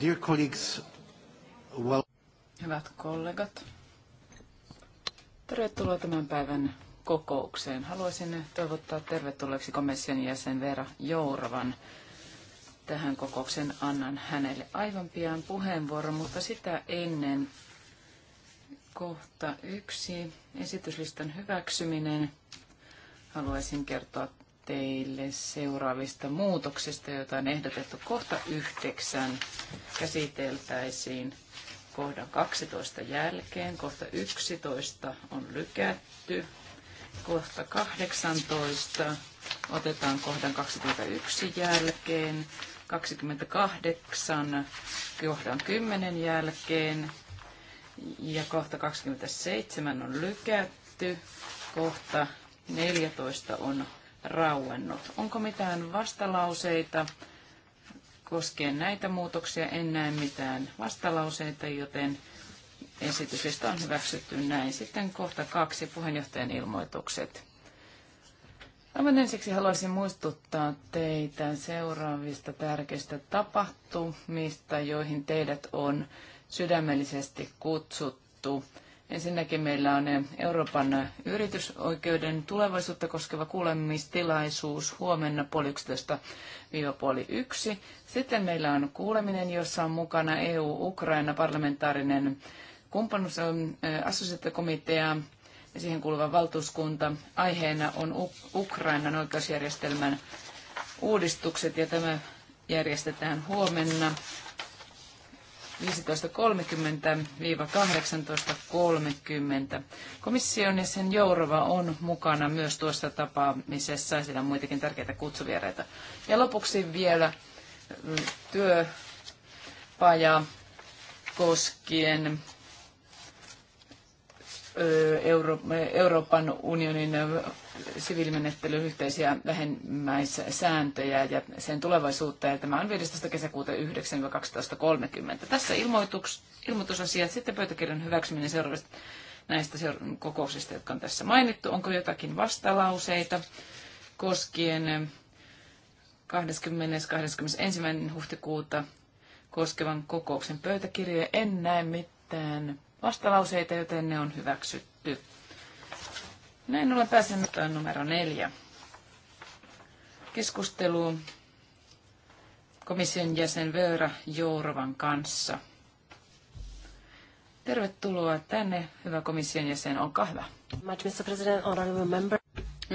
Dear colleagues, well... Hyvät kollegat, tervetuloa tämän päivän kokoukseen. Haluaisin toivottaa tervetulleeksi komission jäsen Vera Jourovan. Tähän kokoukseen annan hänelle aivan pian puheenvuoron, mutta sitä ennen kohta yksi, esityslistan hyväksyminen. Haluaisin kertoa teille seuraavista muutoksista, joita on ehdotettu kohta yhdeksän käsiteltäisiin kohdan 12 jälkeen. Kohta 11 on lykätty. Kohta 18 otetaan kohdan 21 jälkeen. 28 kohdan 10 jälkeen. Ja kohta 27 on lykätty. Kohta 14 on rauennut. Onko mitään vastalauseita koskien näitä muutoksia? En näe mitään vastalauseita, joten esityksestä on hyväksytty näin. Sitten kohta kaksi puheenjohtajan ilmoitukset. Aivan ensiksi haluaisin muistuttaa teitä seuraavista tärkeistä tapahtumista, joihin teidät on sydämellisesti kutsuttu. Ensinnäkin meillä on Euroopan yritysoikeuden tulevaisuutta koskeva kuulemistilaisuus huomenna puoli 11 yksi. Sitten meillä on kuuleminen, jossa on mukana EU-Ukraina parlamentaarinen kumppanuus, assosiaatiokomitea ja siihen kuuluva valtuuskunta. Aiheena on Ukrainan oikeusjärjestelmän uudistukset ja tämä järjestetään huomenna 15.30-18.30. Komission ja sen Jourova on mukana myös tuossa tapaamisessa, siellä on muitakin tärkeitä kutsuvieraita. Ja lopuksi vielä mm, työpaja koskien Euro- Euroopan unionin siviilimenettelyyn yhteisiä vähemmäissääntöjä ja sen tulevaisuutta. Ja tämä on 15. kesäkuuta 9-12.30. Tässä ilmoituks- ilmoitusasiat, sitten pöytäkirjan hyväksyminen seuraavista näistä seura- kokouksista, jotka on tässä mainittu. Onko jotakin vastalauseita koskien 20. 21. huhtikuuta koskevan kokouksen pöytäkirjoja? En näe mitään vastalauseita, joten ne on hyväksytty. Näin ollen pääsemme numero neljä. Keskustelu komission jäsen Vöörä Jourovan kanssa. Tervetuloa tänne, hyvä komission jäsen, olkaa hyvä.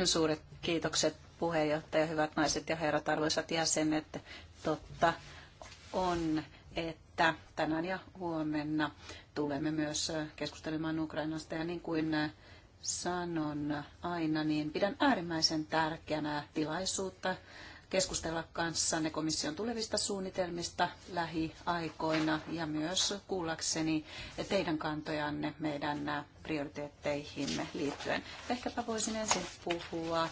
Suuret kiitokset puheenjohtaja, hyvät naiset ja herrat, arvoisat jäsenet. Totta on, että tänään ja huomenna tulemme myös keskustelemaan Ukrainasta ja niin kuin sanon aina, niin pidän äärimmäisen tärkeänä tilaisuutta keskustella kanssanne komission tulevista suunnitelmista lähiaikoina ja myös kuullakseni teidän kantojanne meidän prioriteetteihimme liittyen. Ehkäpä voisin ensin puhua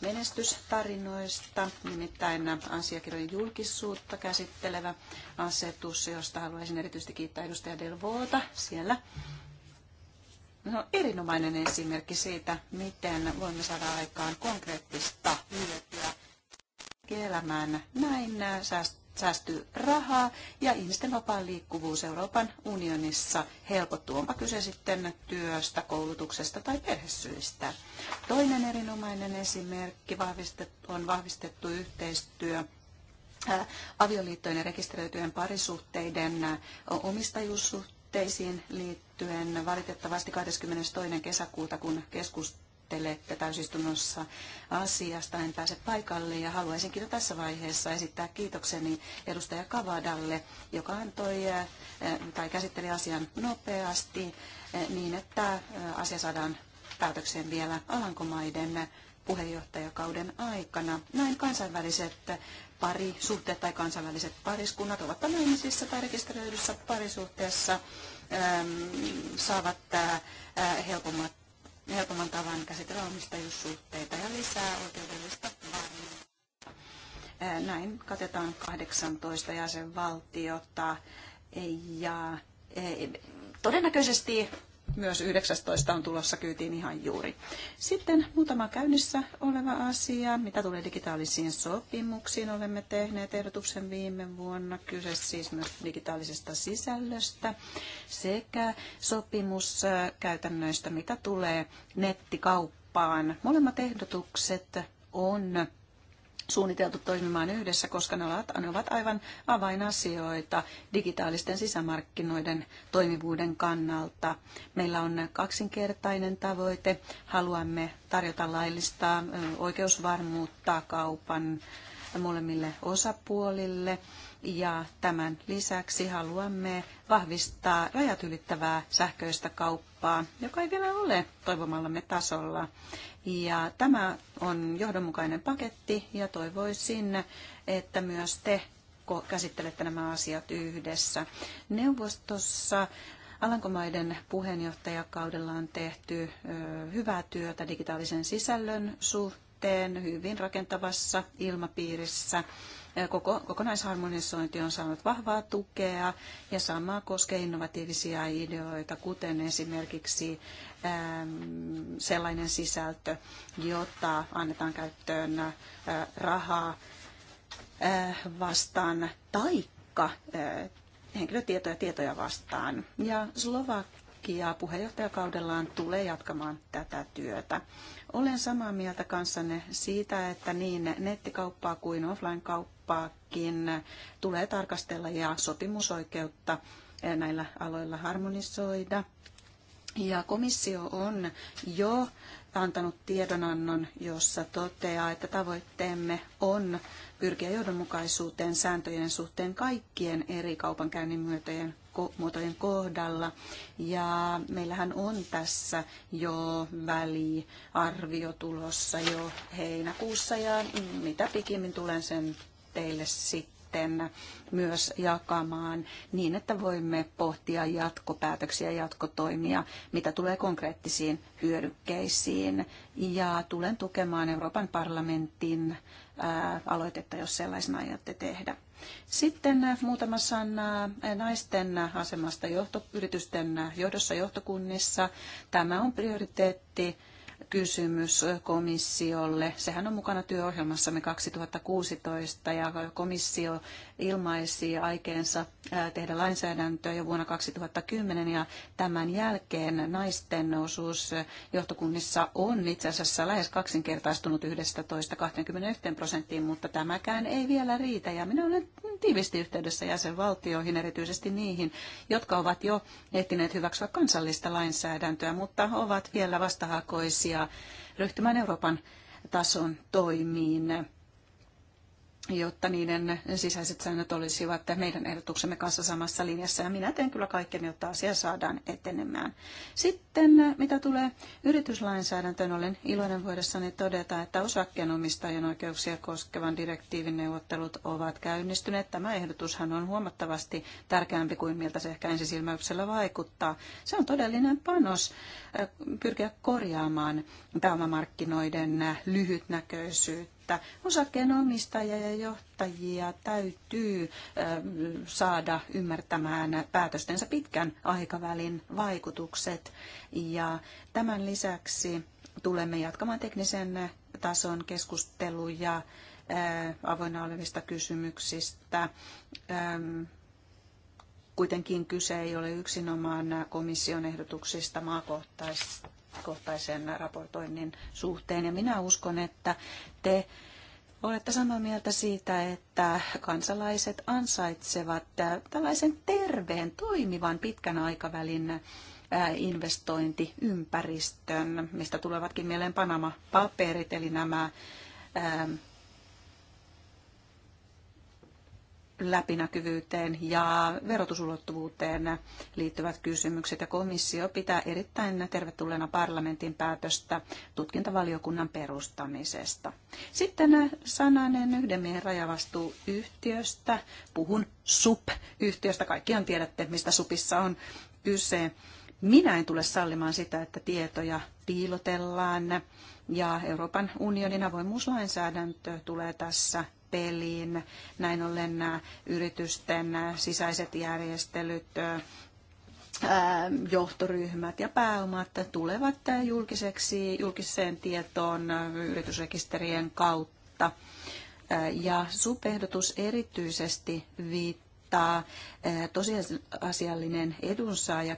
menestystarinoista, nimittäin asiakirjojen julkisuutta käsittelevä asetus, josta haluaisin erityisesti kiittää edustaja Delvoota siellä No, erinomainen esimerkki siitä, miten voimme saada aikaan konkreettista hyötyä liike-elämään. Näin äh, säästyy rahaa ja ihmisten vapaan liikkuvuus Euroopan unionissa helpottuu, onpa kyse sitten työstä, koulutuksesta tai perhesyistä. Toinen erinomainen esimerkki on vahvistettu yhteistyö äh, avioliittojen ja rekisteröityjen parisuhteiden äh, omistajuussuhteisiin liittyen. Valitettavasti 22. kesäkuuta, kun keskus neuvottelette täysistunnossa asiasta. En pääse paikalle ja haluaisinkin jo tässä vaiheessa esittää kiitokseni edustaja Kavadalle, joka antoi eh, tai käsitteli asian nopeasti eh, niin, että eh, asia saadaan päätökseen vielä Alankomaiden puheenjohtajakauden aikana. Näin kansainväliset parisuhteet tai kansainväliset pariskunnat ovat naimisissa tai rekisteröidyssä parisuhteessa ehm, saavat helpommat helpomman tavan käsitellä omistajuussuhteita ja lisää oikeudellista varmuutta. Näin katetaan 18 jäsenvaltiota ja todennäköisesti myös 19 on tulossa kyytiin ihan juuri. Sitten muutama käynnissä oleva asia, mitä tulee digitaalisiin sopimuksiin. Olemme tehneet ehdotuksen viime vuonna. Kyse siis myös digitaalisesta sisällöstä sekä sopimuskäytännöistä, mitä tulee nettikauppaan. Molemmat ehdotukset on suunniteltu toimimaan yhdessä, koska ne ovat, ne ovat aivan avainasioita digitaalisten sisämarkkinoiden toimivuuden kannalta. Meillä on kaksinkertainen tavoite. Haluamme tarjota laillista oikeusvarmuutta kaupan molemmille osapuolille. Ja tämän lisäksi haluamme vahvistaa rajat ylittävää sähköistä kauppaa, joka ei vielä ole toivomallamme tasolla. Ja tämä on johdonmukainen paketti ja toivoisin, että myös te käsittelette nämä asiat yhdessä. Neuvostossa Alankomaiden puheenjohtajakaudella on tehty hyvää työtä digitaalisen sisällön suhteen sitten hyvin rakentavassa ilmapiirissä. Koko, kokonaisharmonisointi on saanut vahvaa tukea ja sama koskee innovatiivisia ideoita, kuten esimerkiksi sellainen sisältö, jota annetaan käyttöön rahaa vastaan taikka henkilötietoja tietoja vastaan. Ja Slovakia puheenjohtajakaudellaan tulee jatkamaan tätä työtä. Olen samaa mieltä kanssanne siitä, että niin nettikauppaa kuin offline-kauppaakin tulee tarkastella ja sopimusoikeutta näillä aloilla harmonisoida. Ja komissio on jo antanut tiedonannon, jossa toteaa, että tavoitteemme on pyrkiä johdonmukaisuuteen sääntöjen suhteen kaikkien eri kaupankäynnin myötöjen muotojen kohdalla. Ja meillähän on tässä jo väliarvio tulossa jo heinäkuussa ja mitä pikimmin tulen sen teille sitten myös jakamaan niin, että voimme pohtia jatkopäätöksiä, jatkotoimia, mitä tulee konkreettisiin hyödykkeisiin. Ja tulen tukemaan Euroopan parlamentin aloitetta, jos sellaisena aiotte tehdä. Sitten äh, muutama sana äh, naisten äh, asemasta johto, yritysten johdossa johtokunnissa. Tämä on prioriteetti kysymys komissiolle. Sehän on mukana työohjelmassamme 2016 ja komissio ilmaisi aikeensa tehdä lainsäädäntöä jo vuonna 2010 ja tämän jälkeen naisten osuus johtokunnissa on itse asiassa lähes kaksinkertaistunut 11-21 prosenttiin, mutta tämäkään ei vielä riitä ja minä olen tiivisti yhteydessä jäsenvaltioihin, erityisesti niihin, jotka ovat jo ehtineet hyväksyä kansallista lainsäädäntöä, mutta ovat vielä vastahakoisia asiaa ryhtymään Euroopan tason toimiin jotta niiden sisäiset säännöt olisivat meidän ehdotuksemme kanssa samassa linjassa. Ja minä teen kyllä kaiken, jotta asia saadaan etenemään. Sitten mitä tulee yrityslainsäädäntöön, olen iloinen voidessani todeta, että osakkeenomistajien oikeuksia koskevan direktiivin neuvottelut ovat käynnistyneet. Tämä ehdotushan on huomattavasti tärkeämpi kuin miltä se ehkä ensisilmäyksellä vaikuttaa. Se on todellinen panos äh, pyrkiä korjaamaan pääomamarkkinoiden lyhytnäköisyyttä että osakkeenomistajia ja johtajia täytyy saada ymmärtämään päätöstensä pitkän aikavälin vaikutukset. Ja tämän lisäksi tulemme jatkamaan teknisen tason keskusteluja avoinna olevista kysymyksistä. Kuitenkin kyse ei ole yksinomaan komission ehdotuksista maakohtaisista maakohtaisen raportoinnin suhteen. Ja minä uskon, että te olette samaa mieltä siitä, että kansalaiset ansaitsevat tällaisen terveen, toimivan pitkän aikavälin investointiympäristön, mistä tulevatkin mieleen Panama-paperit, eli nämä läpinäkyvyyteen ja verotusulottuvuuteen liittyvät kysymykset. Ja komissio pitää erittäin tervetulleena parlamentin päätöstä tutkintavaliokunnan perustamisesta. Sitten sananen yhden miehen rajavastuuyhtiöstä. Puhun SUP-yhtiöstä. Kaikkiaan tiedätte, mistä SUPissa on kyse. Minä en tule sallimaan sitä, että tietoja piilotellaan ja Euroopan unionin avoimuuslainsäädäntö tulee tässä peliin. Näin ollen nämä yritysten sisäiset järjestelyt, johtoryhmät ja pääomat tulevat julkiseksi, julkiseen tietoon yritysrekisterien kautta. Ja supehdotus erityisesti viittaa tosiasiallinen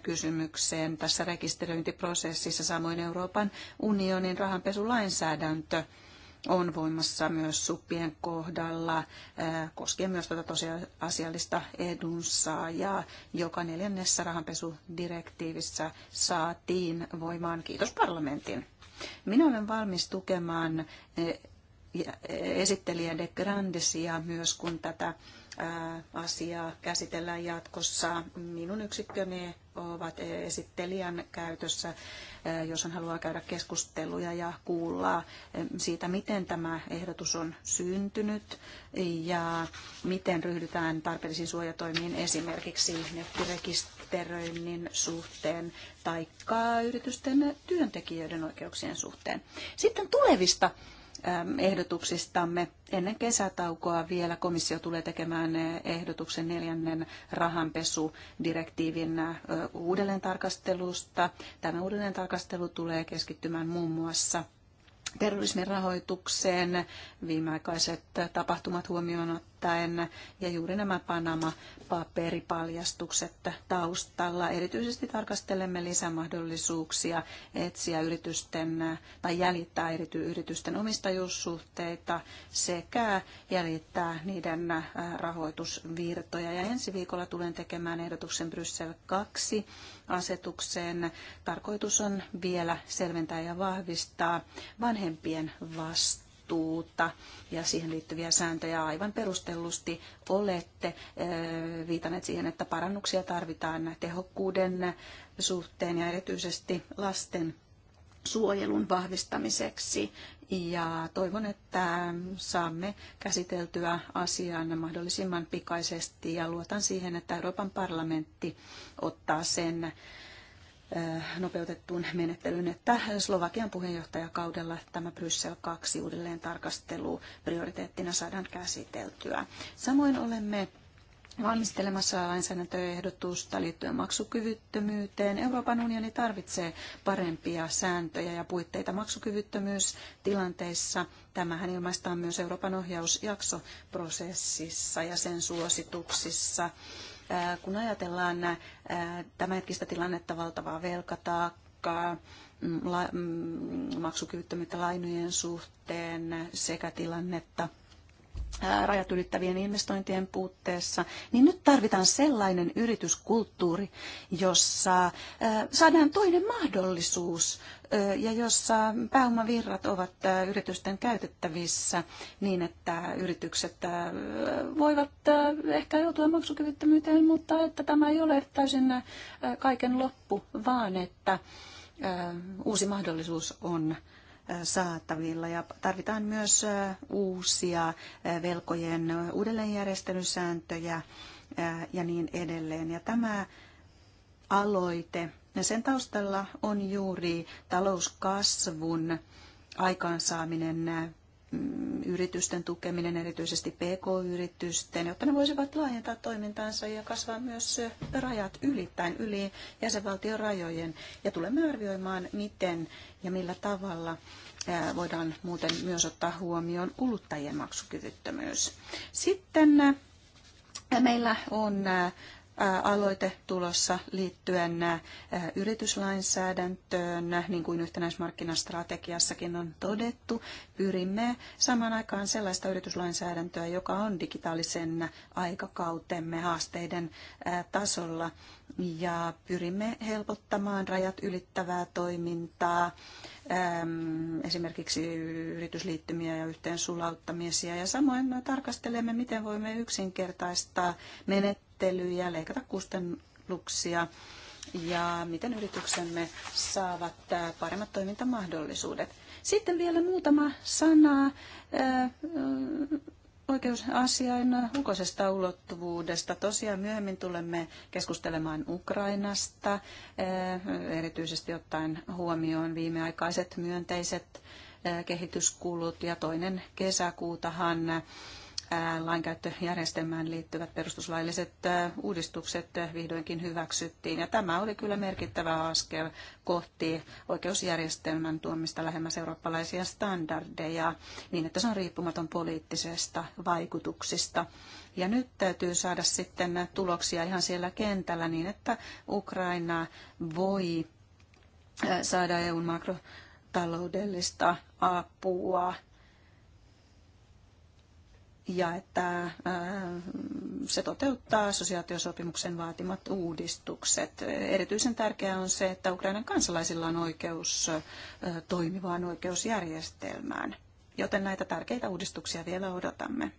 kysymykseen tässä rekisteröintiprosessissa, samoin Euroopan unionin rahanpesulainsäädäntö on voimassa myös suppien kohdalla, koskien myös tätä tosiasiallista edunsaajaa, joka neljännessä rahanpesudirektiivissä saatiin voimaan. Kiitos parlamentin. Minä olen valmis tukemaan esittelijä De Grandesia myös, kun tätä asiaa käsitellään jatkossa. Minun yksikköni ovat esittelijän käytössä, eh, jos hän haluaa käydä keskusteluja ja kuulla eh, siitä, miten tämä ehdotus on syntynyt ja miten ryhdytään tarpeellisiin suojatoimiin esimerkiksi nettirekisteröinnin suhteen tai yritysten työntekijöiden oikeuksien suhteen. Sitten tulevista ehdotuksistamme. Ennen kesätaukoa vielä komissio tulee tekemään ehdotuksen neljännen rahanpesudirektiivin uudelleentarkastelusta. Tämä uudelleentarkastelu tulee keskittymään muun muassa terrorismin rahoitukseen, viimeaikaiset tapahtumat huomioon käyttäen ja juuri nämä Panama-paperipaljastukset taustalla. Erityisesti tarkastelemme lisämahdollisuuksia etsiä yritysten tai jäljittää erity, yritysten omistajuussuhteita sekä jäljittää niiden äh, rahoitusvirtoja. Ja ensi viikolla tulen tekemään ehdotuksen Bryssel 2 asetukseen. Tarkoitus on vielä selventää ja vahvistaa vanhempien vastuuta vastuuta ja siihen liittyviä sääntöjä aivan perustellusti olette viitanneet siihen, että parannuksia tarvitaan tehokkuuden suhteen ja erityisesti lasten suojelun vahvistamiseksi. Ja toivon, että saamme käsiteltyä asian mahdollisimman pikaisesti ja luotan siihen, että Euroopan parlamentti ottaa sen Äh, nopeutettuun menettelyyn, että Slovakian puheenjohtajakaudella tämä Bryssel 2 uudelleen tarkastelu prioriteettina saadaan käsiteltyä. Samoin olemme valmistelemassa lainsäädäntöehdotusta liittyen maksukyvyttömyyteen. Euroopan unioni tarvitsee parempia sääntöjä ja puitteita maksukyvyttömyystilanteissa. Tämähän ilmaistaan myös Euroopan ohjausjaksoprosessissa ja sen suosituksissa Äh, kun ajatellaan äh, tämänhetkistä tilannetta valtavaa velkataakkaa, mm, mm, maksukyvyttömyyttä lainojen suhteen sekä tilannetta rajat ylittävien investointien puutteessa, niin nyt tarvitaan sellainen yrityskulttuuri, jossa saadaan toinen mahdollisuus ja jossa pääomavirrat ovat yritysten käytettävissä niin, että yritykset voivat ehkä joutua maksukyvyttömyyteen, mutta että tämä ei ole täysin kaiken loppu, vaan että uusi mahdollisuus on saatavilla ja tarvitaan myös uusia velkojen uudelleenjärjestelysääntöjä ja niin edelleen. Ja tämä aloite, ja no sen taustalla on juuri talouskasvun aikaansaaminen Mm, yritysten tukeminen, erityisesti PK-yritysten, jotta ne voisivat laajentaa toimintaansa ja kasvaa myös rajat ylittäin yli jäsenvaltion rajojen. Ja tulemme arvioimaan, miten ja millä tavalla voidaan muuten myös ottaa huomioon kuluttajien maksukyvyttömyys. Sitten meillä on aloite tulossa liittyen yrityslainsäädäntöön, niin kuin yhtenäismarkkinastrategiassakin on todettu. Pyrimme samaan aikaan sellaista yrityslainsäädäntöä, joka on digitaalisen aikakautemme haasteiden tasolla ja pyrimme helpottamaan rajat ylittävää toimintaa, esimerkiksi yritysliittymiä ja yhteen sulauttamisia. Ja samoin tarkastelemme, miten voimme yksinkertaistaa menettelyä käsittelyjä, leikata kustannuksia ja miten yrityksemme saavat äh, paremmat toimintamahdollisuudet. Sitten vielä muutama sana äh, äh, oikeusasiain ulkoisesta ulottuvuudesta. Tosiaan myöhemmin tulemme keskustelemaan Ukrainasta, erityisesti ottaen huomioon viimeaikaiset myönteiset kehityskulut ja toinen kesäkuutahan Äh, lainkäyttöjärjestelmään liittyvät perustuslailliset äh, uudistukset äh, vihdoinkin hyväksyttiin. Ja tämä oli kyllä merkittävä askel kohti oikeusjärjestelmän tuomista lähemmäs eurooppalaisia standardeja niin, että se on riippumaton poliittisesta vaikutuksista. Ja nyt täytyy saada sitten tuloksia ihan siellä kentällä niin, että Ukraina voi saada EUn makrotaloudellista apua ja että se toteuttaa sosiaatiosopimuksen vaatimat uudistukset. Erityisen tärkeää on se, että Ukrainan kansalaisilla on oikeus toimivaan oikeusjärjestelmään, joten näitä tärkeitä uudistuksia vielä odotamme.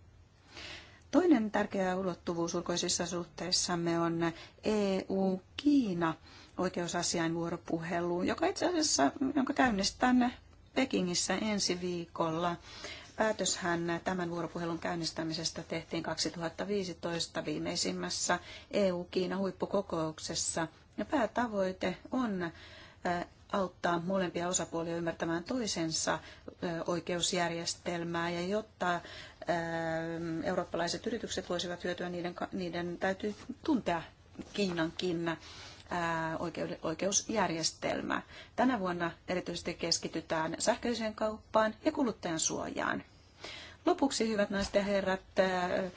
Toinen tärkeä ulottuvuus ulkoisissa suhteissamme on EU-Kiina oikeusasiain vuoropuhelu, joka itse asiassa, jonka käynnistän Pekingissä ensi viikolla. Päätöshän tämän vuoropuhelun käynnistämisestä tehtiin 2015 viimeisimmässä EU-Kiina-huippukokouksessa. Ja päätavoite on auttaa molempia osapuolia ymmärtämään toisensa oikeusjärjestelmää ja jotta eurooppalaiset yritykset voisivat hyötyä, niiden, niiden täytyy tuntea Kiinankin oikeusjärjestelmä. Tänä vuonna erityisesti keskitytään sähköiseen kauppaan ja kuluttajan suojaan. Lopuksi, hyvät naiset ja herrat, eh,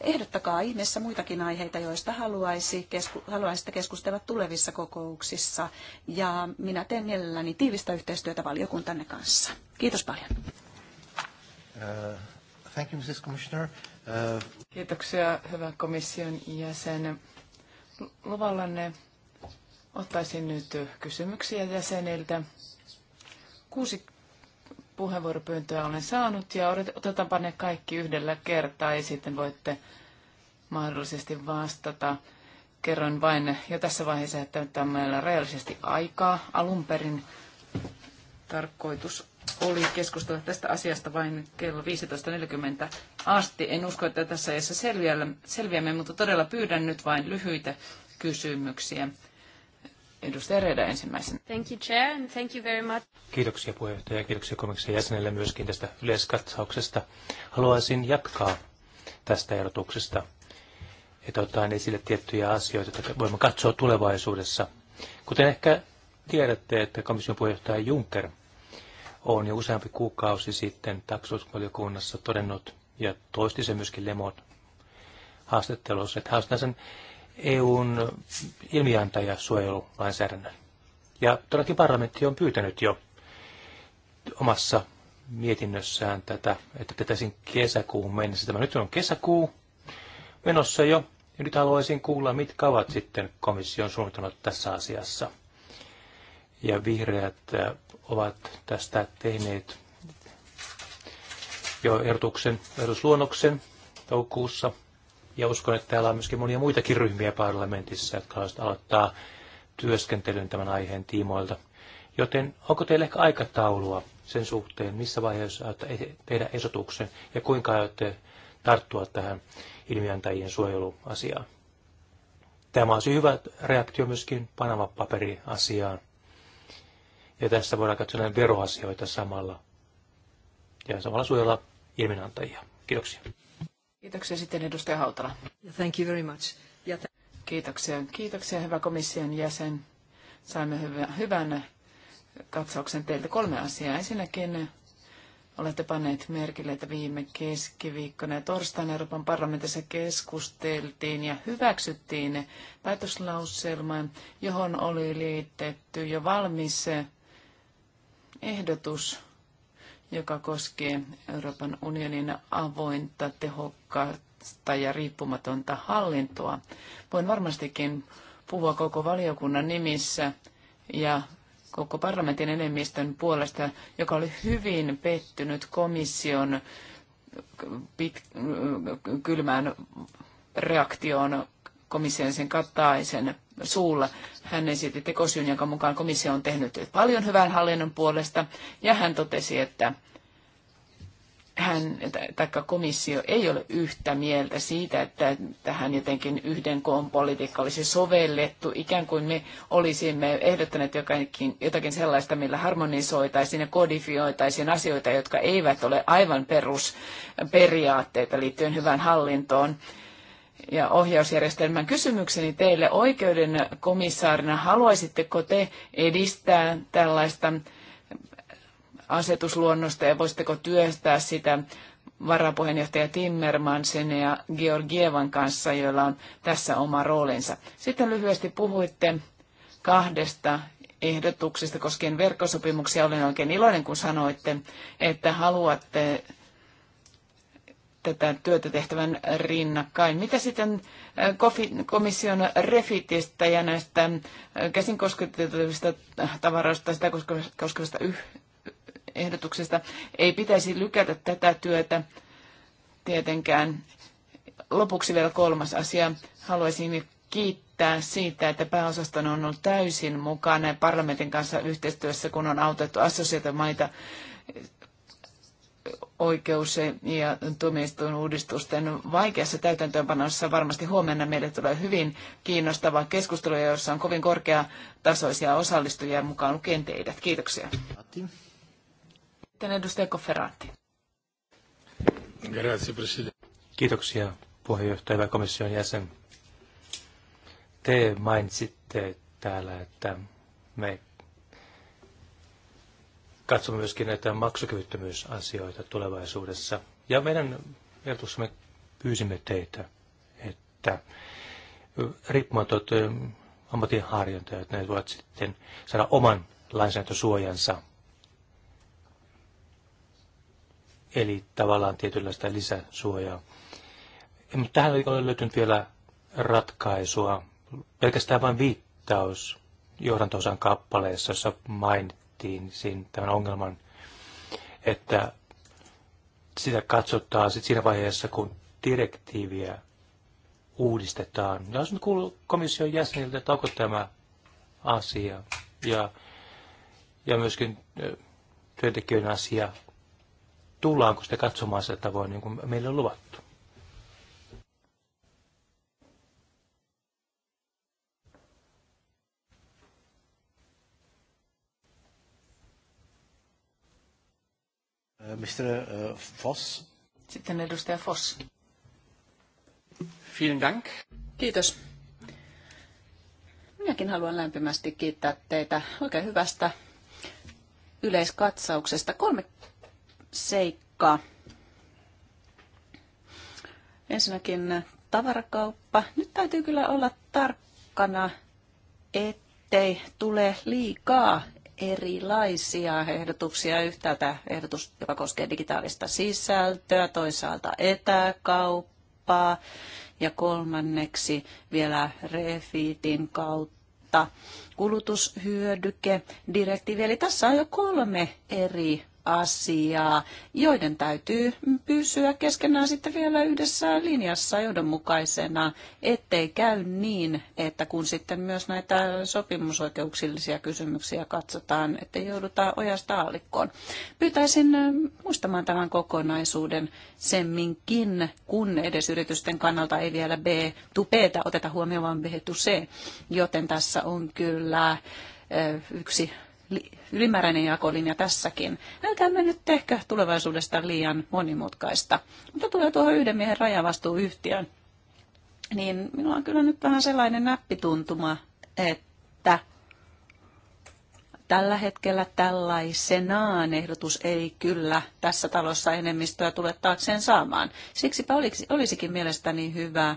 ehdottakaa ihmeessä muitakin aiheita, joista haluaisi kesku, haluaisitte keskustella tulevissa kokouksissa. Ja minä teen mielelläni tiivistä yhteistyötä valiokuntanne kanssa. Kiitos paljon. Uh, thank you, Mrs. Commissioner. Uh... Kiitoksia, hyvä komission jäsen. Luvallanne ottaisin nyt kysymyksiä jäseniltä. Kuusi puheenvuoropyyntöjä olen saanut ja otetaanpa ne kaikki yhdellä kertaa ja sitten voitte mahdollisesti vastata. Kerron vain jo tässä vaiheessa, että tämä meillä rajallisesti aikaa. Alun perin tarkoitus oli keskustella tästä asiasta vain kello 15.40 asti. En usko, että tässä ajassa selviämme, mutta todella pyydän nyt vain lyhyitä kysymyksiä Edustaja Reda ensimmäisen. Thank you, Chair, and thank you very much. Kiitoksia puheenjohtaja ja kiitoksia komiksen jäsenelle myöskin tästä yleiskatsauksesta. Haluaisin jatkaa tästä ehdotuksesta, että otetaan esille tiettyjä asioita, joita voimme katsoa tulevaisuudessa. Kuten ehkä tiedätte, että komission puheenjohtaja Juncker on jo useampi kuukausi sitten taksuusvaliokunnassa todennut ja toisti se myöskin Lemon haastattelussa, että hän sen EUn suojelulainsäädännön. Ja todellakin parlamentti on pyytänyt jo omassa mietinnössään tätä, että pitäisin kesäkuuhun mennessä. Tämä nyt on kesäkuu menossa jo, ja nyt haluaisin kuulla, mitkä ovat sitten komission suunnitelmat tässä asiassa. Ja vihreät äh, ovat tästä tehneet jo ehdotuksen, ehdotusluonnoksen toukokuussa ja uskon, että täällä on myöskin monia muitakin ryhmiä parlamentissa, jotka haluaisivat aloittaa työskentelyn tämän aiheen tiimoilta. Joten onko teillä ehkä aikataulua sen suhteen, missä vaiheessa aiotte e- tehdä esotuksen ja kuinka aiotte tarttua tähän ilmiantajien suojeluasiaan? Tämä olisi hyvä reaktio myöskin Panama-paperiasiaan. Ja tässä voidaan katsoa veroasioita samalla. Ja samalla suojella ilminantajia. Kiitoksia. Kiitoksia sitten edustaja Hautala. Thank you very much. Yeah, Kiitoksia. Kiitoksia hyvä komission jäsen. Saimme hyvä, hyvän katsauksen teiltä kolme asiaa. Ensinnäkin olette panneet merkille, että viime keskiviikkona ja torstaina Euroopan parlamentissa keskusteltiin ja hyväksyttiin päätöslauselma, johon oli liitetty jo valmis ehdotus joka koskee Euroopan unionin avointa, tehokkaasta ja riippumatonta hallintoa. Voin varmastikin puhua koko valiokunnan nimissä ja koko parlamentin enemmistön puolesta, joka oli hyvin pettynyt komission pit, kylmään reaktioon komission sen kattaisen suulla. Hän esitti tekosyyn, jonka mukaan komissio on tehnyt paljon hyvän hallinnon puolesta, ja hän totesi, että hän, taikka komissio ei ole yhtä mieltä siitä, että tähän jotenkin yhden koon politiikka olisi sovellettu, ikään kuin me olisimme ehdottaneet jotakin, jotakin sellaista, millä harmonisoitaisiin ja kodifioitaisiin asioita, jotka eivät ole aivan perusperiaatteita liittyen hyvään hallintoon ja ohjausjärjestelmän kysymykseni teille oikeuden komissaarina. Haluaisitteko te edistää tällaista asetusluonnosta ja voisitteko työstää sitä varapuheenjohtaja Timmermansen ja Georgievan kanssa, joilla on tässä oma roolinsa. Sitten lyhyesti puhuitte kahdesta ehdotuksista koskien verkkosopimuksia. Olen oikein iloinen, kun sanoitte, että haluatte tätä työtä tehtävän rinnakkain. Mitä sitten komission refitistä ja näistä käsin kosketettavista tavaroista, sitä koskevasta ehdotuksesta, ei pitäisi lykätä tätä työtä tietenkään. Lopuksi vielä kolmas asia. Haluaisin kiittää siitä, että pääosaston on ollut täysin mukana parlamentin kanssa yhteistyössä, kun on autettu maita oikeus- ja tuomioistuin uudistusten vaikeassa täytäntöönpanossa varmasti huomenna meille tulee hyvin kiinnostava keskustelu, jossa on kovin korkeatasoisia osallistujia mukaan lukien teidät. Kiitoksia. Sitten edustaja Kofferaatti. Kiitoksia puheenjohtaja ja komission jäsen. Te mainitsitte täällä, että me katsomme myöskin näitä maksukyvyttömyysasioita tulevaisuudessa. Ja meidän ehdotuksemme pyysimme teitä, että riippumatot ammatinharjoittajat, ne voivat sitten saada oman lainsäädäntösuojansa. Eli tavallaan tietynlaista lisäsuojaa. Mutta tähän ei ole löytynyt vielä ratkaisua. Pelkästään vain viittaus johdanto kappaleessa, jossa mainit, nähtiin sen, tämän ongelman, että sitä katsotaan sit siinä vaiheessa, kun direktiiviä uudistetaan. Ja jos kuullut kuuluu komission jäseniltä, että onko tämä asia ja, ja myöskin työntekijöiden asia, tullaanko sitä katsomaan sitä tavoin, niin kuin meille on luvattu. Eh, Mr. Eh, Voss. Sitten edustaja Voss. Vielen Dank. Kiitos. Minäkin haluan lämpimästi kiittää teitä oikein hyvästä yleiskatsauksesta. Kolme seikkaa. Ensinnäkin tavarakauppa. Nyt täytyy kyllä olla tarkkana, ettei tule liikaa erilaisia ehdotuksia. Yhtäältä ehdotus, joka koskee digitaalista sisältöä, toisaalta etäkauppaa ja kolmanneksi vielä refiitin kautta kulutushyödyke direktiivi. Eli tässä on jo kolme eri asiaa, joiden täytyy pysyä keskenään sitten vielä yhdessä linjassa johdonmukaisena, ettei käy niin, että kun sitten myös näitä sopimusoikeuksillisia kysymyksiä katsotaan, että joudutaan ojasta allikkoon. Pyytäisin muistamaan tämän kokonaisuuden semminkin, kun edes yritysten kannalta ei vielä B to B oteta huomioon, vaan B to C, joten tässä on kyllä yksi ylimääräinen jakolinja tässäkin. Älkäämme nyt tehkö tulevaisuudesta liian monimutkaista. Mutta tulee tuohon yhden miehen rajavastuuyhtiön, niin minulla on kyllä nyt vähän sellainen näppituntuma, että tällä hetkellä tällaisenaan ehdotus ei kyllä tässä talossa enemmistöä tule taakseen saamaan. Siksipä olisikin mielestäni hyvä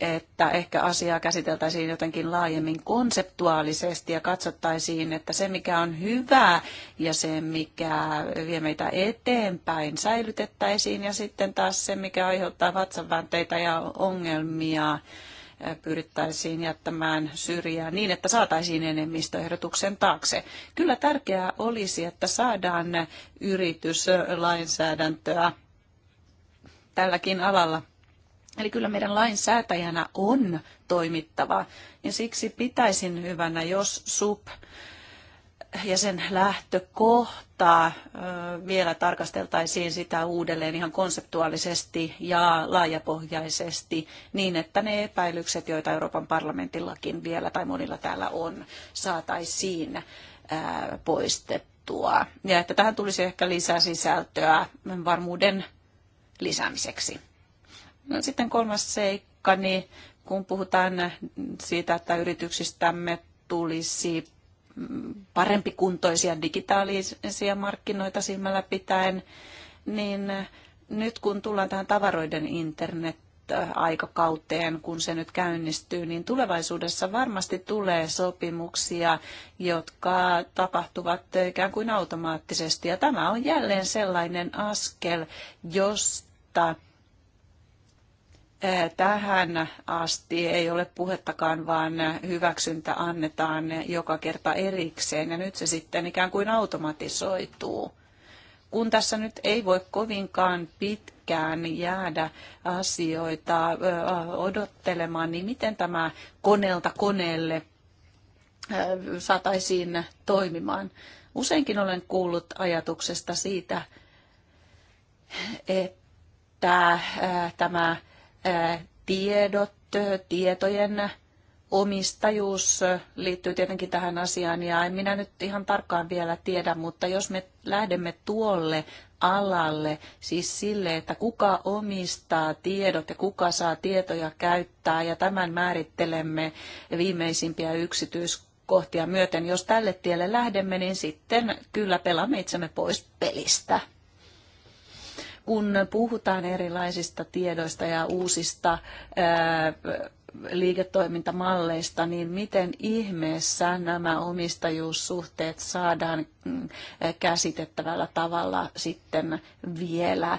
että ehkä asiaa käsiteltäisiin jotenkin laajemmin konseptuaalisesti ja katsottaisiin, että se mikä on hyvää ja se mikä vie meitä eteenpäin säilytettäisiin ja sitten taas se mikä aiheuttaa vatsanväänteitä ja ongelmia pyrittäisiin jättämään syrjään niin, että saataisiin enemmistöehdotuksen taakse. Kyllä tärkeää olisi, että saadaan yrityslainsäädäntöä tälläkin alalla Eli kyllä meidän lainsäätäjänä on toimittava. Ja siksi pitäisin hyvänä, jos SUP ja sen lähtökohtaa vielä tarkasteltaisiin sitä uudelleen ihan konseptuaalisesti ja laajapohjaisesti niin, että ne epäilykset, joita Euroopan parlamentillakin vielä tai monilla täällä on, saataisiin poistettua. Ja että tähän tulisi ehkä lisää sisältöä varmuuden lisäämiseksi. Sitten kolmas seikka, niin kun puhutaan siitä, että yrityksistämme tulisi parempi kuntoisia digitaalisia markkinoita silmällä pitäen, niin nyt kun tullaan tähän tavaroiden internet aikakauteen, kun se nyt käynnistyy, niin tulevaisuudessa varmasti tulee sopimuksia, jotka tapahtuvat ikään kuin automaattisesti. Ja tämä on jälleen sellainen askel, josta Eh, tähän asti ei ole puhettakaan, vaan hyväksyntä annetaan joka kerta erikseen ja nyt se sitten ikään kuin automatisoituu. Kun tässä nyt ei voi kovinkaan pitkään jäädä asioita eh, odottelemaan, niin miten tämä koneelta koneelle eh, saataisiin toimimaan? Useinkin olen kuullut ajatuksesta siitä, että tämä tiedot, tietojen omistajuus liittyy tietenkin tähän asiaan ja en minä nyt ihan tarkkaan vielä tiedä, mutta jos me lähdemme tuolle alalle, siis sille, että kuka omistaa tiedot ja kuka saa tietoja käyttää ja tämän määrittelemme viimeisimpiä yksityiskohtia myöten. Jos tälle tielle lähdemme, niin sitten kyllä pelaamme itsemme pois pelistä kun puhutaan erilaisista tiedoista ja uusista liiketoimintamalleista, niin miten ihmeessä nämä omistajuussuhteet saadaan mm, käsitettävällä tavalla sitten vielä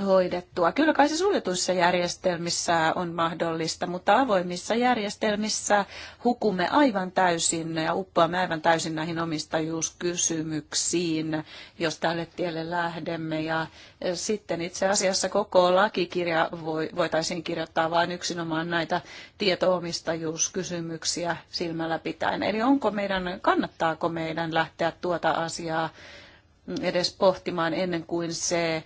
hoidettua. Kyllä kai se suljetuissa järjestelmissä on mahdollista, mutta avoimissa järjestelmissä hukumme aivan täysin ja uppoamme aivan täysin näihin omistajuuskysymyksiin, jos tälle tielle lähdemme. Ja e, sitten itse asiassa koko lakikirja voitaisiin kirjoittaa vain yksinomaan näitä tietoomistajuuskysymyksiä silmällä pitäen. Eli onko meidän, kannattaako meidän lähteä tuota asiaa edes pohtimaan ennen kuin se eh,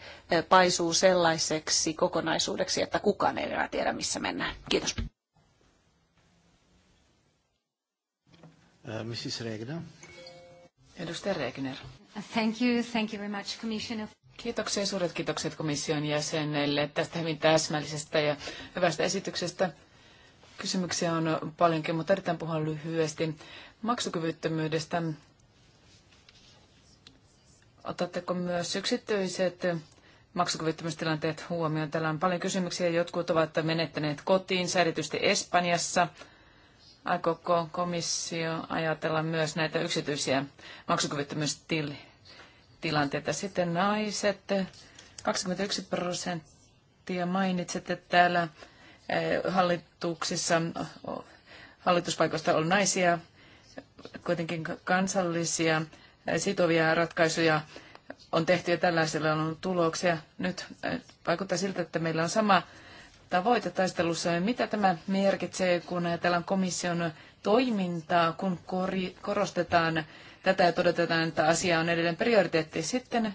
paisuu sellaiseksi kokonaisuudeksi, että kukaan ei enää tiedä, missä mennään. Kiitos. Äh, Mrs. Regner. Edustaja Regner. Thank you, thank you very much, Commissioner. Kiitoksia, suuret kiitokset komission jäsenelle tästä hyvin täsmällisestä ja hyvästä esityksestä. Kysymyksiä on paljonkin, mutta yritän puhua lyhyesti maksukyvyttömyydestä. Otatteko myös yksityiset maksukyvyttömyystilanteet huomioon? Täällä on paljon kysymyksiä. Jotkut ovat menettäneet kotiin, erityisesti Espanjassa. Aikooko komissio ajatella myös näitä yksityisiä maksukyvyttömyystilanteita? Sitten naiset. 21 prosenttia mainitsette täällä eh, hallituksissa, hallituspaikoista on naisia, kuitenkin kansallisia sitovia ratkaisuja on tehty ja tällaisilla on ollut tuloksia. Nyt äh, vaikuttaa siltä, että meillä on sama tavoite taistelussa. Mitä tämä merkitsee, kun ajatellaan komission toimintaa, kun korostetaan tätä ja todetaan, että asia on edelleen prioriteetti. Sitten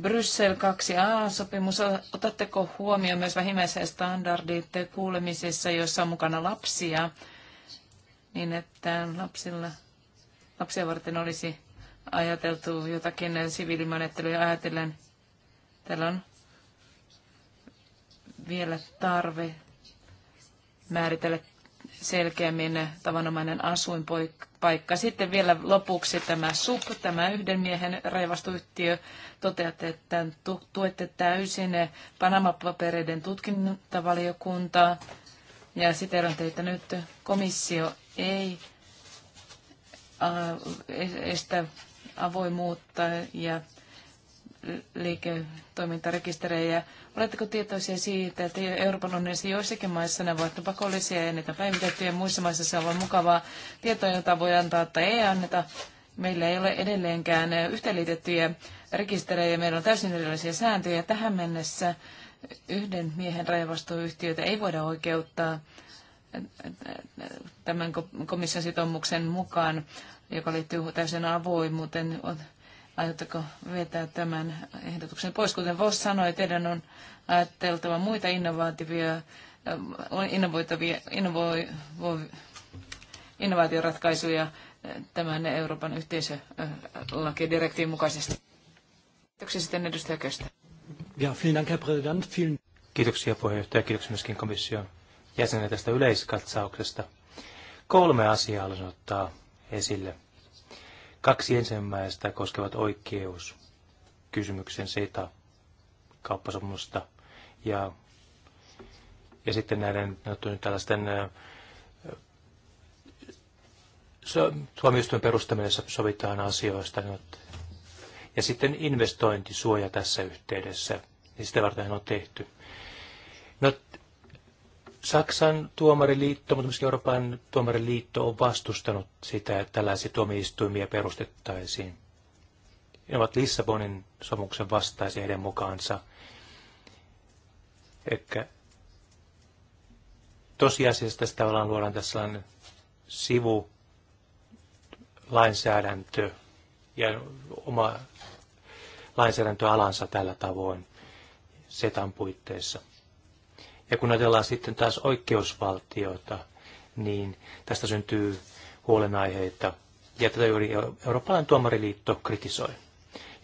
Bryssel 2a-sopimus. Otatteko huomioon myös vähimmäisstandardit kuulemisissa, joissa on mukana lapsia, niin että lapsilla, lapsia varten olisi ajateltu jotakin siviilimenettelyä ajatellen. Täällä on vielä tarve määritellä selkeämmin tavanomainen asuinpaikka. Sitten vielä lopuksi tämä SUP, tämä yhden miehen raivastuyhtiö, toteatte, että tuette täysin Panama-papereiden tutkintavaliokuntaa. Ja siteron teitä nyt, komissio ei äh, estä avoimuutta ja liiketoimintarekisterejä. Oletteko tietoisia siitä, että Euroopan unionissa joissakin maissa ne ovat pakollisia ja niitä päivitettyjä muissa maissa se on vain mukavaa tietoa, jota voi antaa tai ei anneta. Meillä ei ole edelleenkään yhteenliitettyjä rekisterejä, meillä on täysin erilaisia sääntöjä. Tähän mennessä yhden miehen rajavastuuyhtiötä ei voida oikeuttaa tämän komission sitoumuksen mukaan joka liittyy täysin avoimuuteen. Aiotteko vetää tämän ehdotuksen pois? Kuten VOS sanoi, teidän on ajatteltava muita innovaatavia, ähm, innovoitavia, innovo, innovaatioratkaisuja äh, tämän Euroopan yhteisölakidirektiivin mukaisesti. Kiitoksia sitten edustaja Köstä. Ja, Dank, Herr Präsident. Vielen... Kiitoksia puheenjohtaja, kiitoksia myöskin komission jäsenen tästä yleiskatsauksesta. Kolme asiaa haluaisin ottaa esille. Kaksi ensimmäistä koskevat oikeus kysymyksen seta kauppasopimusta ja, ja sitten näiden no, tällaisten tuomioistuimen perustaminen, sovitaan asioista. Ja sitten investointisuoja tässä yhteydessä, niin sitä varten on tehty. No, Saksan tuomariliitto, mutta myös Euroopan tuomariliitto on vastustanut sitä, että tällaisia tuomioistuimia perustettaisiin. Ne ovat Lissabonin sopimuksen vastaisia heidän mukaansa. Eli tosiasiassa tässä tavallaan luodaan tässä sivu lainsäädäntö ja oma lainsäädäntöalansa tällä tavoin setan puitteissa. Ja kun ajatellaan sitten taas oikeusvaltiota, niin tästä syntyy huolenaiheita. Ja tätä juuri Eurooppalainen tuomariliitto kritisoi.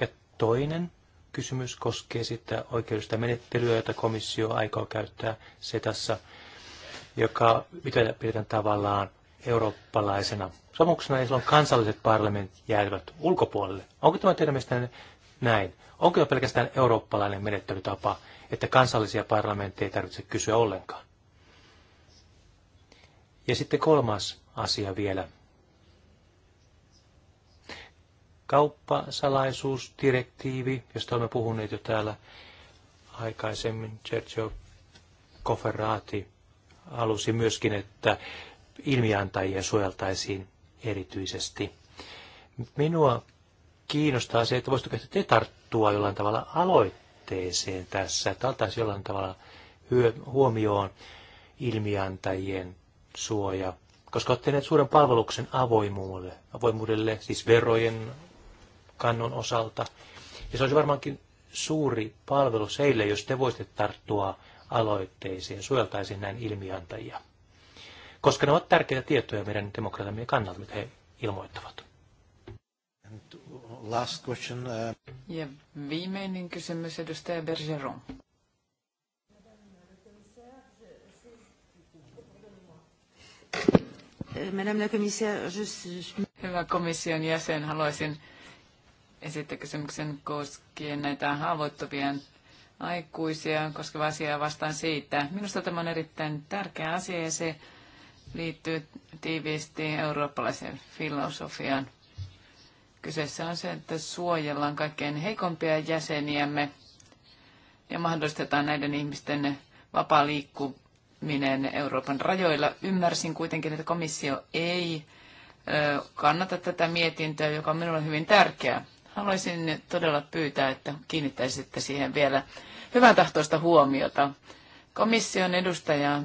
Ja toinen kysymys koskee sitten oikeudellista menettelyä, jota komissio aikoo käyttää setassa, joka pidetään tavallaan eurooppalaisena sopimuksena, ja silloin kansalliset parlamentit jäävät ulkopuolelle. Onko tämä teidän mielestänne näin? Onko jo pelkästään eurooppalainen menettelytapa, että kansallisia parlamentteja ei tarvitse kysyä ollenkaan. Ja sitten kolmas asia vielä. Kauppasalaisuusdirektiivi, josta olemme puhuneet jo täällä aikaisemmin, Sergio Koferaati alusi myöskin, että ilmiantajia suojeltaisiin erityisesti. Minua kiinnostaa se, että voisitko te tarttua jollain tavalla aloittaa tavoitteeseen tässä, että ottaisi jollain tavalla huomioon ilmiantajien suoja, koska olette tehneet suuren palveluksen avoimuudelle, avoimuudelle siis verojen kannon osalta. Ja se olisi varmaankin suuri palvelu heille, jos te voisitte tarttua aloitteisiin ja suojeltaisiin näin ilmiantajia. Koska ne ovat tärkeitä tietoja meidän demokratiamme kannalta, mitä he ilmoittavat last question. Uh... Ja viimeinen kysymys edustaja Bergeron. Madame la commissaire, je suis... Hyvä komission jäsen, haluaisin esittää kysymyksen koskien näitä haavoittuvia aikuisia koskeva asia vastaan siitä. Minusta tämä on erittäin tärkeä asia ja se liittyy tiiviisti eurooppalaisen filosofian. Kyseessä on se, että suojellaan kaikkein heikompia jäseniämme ja mahdollistetaan näiden ihmisten vapaa liikkuminen Euroopan rajoilla. Ymmärsin kuitenkin, että komissio ei kannata tätä mietintöä, joka on minulle hyvin tärkeää. Haluaisin todella pyytää, että kiinnittäisitte siihen vielä hyvän tahtoista huomiota. Komission edustaja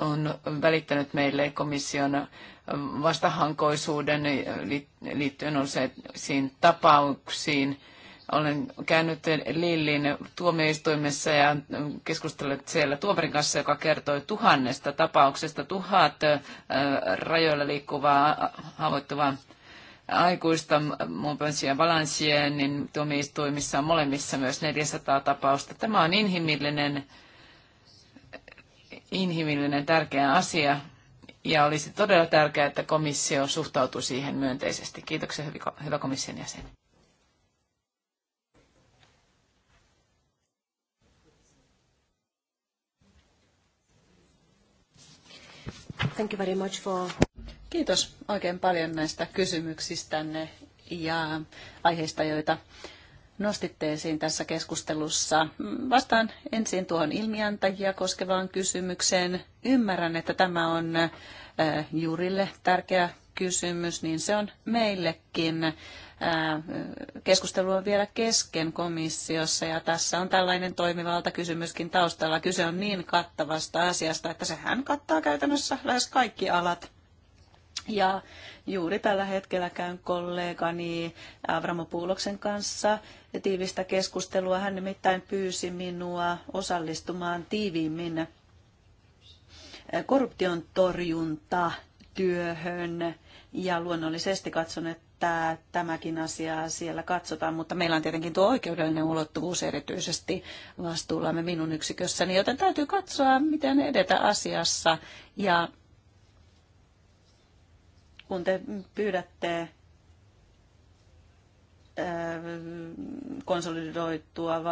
on välittänyt meille komission vastahankoisuuden liittyen useisiin tapauksiin. Olen käynyt Lillin tuomioistuimessa ja keskustellut siellä tuomarin kanssa, joka kertoi tuhannesta tapauksesta, tuhat rajoilla liikkuvaa haavoittuvaa aikuista, Montpensier ja valansia, niin tuomioistuimissa on molemmissa myös 400 tapausta. Tämä on inhimillinen, inhimillinen tärkeä asia ja olisi todella tärkeää, että komissio suhtautuu siihen myönteisesti. Kiitoksia hyvä komission jäsen. Thank you very much for... Kiitos oikein paljon näistä kysymyksistänne ja aiheista, joita nostitte esiin tässä keskustelussa. Vastaan ensin tuohon ilmiantajia koskevaan kysymykseen. Ymmärrän, että tämä on äh, juurille tärkeä kysymys, niin se on meillekin. Äh, keskustelu on vielä kesken komissiossa ja tässä on tällainen toimivalta kysymyskin taustalla. Kyse on niin kattavasta asiasta, että sehän kattaa käytännössä lähes kaikki alat. Ja Juuri tällä hetkellä käyn kollegani Avramo Puuloksen kanssa tiivistä keskustelua. Hän nimittäin pyysi minua osallistumaan tiiviimmin korruption torjunta työhön ja luonnollisesti katson, että tämäkin asia siellä katsotaan, mutta meillä on tietenkin tuo oikeudellinen ulottuvuus erityisesti vastuullamme minun yksikössäni, joten täytyy katsoa, miten edetä asiassa ja kun te pyydätte konsolidoitua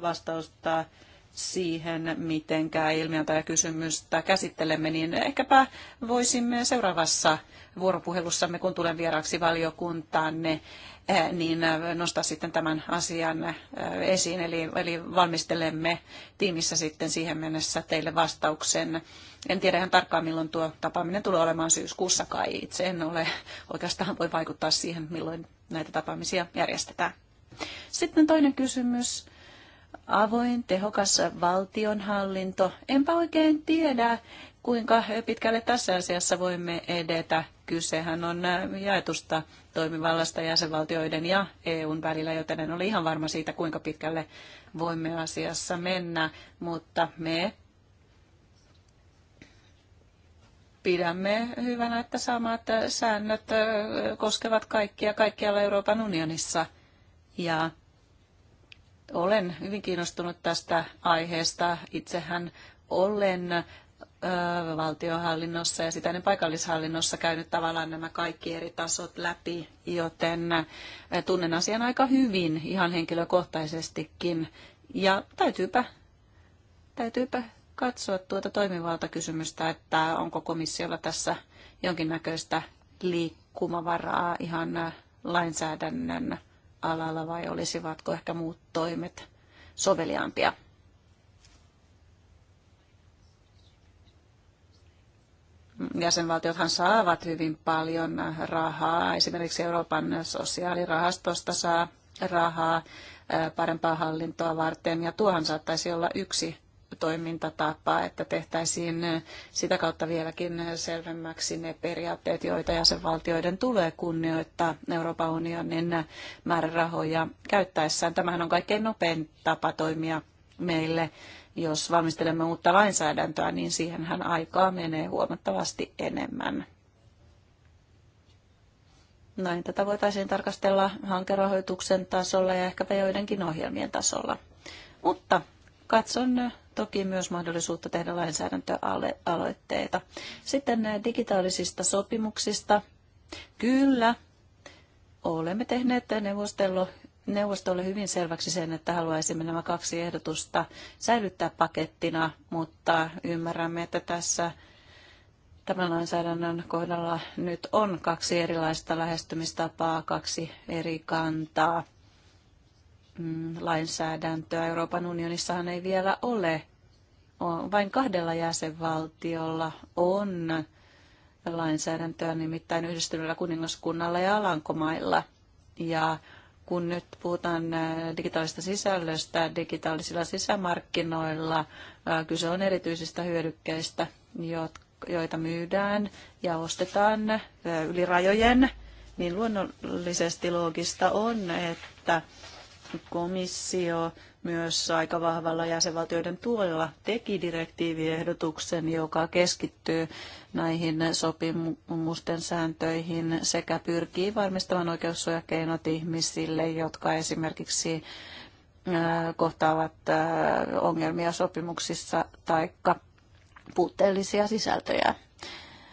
vastausta siihen, mitenkä ilmiötä ja kysymystä käsittelemme, niin ehkäpä voisimme seuraavassa vuoropuhelussamme, kun tulen vieraaksi valiokuntaanne, eh, niin eh, nostaa sitten tämän asian eh, esiin. Eli, eli valmistelemme tiimissä sitten siihen mennessä teille vastauksen. En tiedä ihan tarkkaan, milloin tuo tapaaminen tulee olemaan syyskuussa kai. Itse en ole oikeastaan voi vaikuttaa siihen, milloin näitä tapaamisia järjestetään. Sitten toinen kysymys avoin, tehokas valtionhallinto. Enpä oikein tiedä, kuinka pitkälle tässä asiassa voimme edetä. Kysehän on äh, jaetusta toimivallasta jäsenvaltioiden ja EUn välillä, joten en ole ihan varma siitä, kuinka pitkälle voimme asiassa mennä, mutta me pidämme hyvänä, että samat äh, säännöt äh, koskevat kaikkia kaikkialla Euroopan unionissa. Ja olen hyvin kiinnostunut tästä aiheesta. Itsehän olen valtiohallinnossa ja sitä paikallishallinnossa käynyt tavallaan nämä kaikki eri tasot läpi, joten tunnen asian aika hyvin ihan henkilökohtaisestikin. Ja täytyypä, täytyypä katsoa tuota kysymystä, että onko komissiolla tässä jonkinnäköistä liikkumavaraa ihan lainsäädännön alalla vai olisivatko ehkä muut toimet soveliaampia? jäsenvaltiothan saavat hyvin paljon rahaa. Esimerkiksi Euroopan sosiaalirahastosta saa rahaa parempaa hallintoa varten, ja tuohan saattaisi olla yksi toimintatapaa, että tehtäisiin sitä kautta vieläkin selvemmäksi ne periaatteet, joita jäsenvaltioiden tulee kunnioittaa Euroopan unionin määrärahoja käyttäessään. Tämähän on kaikkein nopein tapa toimia meille. Jos valmistelemme uutta lainsäädäntöä, niin siihenhän aikaa menee huomattavasti enemmän. Näin tätä voitaisiin tarkastella hankerahoituksen tasolla ja ehkäpä joidenkin ohjelmien tasolla. Mutta Katson äh, toki myös mahdollisuutta tehdä lainsäädäntöaloitteita. Sitten äh, digitaalisista sopimuksista. Kyllä, olemme tehneet neuvostelu, neuvostolle hyvin selväksi sen, että haluaisimme nämä kaksi ehdotusta säilyttää pakettina, mutta ymmärrämme, että tässä tämän lainsäädännön kohdalla nyt on kaksi erilaista lähestymistapaa, kaksi eri kantaa. Mm, lainsäädäntöä Euroopan unionissahan ei vielä ole. Vain kahdella jäsenvaltiolla on lainsäädäntöä, nimittäin yhdistyneellä kuningaskunnalla ja Alankomailla. Ja kun nyt puhutaan äh, digitaalista sisällöstä digitaalisilla sisämarkkinoilla, äh, kyse on erityisistä hyödykkeistä, joita myydään ja ostetaan äh, yli rajojen, niin luonnollisesti loogista on, että komissio myös aika vahvalla jäsenvaltioiden tuella teki direktiiviehdotuksen, joka keskittyy näihin sopimusten sääntöihin sekä pyrkii varmistamaan oikeussuojakeinot ihmisille, jotka esimerkiksi kohtaavat ongelmia sopimuksissa tai puutteellisia sisältöjä.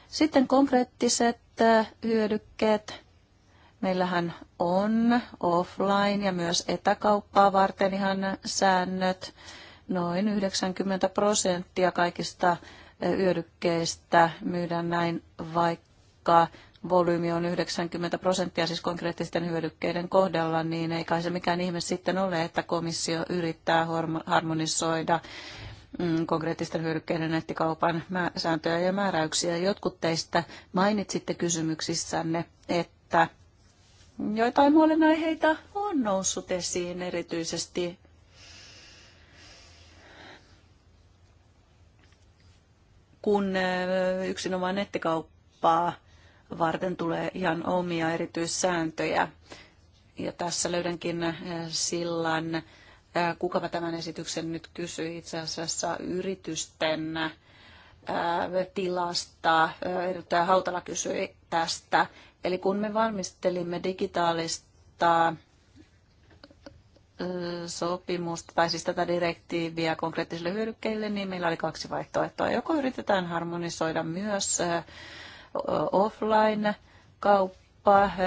Sitten konkreettiset hyödykkeet Meillähän on offline ja myös etäkauppaa varten ihan säännöt. Noin 90 prosenttia kaikista hyödykkeistä eh, myydään näin, vaikka volyymi on 90 prosenttia, siis konkreettisten hyödykkeiden kohdalla, niin ei kai se mikään ihme sitten ole, että komissio yrittää harmonisoida mm, konkreettisten hyödykkeiden nettikaupan sääntöjä ja määräyksiä. Jotkut teistä mainitsitte kysymyksissänne, että joitain huolenaiheita on noussut esiin erityisesti kun yksinomaan nettikauppaa varten tulee ihan omia erityissääntöjä. Ja tässä löydänkin sillan, kukapa tämän esityksen nyt kysyi itse asiassa yritysten tilasta. Edustaja Hautala kysyi tästä. Eli kun me valmistelimme digitaalista sopimusta, tai siis tätä direktiiviä konkreettisille hyödykkeille, niin meillä oli kaksi vaihtoehtoa. Joko yritetään harmonisoida myös offline-kauppaa.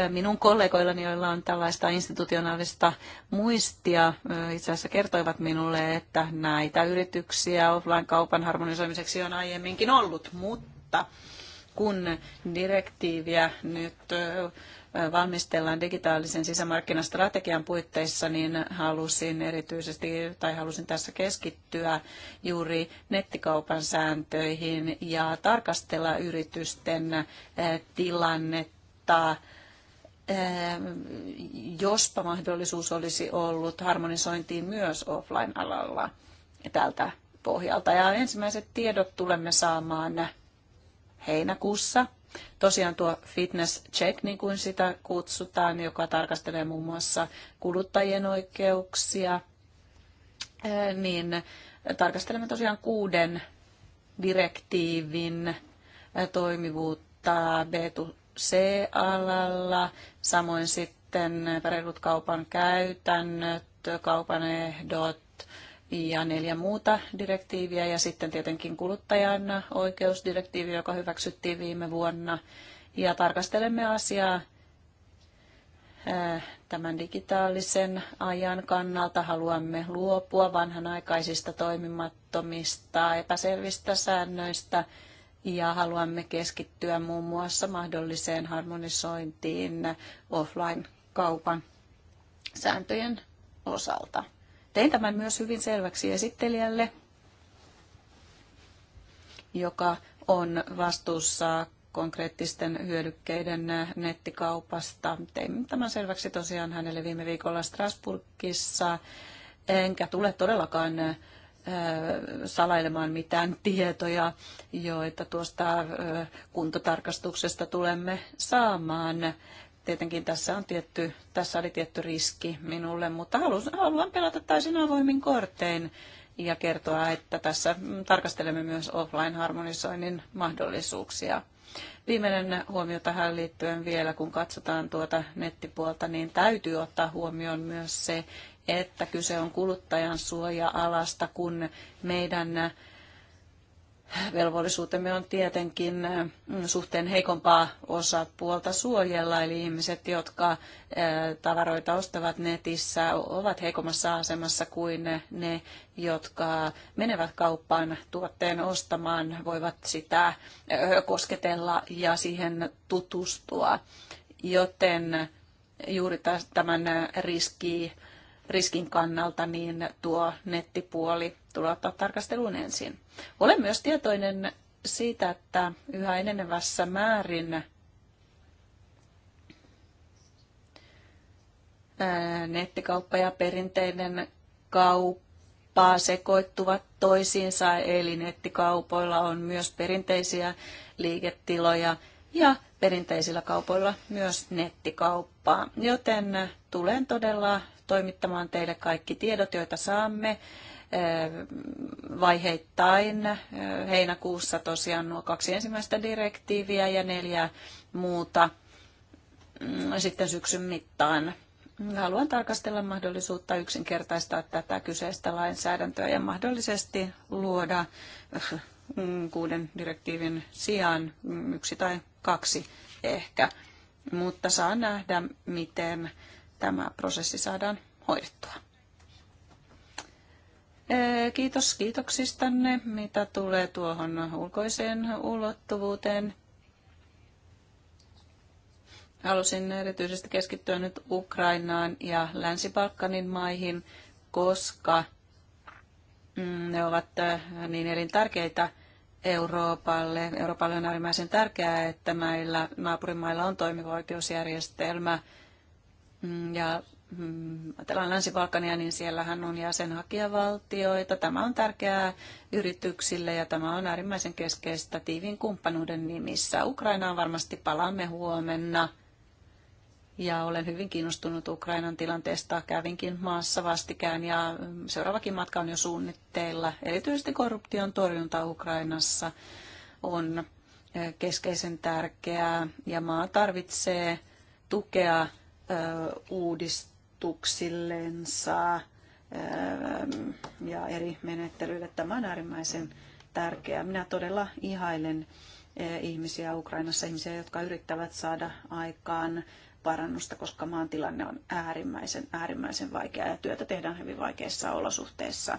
Minun kollegoillani, joilla on tällaista institutionaalista muistia, itse asiassa kertoivat minulle, että näitä yrityksiä offline-kaupan harmonisoimiseksi on aiemminkin ollut, mutta kun direktiiviä nyt valmistellaan digitaalisen sisämarkkinastrategian puitteissa, niin halusin erityisesti tai halusin tässä keskittyä juuri nettikaupan sääntöihin ja tarkastella yritysten tilannetta jospa mahdollisuus olisi ollut harmonisointiin myös offline-alalla tältä pohjalta. Ja ensimmäiset tiedot tulemme saamaan heinäkuussa. Tosiaan tuo fitness check, niin kuin sitä kutsutaan, joka tarkastelee muun muassa kuluttajien oikeuksia, eh, niin tarkastelemme tosiaan kuuden direktiivin eh, toimivuutta B2C-alalla, samoin sitten reilut kaupan käytännöt, kaupan ehdot, ja neljä muuta direktiiviä ja sitten tietenkin kuluttajan oikeusdirektiivi, joka hyväksyttiin viime vuonna. Ja tarkastelemme asiaa äh, tämän digitaalisen ajan kannalta. Haluamme luopua vanhanaikaisista toimimattomista epäselvistä säännöistä ja haluamme keskittyä muun muassa mahdolliseen harmonisointiin offline-kaupan sääntöjen osalta. Tein tämän myös hyvin selväksi esittelijälle, joka on vastuussa konkreettisten hyödykkeiden nettikaupasta. Tein tämän selväksi tosiaan hänelle viime viikolla Strasburgissa, enkä tule todellakaan salailemaan mitään tietoja, joita tuosta kuntotarkastuksesta tulemme saamaan. Tietenkin tässä, on tietty, tässä oli tietty riski minulle, mutta haluan, haluan pelata täysin avoimin kortein ja kertoa, että tässä tarkastelemme myös offline-harmonisoinnin mahdollisuuksia. Viimeinen huomio tähän liittyen vielä, kun katsotaan tuota nettipuolta, niin täytyy ottaa huomioon myös se, että kyse on kuluttajan suoja-alasta, kun meidän velvollisuutemme on tietenkin suhteen heikompaa osapuolta suojella, eli ihmiset, jotka tavaroita ostavat netissä, ovat heikommassa asemassa kuin ne, jotka menevät kauppaan tuotteen ostamaan, voivat sitä kosketella ja siihen tutustua. Joten juuri tämän riski, riskin kannalta niin tuo nettipuoli tulee ottaa tarkasteluun ensin. Olen myös tietoinen siitä, että yhä enenevässä määrin nettikauppa ja perinteinen kauppa sekoittuvat toisiinsa, eli nettikaupoilla on myös perinteisiä liiketiloja ja perinteisillä kaupoilla myös nettikauppaa. Joten tulen todella toimittamaan teille kaikki tiedot, joita saamme vaiheittain. Heinäkuussa tosiaan nuo kaksi ensimmäistä direktiiviä ja neljä muuta mm, sitten syksyn mittaan. Haluan tarkastella mahdollisuutta yksinkertaistaa tätä kyseistä lainsäädäntöä ja mahdollisesti luoda mm, kuuden direktiivin sijaan yksi tai kaksi ehkä. Mutta saa nähdä, miten tämä prosessi saadaan hoidettua. Eh, kiitos kiitoksistanne, mitä tulee tuohon ulkoiseen ulottuvuuteen. Halusin erityisesti keskittyä nyt Ukrainaan ja Länsi-Balkanin maihin, koska mm, ne ovat eh, niin elintärkeitä Euroopalle. Euroopalle on äärimmäisen tärkeää, että meillä naapurimailla on toimiva oikeusjärjestelmä mm, ja ajatellaan mm, Länsi-Balkania, niin siellähän on jäsenhakijavaltioita. Tämä on tärkeää yrityksille ja tämä on äärimmäisen keskeistä tiivin kumppanuuden nimissä. Ukrainaan varmasti palaamme huomenna. Ja olen hyvin kiinnostunut Ukrainan tilanteesta. Kävinkin maassa vastikään ja seuraavakin matka on jo suunnitteilla. Erityisesti korruption torjunta Ukrainassa on eh, keskeisen tärkeää ja maa tarvitsee tukea eh, uudistaa ehdotuksillensa ähm, ja eri menettelyille. Tämä on äärimmäisen tärkeää. Minä todella ihailen äh, ihmisiä Ukrainassa, ihmisiä, jotka yrittävät saada aikaan parannusta, koska maan tilanne on äärimmäisen, äärimmäisen vaikea ja työtä tehdään hyvin vaikeissa olosuhteissa.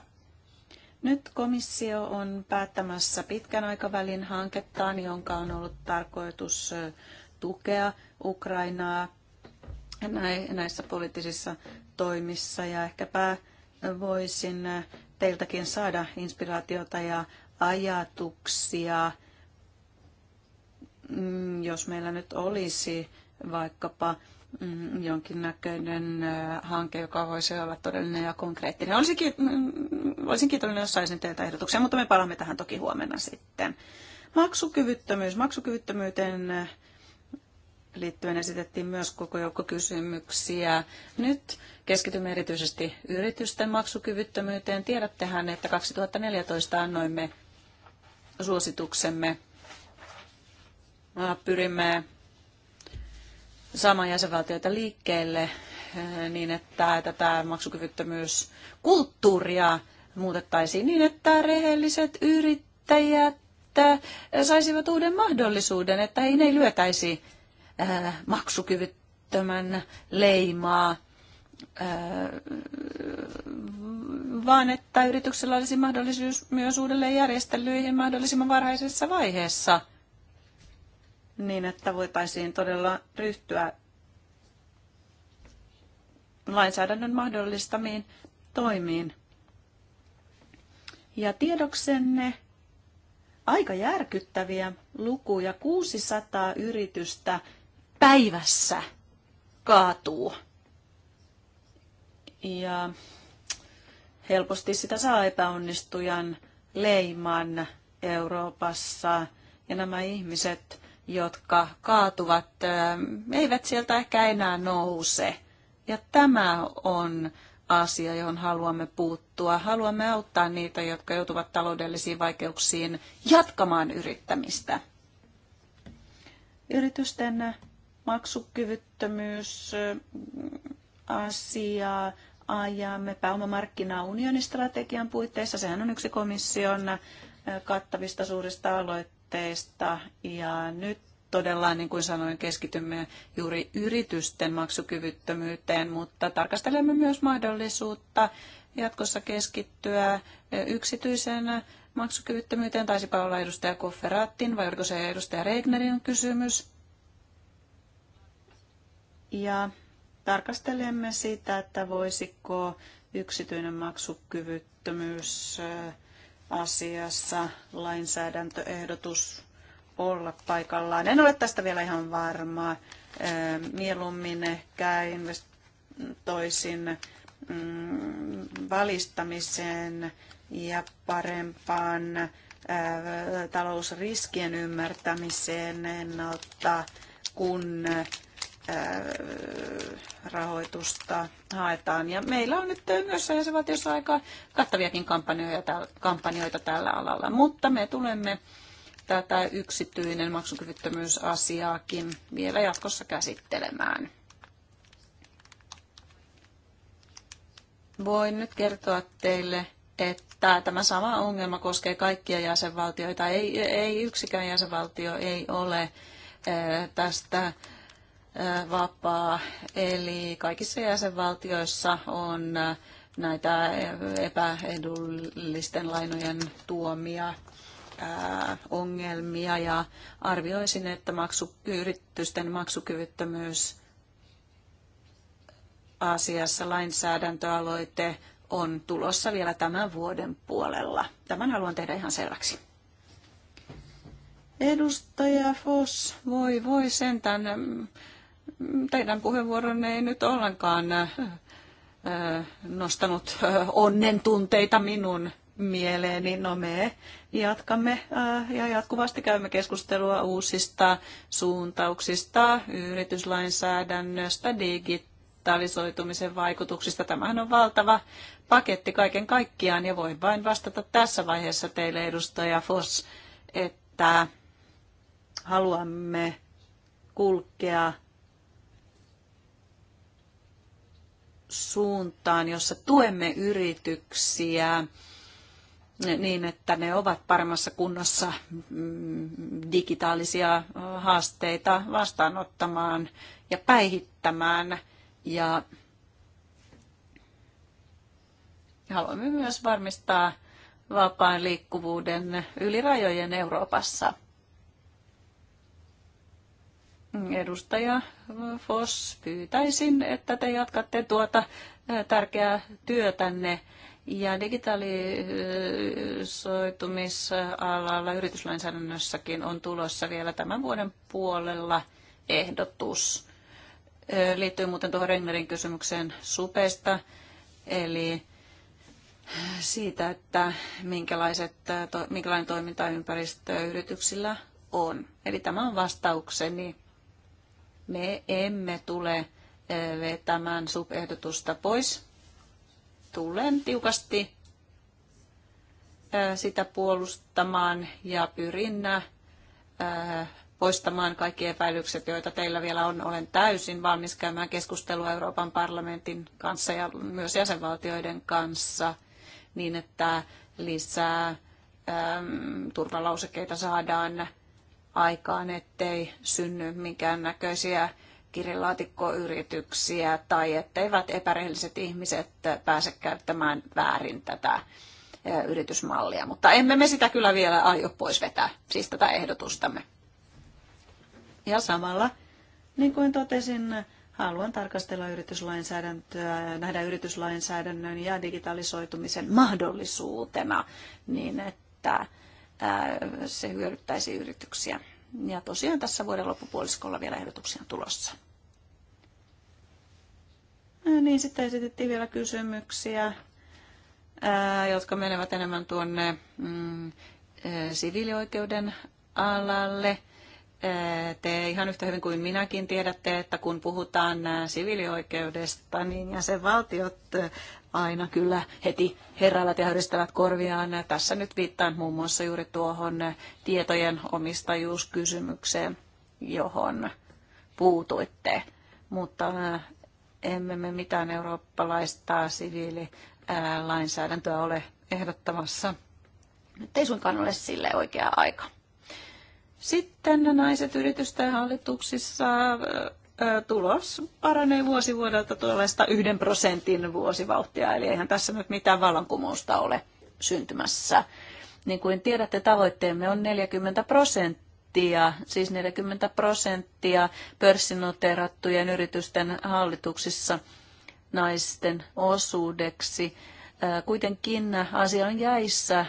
Nyt komissio on päättämässä pitkän aikavälin hankettaan, jonka on ollut tarkoitus äh, tukea Ukrainaa näissä poliittisissa toimissa ja ehkäpä voisin teiltäkin saada inspiraatiota ja ajatuksia, mm, jos meillä nyt olisi vaikkapa mm, jonkinnäköinen äh, hanke, joka voisi olla todellinen ja konkreettinen. Olisikin, mm, olisin kiitollinen, jos saisin teiltä ehdotuksia, mutta me palaamme tähän toki huomenna sitten. Maksukyvyttömyys. Maksukyvyttömyyteen äh, liittyen esitettiin myös koko joukko kysymyksiä. Nyt keskitymme erityisesti yritysten maksukyvyttömyyteen. Tiedättehän, että 2014 annoimme suosituksemme. Pyrimme saamaan jäsenvaltioita liikkeelle eh, niin, että tätä maksukyvyttömyyskulttuuria muutettaisiin niin, että rehelliset yrittäjät eh, saisivat uuden mahdollisuuden, että ei ne lyötäisi Äh, maksukyvyttömän leimaa, äh, vaan että yrityksellä olisi mahdollisuus myös uudelleen järjestelyihin mahdollisimman varhaisessa vaiheessa, niin että voitaisiin todella ryhtyä lainsäädännön mahdollistamiin toimiin. Ja tiedoksenne aika järkyttäviä lukuja. 600 yritystä päivässä kaatuu. Ja helposti sitä saa epäonnistujan leiman Euroopassa. Ja nämä ihmiset, jotka kaatuvat, eh, eivät sieltä ehkä enää nouse. Ja tämä on asia, johon haluamme puuttua. Haluamme auttaa niitä, jotka joutuvat taloudellisiin vaikeuksiin jatkamaan yrittämistä. Yritysten asia ajamme pääomamarkkinaunionin strategian puitteissa. Sehän on yksi komission kattavista suurista aloitteista ja nyt todella, niin kuin sanoin, keskitymme juuri yritysten maksukyvyttömyyteen, mutta tarkastelemme myös mahdollisuutta jatkossa keskittyä yksityisen maksukyvyttömyyteen. Taisipa olla edustaja Kofferattin vai oliko se edustaja Regnerin kysymys ja tarkastelemme sitä, että voisiko yksityinen maksukyvyttömyys asiassa lainsäädäntöehdotus olla paikallaan. En ole tästä vielä ihan varma. Mieluummin ehkä investoisin mm, valistamiseen ja parempaan talousriskien ymmärtämiseen ennalta, kun rahoitusta haetaan. Ja meillä on nyt myös jäsenvaltiossa aika kattaviakin kampanjoita, kampanjoita tällä alalla, mutta me tulemme tätä yksityinen maksukyvyttömyysasiaakin vielä jatkossa käsittelemään. Voin nyt kertoa teille, että tämä sama ongelma koskee kaikkia jäsenvaltioita. Ei, ei yksikään jäsenvaltio ei ole tästä vapaa. Eli kaikissa jäsenvaltioissa on näitä epäedullisten lainojen tuomia ongelmia ja arvioisin, että maksu, yritysten maksukyvyttömyys asiassa lainsäädäntöaloite on tulossa vielä tämän vuoden puolella. Tämän haluan tehdä ihan selväksi. Edustaja Foss, voi voi sentään teidän puheenvuoronne ei nyt ollenkaan äh, äh, nostanut äh, onnen tunteita minun mieleeni. No me jatkamme ja jatkuvasti käymme keskustelua uusista suuntauksista, yrityslainsäädännöstä, digitalisoitumisen vaikutuksista. Tämähän on valtava paketti kaiken kaikkiaan ja voin vain vastata tässä vaiheessa teille edustaja Foss, että haluamme kulkea suuntaan, jossa tuemme yrityksiä niin, että ne ovat paremmassa kunnossa mm, digitaalisia haasteita vastaanottamaan ja päihittämään. Ja haluamme myös varmistaa vapaan liikkuvuuden yli rajojen Euroopassa. Edustaja Foss, pyytäisin, että te jatkatte tuota tärkeää työtänne. Ja digitalisoitumisalalla yrityslainsäädännössäkin on tulossa vielä tämän vuoden puolella ehdotus. Liittyy muuten tuohon Regnerin kysymykseen supesta, eli siitä, että minkälaiset, minkälainen toimintaympäristö yrityksillä on. Eli tämä on vastaukseni me emme tule vetämään subehdotusta pois. Tulen tiukasti sitä puolustamaan ja pyrin poistamaan kaikki epäilykset, joita teillä vielä on. Olen täysin valmis käymään keskustelua Euroopan parlamentin kanssa ja myös jäsenvaltioiden kanssa niin, että lisää äm, turvalausekkeita saadaan aikaan, ettei synny minkäännäköisiä kirjelaatikkoyrityksiä tai etteivät epärehelliset ihmiset pääse käyttämään väärin tätä yritysmallia. Mutta emme me sitä kyllä vielä aio pois vetää, siis tätä ehdotustamme. Ja samalla, niin kuin totesin, haluan tarkastella yrityslainsäädäntöä, nähdä yrityslainsäädännön ja digitalisoitumisen mahdollisuutena niin, että se hyödyttäisi yrityksiä. Ja tosiaan tässä vuoden loppupuoliskolla vielä ehdotuksia tulossa. No niin, sitten esitettiin vielä kysymyksiä, jotka menevät enemmän tuonne mm, siviilioikeuden alalle. Te ihan yhtä hyvin kuin minäkin tiedätte, että kun puhutaan siviilioikeudesta, niin jäsenvaltiot aina kyllä heti Herralla tehdistävät korviaan. Tässä nyt viittaan muun muassa juuri tuohon tietojen omistajuuskysymykseen, johon puutuitte. Mutta äh, emme me mitään eurooppalaista siviililainsäädäntöä ole ehdottamassa. Nyt ei suinkaan ole sille oikea aika. Sitten naiset yritysten hallituksissa äh, tulos paranee vuosi vuodelta tuollaista yhden prosentin vuosivauhtia, eli eihän tässä nyt mitään vallankumousta ole syntymässä. Niin kuin tiedätte, tavoitteemme on 40 prosenttia, siis 40 prosenttia pörssinoteerattujen yritysten hallituksissa naisten osuudeksi. Kuitenkin asia on jäissä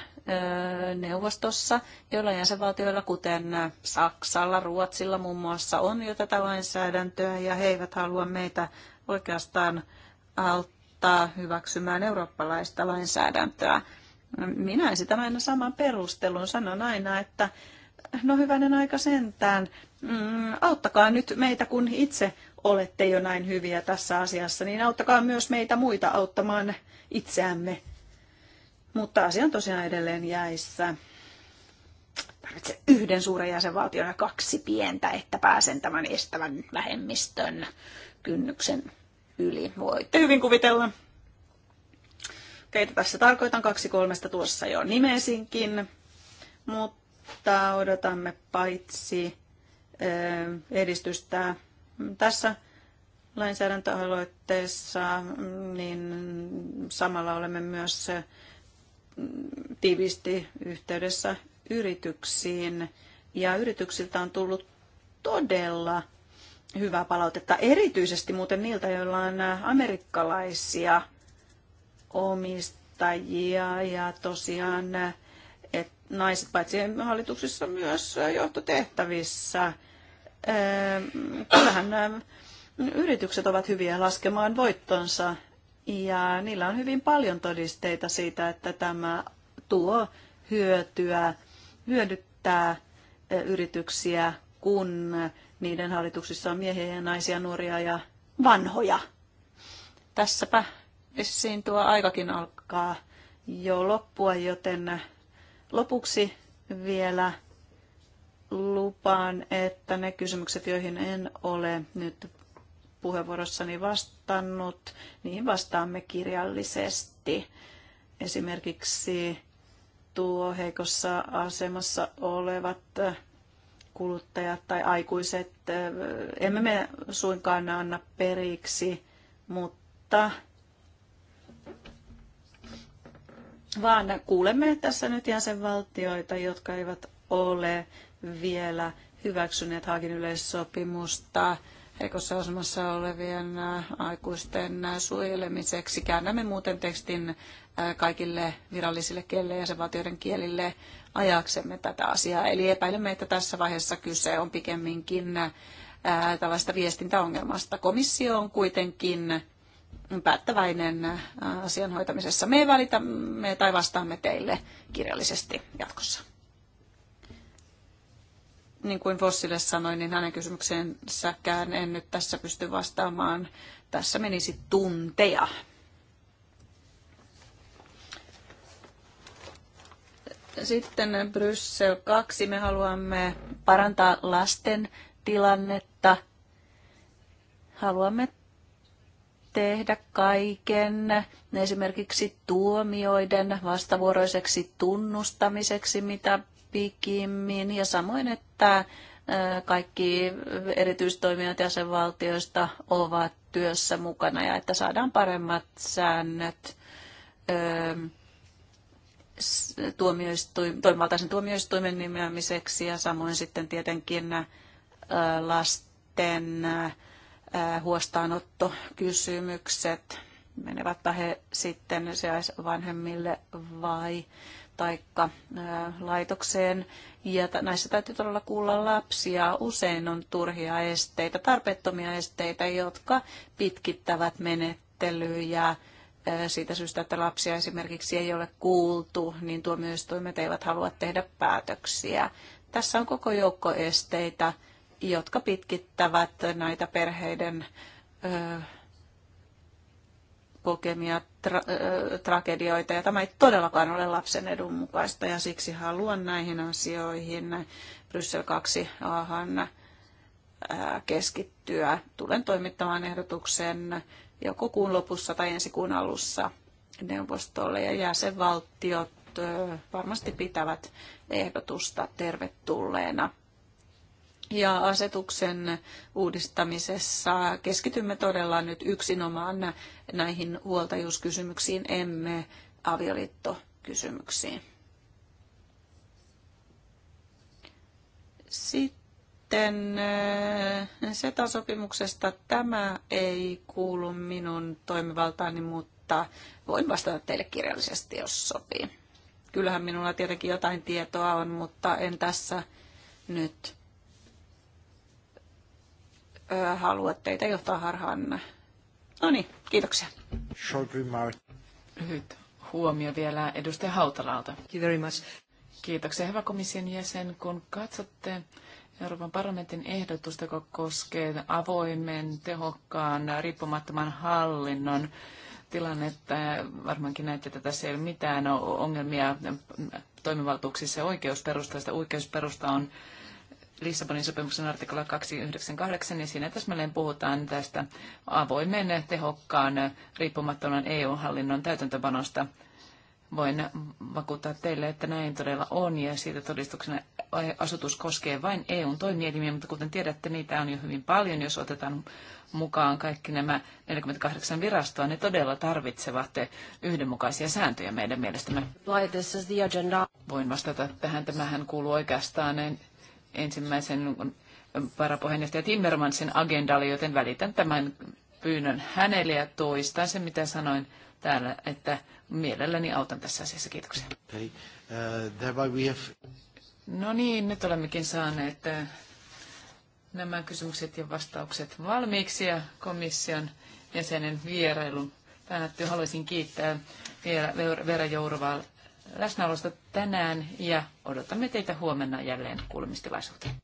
neuvostossa, joilla jäsenvaltioilla, kuten Saksalla, Ruotsilla muun muassa, on jo tätä lainsäädäntöä ja he eivät halua meitä oikeastaan auttaa hyväksymään eurooppalaista lainsäädäntöä. Minä esitän aina saman perustelun. Sanon aina, että no hyvänen aika sentään, mm, auttakaa nyt meitä, kun itse olette jo näin hyviä tässä asiassa, niin auttakaa myös meitä muita auttamaan itseämme mutta asia on tosiaan edelleen jäissä. Tarvitsen yhden suuren jäsenvaltion ja kaksi pientä, että pääsen tämän estävän vähemmistön kynnyksen yli. Voitte hyvin kuvitella, keitä tässä tarkoitan. Kaksi kolmesta tuossa jo nimesinkin, mutta odotamme paitsi edistystä tässä lainsäädäntöaloitteessa, mm, niin samalla olemme myös tiivisti yhteydessä yrityksiin ja yrityksiltä on tullut todella hyvää palautetta, erityisesti muuten niiltä, joilla on äh, amerikkalaisia omistajia ja tosiaan äh, et naiset paitsi hallituksissa myös johtotehtävissä. Äh, kyllähän nämä yritykset ovat hyviä laskemaan voittonsa ja niillä on hyvin paljon todisteita siitä, että tämä tuo hyötyä, hyödyttää yrityksiä, kun niiden hallituksissa on miehiä ja naisia, nuoria ja vanhoja. Tässäpä vissiin tuo aikakin alkaa jo loppua, joten lopuksi vielä lupaan, että ne kysymykset, joihin en ole nyt puheenvuorossani vastannut, niihin vastaamme kirjallisesti. Esimerkiksi tuo heikossa asemassa olevat kuluttajat tai aikuiset, emme me suinkaan anna periksi, mutta vaan kuulemme tässä nyt jäsenvaltioita, jotka eivät ole vielä hyväksyneet Haagin yleissopimusta heikossa asemassa olevien äh, aikuisten äh, suojelemiseksi. Käännämme muuten tekstin äh, kaikille virallisille kielille ja jäsenvaltioiden kielille ajaksemme tätä asiaa. Eli epäilemme, että tässä vaiheessa kyse on pikemminkin tällaista viestintäongelmasta. Komissio on kuitenkin päättäväinen asian hoitamisessa. Me välitämme tai vastaamme teille kirjallisesti jatkossa niin kuin Vossille sanoin, niin hänen kysymykseensäkään en nyt tässä pysty vastaamaan. Tässä menisi tunteja. Sitten Bryssel 2. Me haluamme parantaa lasten tilannetta. Haluamme tehdä kaiken esimerkiksi tuomioiden vastavuoroiseksi tunnustamiseksi, mitä pikimmin ja samoin, että kaikki erityistoimijat jäsenvaltioista ovat työssä mukana ja että saadaan paremmat säännöt toimivaltaisen tuomioistuimen nimeämiseksi ja samoin sitten tietenkin lasten huostaanottokysymykset, menevätpä he sitten sijaisvanhemmille vai tai laitokseen. Ja näissä täytyy todella kuulla lapsia. Usein on turhia esteitä, tarpeettomia esteitä, jotka pitkittävät menettelyjä siitä syystä, että lapsia esimerkiksi ei ole kuultu, niin tuomioistuimet eivät halua tehdä päätöksiä. Tässä on koko joukko esteitä, jotka pitkittävät näitä perheiden kokemia tra- tragedioita ja tämä ei todellakaan ole lapsen edun mukaista ja siksi haluan näihin asioihin Bryssel 2 ahan keskittyä. Tulen toimittamaan ehdotuksen joko kuun lopussa tai ensi kuun alussa neuvostolle ja jäsenvaltiot varmasti pitävät ehdotusta tervetulleena ja asetuksen uudistamisessa keskitymme todella nyt yksinomaan näihin huoltajuuskysymyksiin, emme avioliittokysymyksiin. Sitten äh, SETA-sopimuksesta tämä ei kuulu minun toimivaltaani, mutta voin vastata teille kirjallisesti, jos sopii. Kyllähän minulla tietenkin jotain tietoa on, mutta en tässä nyt halua teitä johtaa harhaan. No niin, kiitoksia. Short remark. Lyhyt huomio vielä edustaja Hautalalta. Thank you very much. Kiitoksia, hyvä komission jäsen. Kun katsotte Euroopan parlamentin ehdotusta, joka koskee avoimen, tehokkaan, riippumattoman hallinnon tilannetta, varmaankin näette, että tässä ei ole mitään ongelmia toimivaltuuksissa ja oikeusperustasta. Oikeusperusta on Lissabonin sopimuksen artikla 298, niin siinä täsmälleen puhutaan tästä avoimen, tehokkaan, riippumattoman EU-hallinnon täytäntöpanosta. Voin vakuuttaa teille, että näin todella on ja siitä todistuksena asutus koskee vain EUn toimielimiä, mutta kuten tiedätte, niitä on jo hyvin paljon, jos otetaan mukaan kaikki nämä 48 virastoa, ne todella tarvitsevat yhdenmukaisia sääntöjä meidän mielestämme. Voin vastata tähän, tämähän kuuluu oikeastaan ensimmäisen varapuheenjohtaja Timmermansin agendalle, joten välitän tämän pyynnön hänelle ja toistan sen, mitä sanoin täällä, että mielelläni autan tässä asiassa. Kiitoksia. Okay. Uh, have... No niin, nyt olemmekin saaneet äh, nämä kysymykset ja vastaukset valmiiksi ja komission jäsenen vierailu päättyy. Haluaisin kiittää vielä Vera Jourovaa läsnäolosta tänään ja odotamme teitä huomenna jälleen kuulemistilaisuuteen.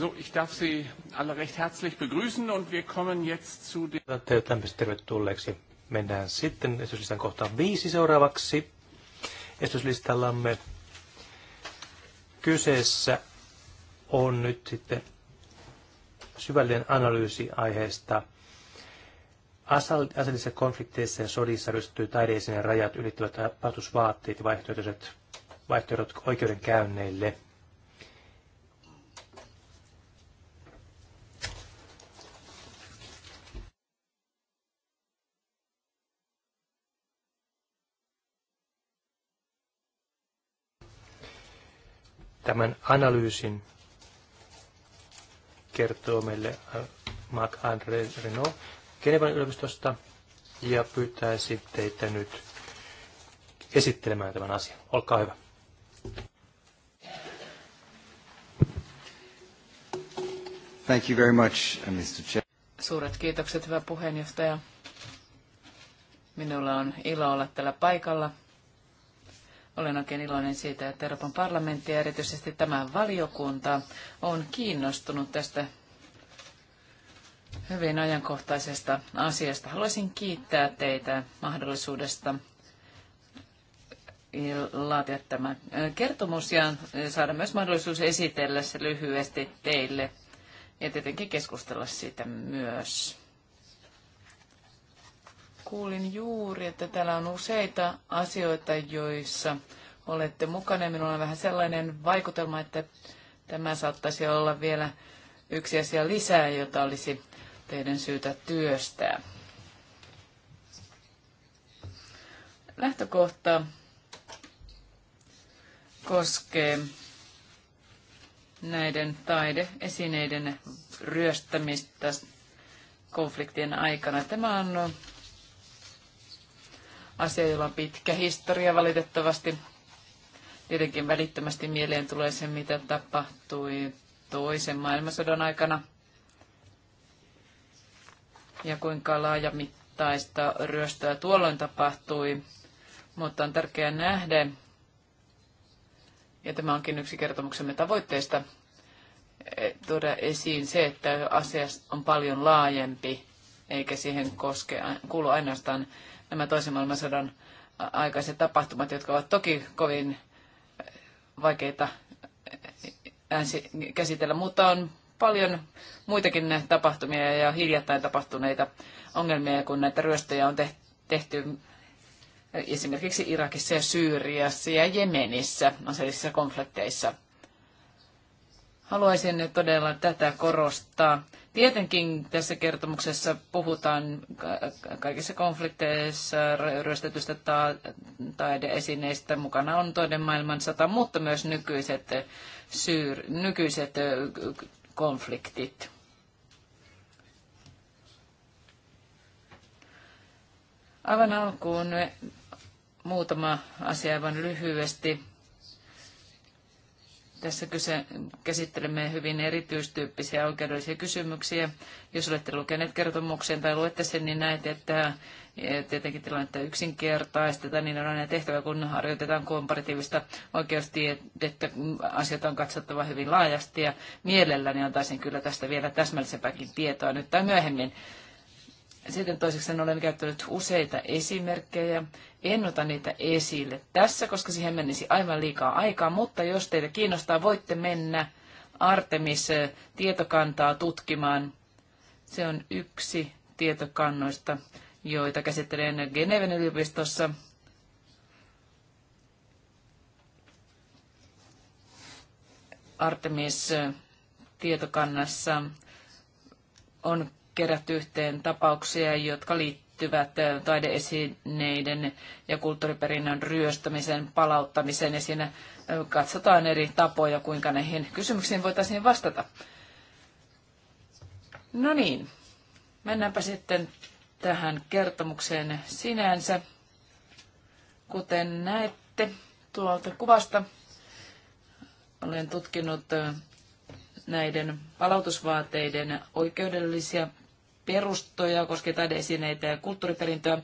So, ich darf Sie alle recht herzlich begrüßen und wir kommen jetzt zu den... Teidät lämpimästi tervetulleeksi. Mennään sitten esityslistan kohtaan viisi seuraavaksi. Esityslistallamme kyseessä on nyt sitten syvällinen analyysi aiheesta aseellisissa konflikteissa ja sodissa rystyy taideisiin rajat ylittävät tapahtusvaatteet ja vaihtoehdot oikeudenkäynneille – tämän analyysin kertoo meille äh, Marc-André Renault Genevan yliopistosta ja pyytäisi teitä nyt esittelemään tämän asian. Olkaa hyvä. Thank you very much, uh, Mr. Chair. Suuret kiitokset, hyvä puheenjohtaja. Minulla on ilo olla tällä paikalla olen oikein iloinen siitä, että Euroopan parlamentti ja erityisesti tämä valiokunta on kiinnostunut tästä hyvin ajankohtaisesta asiasta. Haluaisin kiittää teitä mahdollisuudesta laatia tämä kertomus ja saada myös mahdollisuus esitellä se lyhyesti teille ja tietenkin keskustella siitä myös. Kuulin juuri, että täällä on useita asioita, joissa olette mukana. Minulla on vähän sellainen vaikutelma, että tämä saattaisi olla vielä yksi asia lisää, jota olisi teidän syytä työstää. Lähtökohta koskee näiden taideesineiden ryöstämistä konfliktien aikana. Tämä on asia, jolla on pitkä historia valitettavasti. Tietenkin välittömästi mieleen tulee se, mitä tapahtui toisen maailmansodan aikana ja kuinka laajamittaista ryöstöä tuolloin tapahtui. Mutta on tärkeää nähdä, ja tämä onkin yksi kertomuksemme tavoitteista, tuoda esiin se, että asia on paljon laajempi, eikä siihen koske, kuulu ainoastaan nämä toisen maailmansodan aikaiset tapahtumat, jotka ovat toki kovin vaikeita käsitellä, mutta on paljon muitakin tapahtumia ja hiljattain tapahtuneita ongelmia, kun näitä ryöstöjä on tehty esimerkiksi Irakissa ja Syyriassa ja Jemenissä aseellisissa konflikteissa – Haluaisin todella tätä korostaa. Tietenkin tässä kertomuksessa puhutaan kaikissa konflikteissa ryöstetystä ta- taideesineistä. Mukana on toinen maailmansota, mutta myös nykyiset, syr nykyiset konfliktit. Aivan alkuun muutama asia aivan lyhyesti. Tässä kyse, käsittelemme hyvin erityistyyppisiä oikeudellisia kysymyksiä. Jos olette lukeneet kertomuksen tai luette sen, niin näette, että tietenkin tilannetta yksinkertaistetaan, niin on aina tehtävä, kun harjoitetaan komparatiivista oikeustiedettä, asioita on katsottava hyvin laajasti ja mielelläni antaisin kyllä tästä vielä täsmällisempääkin tietoa nyt tai myöhemmin. Sitten toiseksi olen käyttänyt useita esimerkkejä. En ota niitä esille tässä, koska siihen menisi aivan liikaa aikaa, mutta jos teitä kiinnostaa, voitte mennä Artemis-tietokantaa tutkimaan. Se on yksi tietokannoista, joita käsittelen Geneven yliopistossa. Artemis-tietokannassa on kerätty yhteen tapauksia, jotka liittyvät eh, taideesineiden ja kulttuuriperinnön ryöstämisen, palauttamiseen ja siinä eh, katsotaan eri tapoja, kuinka näihin kysymyksiin voitaisiin vastata. No niin, mennäänpä sitten tähän kertomukseen sinänsä. Kuten näette tuolta kuvasta, olen tutkinut eh, näiden palautusvaateiden oikeudellisia perustoja koskee taideesineitä ja kulttuuriperintöä.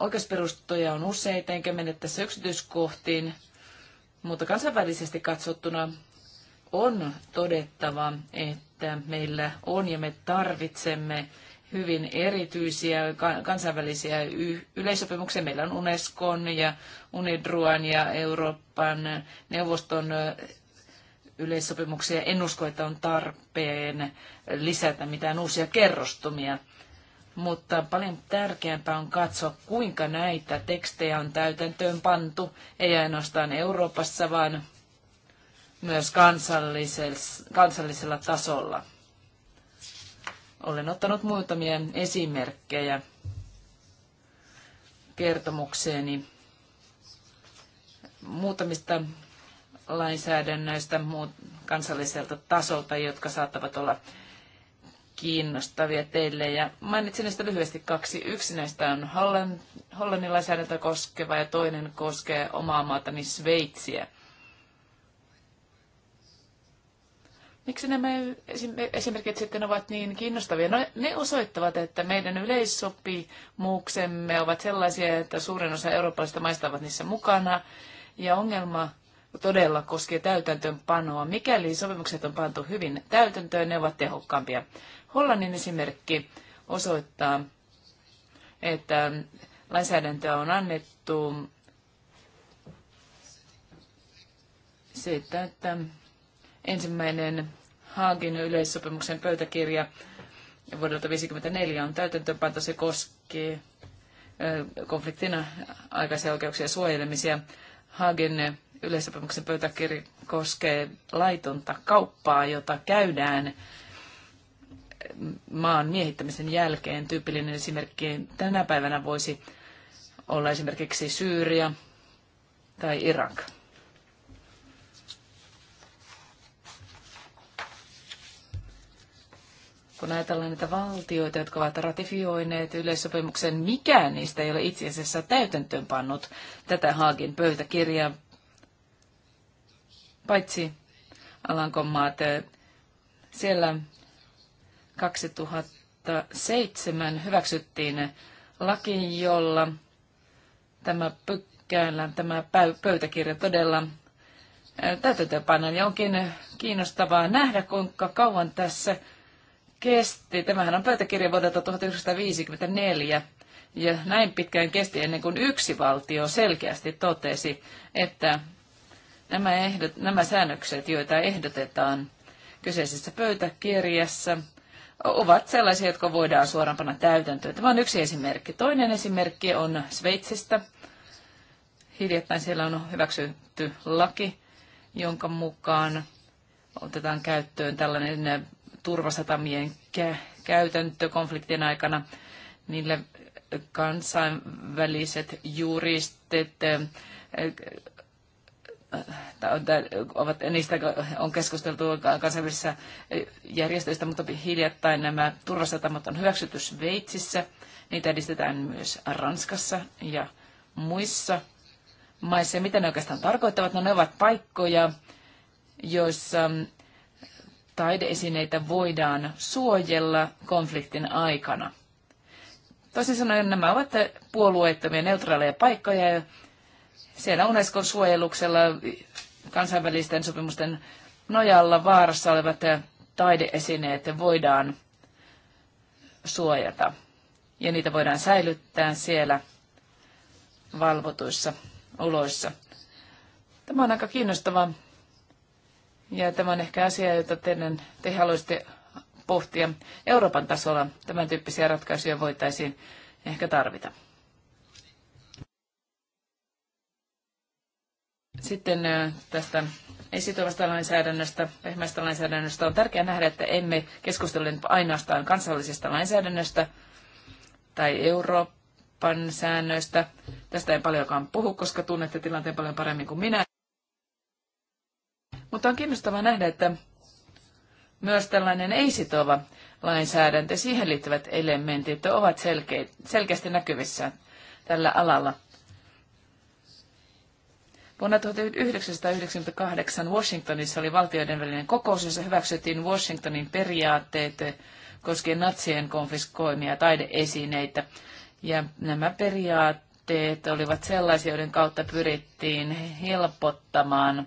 Oikeusperustoja on useita, enkä mene tässä yksityiskohtiin, mutta kansainvälisesti katsottuna on todettava, että meillä on ja me tarvitsemme hyvin erityisiä kansainvälisiä yleisopimuksia. Meillä on Unescon ja UNEDRUAN ja Euroopan neuvoston yleissopimuksia. En usko, että on tarpeen lisätä mitään uusia kerrostumia, mutta paljon tärkeämpää on katsoa, kuinka näitä tekstejä on täytäntöön pantu, ei ainoastaan Euroopassa, vaan myös kansallisella, tasolla. Olen ottanut muutamia esimerkkejä kertomukseeni muutamista lainsäädännöistä muut kansalliselta tasolta, jotka saattavat olla kiinnostavia teille. Ja mainitsin näistä lyhyesti kaksi. Yksi näistä on Holland Hollannin lainsäädäntöä koskeva ja toinen koskee omaa maatani Sveitsiä. Miksi nämä esimerkit sitten ovat niin kiinnostavia? No, ne osoittavat, että meidän yleissopimuksemme ovat sellaisia, että suurin osa eurooppalaisista maista ovat niissä mukana. Ja ongelma todella koskee täytäntöönpanoa. Mikäli sopimukset on pantu hyvin täytäntöön, ne ovat tehokkaampia. Hollannin esimerkki osoittaa, että lainsäädäntöä on annettu siitä, että ensimmäinen Haagin yleissopimuksen pöytäkirja vuodelta 1954 on täytäntöönpanto. Se koskee konfliktin aikaisia oikeuksia suojelemisia. Haagin yleissopimuksen pöytäkirja koskee laitonta kauppaa, jota käydään maan miehittämisen jälkeen. Tyypillinen esimerkki tänä päivänä voisi olla esimerkiksi Syyria tai Irak. kun ajatellaan niitä valtioita, jotka ovat ratifioineet yleissopimuksen, mikään niistä ei ole itse asiassa täytäntöönpannut tätä Haagin pöytäkirjaa paitsi Alankomaat. Eh, siellä 2007 hyväksyttiin laki, jolla tämä pykälä, tämä pöytäkirja todella eh, täytäntöönpannaan. Ja onkin kiinnostavaa nähdä, kuinka kauan tässä kesti. Tämähän on pöytäkirja vuodelta 1954. Ja näin pitkään kesti ennen kuin yksi valtio selkeästi totesi, että Nämä, ehdot, nämä säännökset, joita ehdotetaan kyseisessä pöytäkirjassa, ovat sellaisia, jotka voidaan suorampana panna täytäntöön. Tämä on yksi esimerkki. Toinen esimerkki on Sveitsistä. Hiljattain siellä on hyväksytty laki, jonka mukaan otetaan käyttöön tällainen turvasatamien käytäntö konfliktien aikana. Niille kansainväliset juristit Äh, äh, ovat, niistä on keskusteltu kansainvälisissä äh, järjestöissä, mutta hiljattain nämä turvasatamat on hyväksytty Sveitsissä. Niitä edistetään myös Ranskassa ja muissa maissa. Ja mitä ne oikeastaan tarkoittavat? No ne ovat paikkoja, joissa mm, taideesineitä voidaan suojella konfliktin aikana. Toisin sanoen nämä ovat puolueettomia neutraaleja paikkoja, siellä Unescon suojeluksella kansainvälisten sopimusten nojalla vaarassa olevat taideesineet voidaan suojata. Ja niitä voidaan säilyttää siellä valvotuissa oloissa. Tämä on aika kiinnostava ja tämä on ehkä asia, jota teidän, te haluaisitte pohtia Euroopan tasolla. Tämän tyyppisiä ratkaisuja voitaisiin ehkä tarvita. Sitten äh, tästä esitoivasta lainsäädännöstä, pehmeästä lainsäädännöstä on tärkeää nähdä, että emme keskustele ainoastaan kansallisesta lainsäädännöstä tai Euroopan säännöistä. Tästä ei paljonkaan puhu, koska tunnette tilanteen paljon paremmin kuin minä. Mutta on kiinnostavaa nähdä, että myös tällainen ei-sitova lainsäädäntö, siihen liittyvät elementit ovat selkeä, selkeästi näkyvissä tällä alalla. Vuonna 1998 Washingtonissa oli valtioiden välinen kokous, jossa hyväksyttiin Washingtonin periaatteet koskien natsien konfiskoimia taideesineitä. Ja nämä periaatteet olivat sellaisia, joiden kautta pyrittiin helpottamaan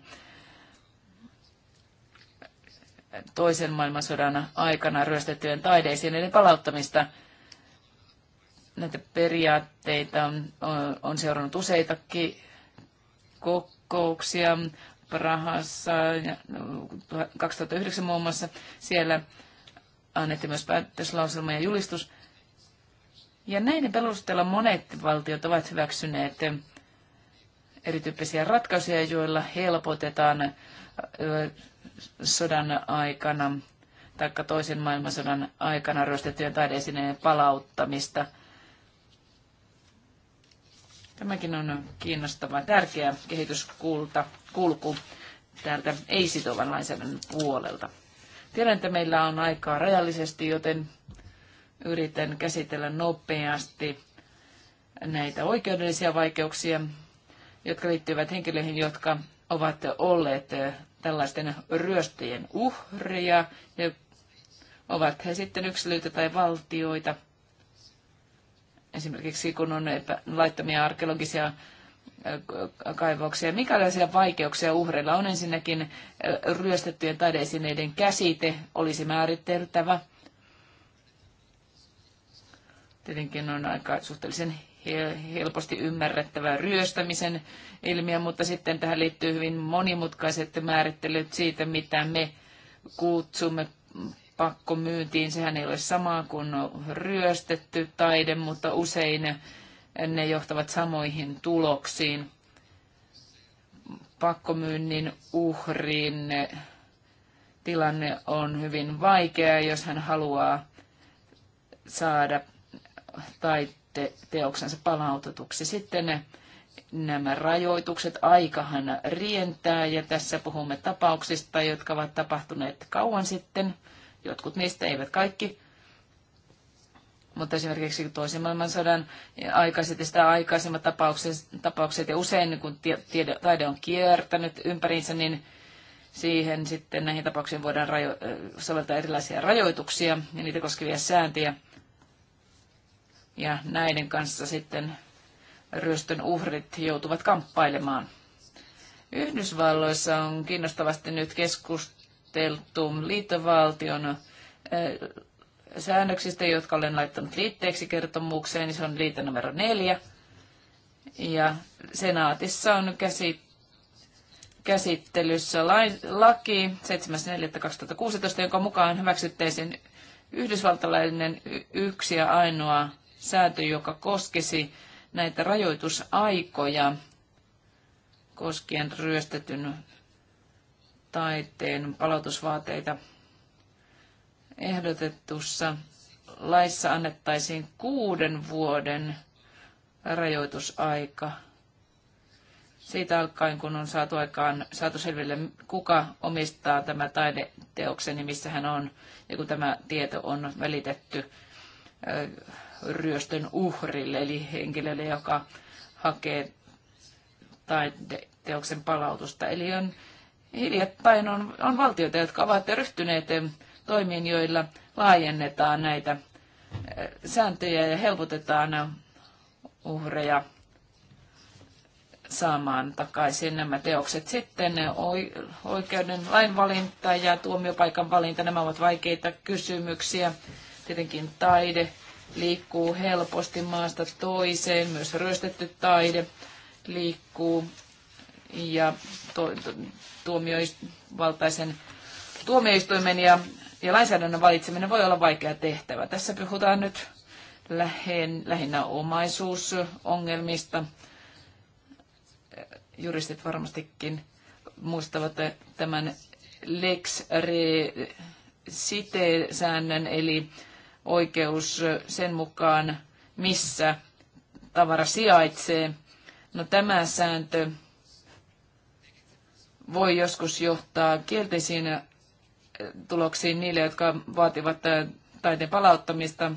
toisen maailmansodan aikana ryöstettyjen taideesineiden palauttamista. Näitä periaatteita on, on seurannut useitakin kokouksia Prahassa 2009 no, muun muassa. Siellä annettiin myös päätöslauselma ja julistus. Ja näiden perusteella monet valtiot ovat hyväksyneet erityyppisiä ratkaisuja, joilla helpotetaan sodan aikana tai toisen maailmansodan aikana ryöstettyjen taideesineen palauttamista – Tämäkin on kiinnostava, tärkeä kehityskulta, kulku täältä ei-sitovan lainsäädännön puolelta. Tiedän, että meillä on aikaa rajallisesti, joten yritän käsitellä nopeasti näitä oikeudellisia vaikeuksia, jotka liittyvät henkilöihin, jotka ovat olleet tällaisten ryöstöjen uhria, ja ovat he sitten yksilöitä tai valtioita – esimerkiksi kun on epä, laittomia arkeologisia äh, kaivauksia. Mikälaisia vaikeuksia uhreilla on ensinnäkin äh, ryöstettyjen taideesineiden käsite olisi määriteltävä. Tietenkin on aika suhteellisen helposti ymmärrettävä ryöstämisen ilmiö, mutta sitten tähän liittyy hyvin monimutkaiset määrittelyt siitä, mitä me kutsumme pakkomyyntiin. Sehän ei ole sama kuin ryöstetty taide, mutta usein ne johtavat samoihin tuloksiin. Pakkomyynnin uhrin tilanne on hyvin vaikea, jos hän haluaa saada teoksensa palautetuksi. Sitten ne nämä rajoitukset, aikahan rientää ja tässä puhumme tapauksista, jotka ovat tapahtuneet kauan sitten – jotkut niistä, eivät kaikki. Mutta esimerkiksi toisen maailmansodan aikaiset ja sitä aikaisemmat tapaukset, tapaukset ja usein niin kun tiede, taide on kiertänyt ympäriinsä, niin siihen sitten näihin tapauksiin voidaan rajo- soveltaa erilaisia rajoituksia ja niitä koskevia sääntöjä. Ja näiden kanssa sitten ryöstön uhrit joutuvat kamppailemaan. Yhdysvalloissa on kiinnostavasti nyt keskustelua neuvoteltu liittovaltion säännöksistä, jotka olen laittanut liitteeksi kertomukseen, niin se on liite numero neljä. Ja senaatissa on käsi, käsittelyssä laki 7.4.2016, jonka mukaan hyväksyttäisiin yhdysvaltalainen yksi ja ainoa sääntö, joka koskisi näitä rajoitusaikoja koskien ryöstetyn taiteen palautusvaateita. Ehdotetussa laissa annettaisiin kuuden vuoden rajoitusaika siitä alkaen, kun on saatu aikaan, saatu selville, kuka omistaa tämä taideteoksen ja missä hän on, ja kun tämä tieto on välitetty ryöstön uhrille, eli henkilölle, joka hakee taideteoksen palautusta. Eli on hiljattain on, on valtioita, jotka ovat ryhtyneet toimiin, joilla laajennetaan näitä eh, sääntöjä ja helpotetaan uhreja saamaan takaisin nämä teokset. Sitten oikeuden lainvalinta ja tuomiopaikan valinta, nämä ovat vaikeita kysymyksiä. Tietenkin taide liikkuu helposti maasta toiseen, myös ryöstetty taide liikkuu ja to, to, tuomioistuimen tuomioistuimen ja, ja lainsäädännön valitseminen voi olla vaikea tehtävä. Tässä puhutaan nyt lähen, lähinnä omaisuusongelmista. Juristit varmastikin muistavat tämän Lex Re säännön eli oikeus sen mukaan, missä tavara sijaitsee. No tämä sääntö voi joskus johtaa kielteisiin eh, tuloksiin niille, jotka vaativat eh, taiteen palauttamista,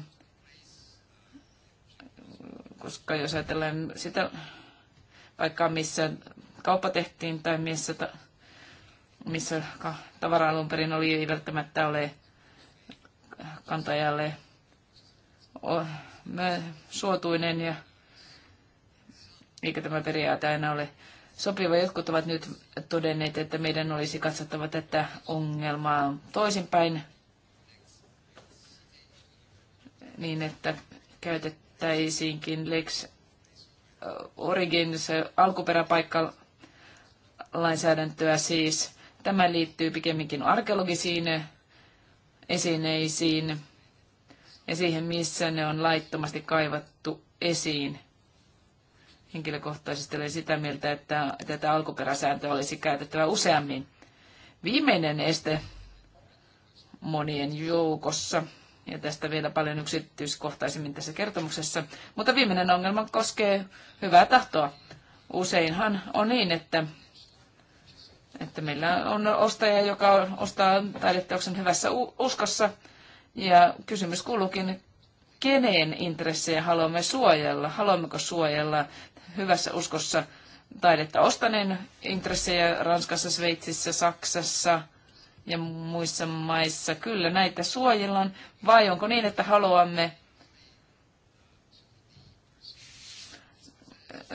koska jos ajatellaan sitä paikkaa, missä kauppa tehtiin tai missä, ta, missä tavara alun perin oli, ei välttämättä ole kantajalle eh, suotuinen ja eikä tämä periaate aina ole sopiva. Jotkut ovat nyt todenneet, että meidän olisi katsottava tätä ongelmaa toisinpäin niin, että käytettäisiinkin Lex Origins alkuperäpaikka lainsäädäntöä siis. Tämä liittyy pikemminkin arkeologisiin esineisiin ja siihen, missä ne on laittomasti kaivattu esiin henkilökohtaisesti olen sitä mieltä, että tätä alkuperäsääntöä olisi käytettävä useammin. Viimeinen este monien joukossa, ja tästä vielä paljon yksityiskohtaisemmin tässä kertomuksessa, mutta viimeinen ongelma koskee hyvää tahtoa. Useinhan on niin, että, että meillä on ostaja, joka ostaa taideteoksen hyvässä uskossa, ja kysymys kuuluukin, kenen intressejä haluamme suojella? Haluammeko suojella hyvässä uskossa taidetta ostaneen intressejä Ranskassa, Sveitsissä, Saksassa ja muissa maissa. Kyllä näitä suojellaan, vai onko niin, että haluamme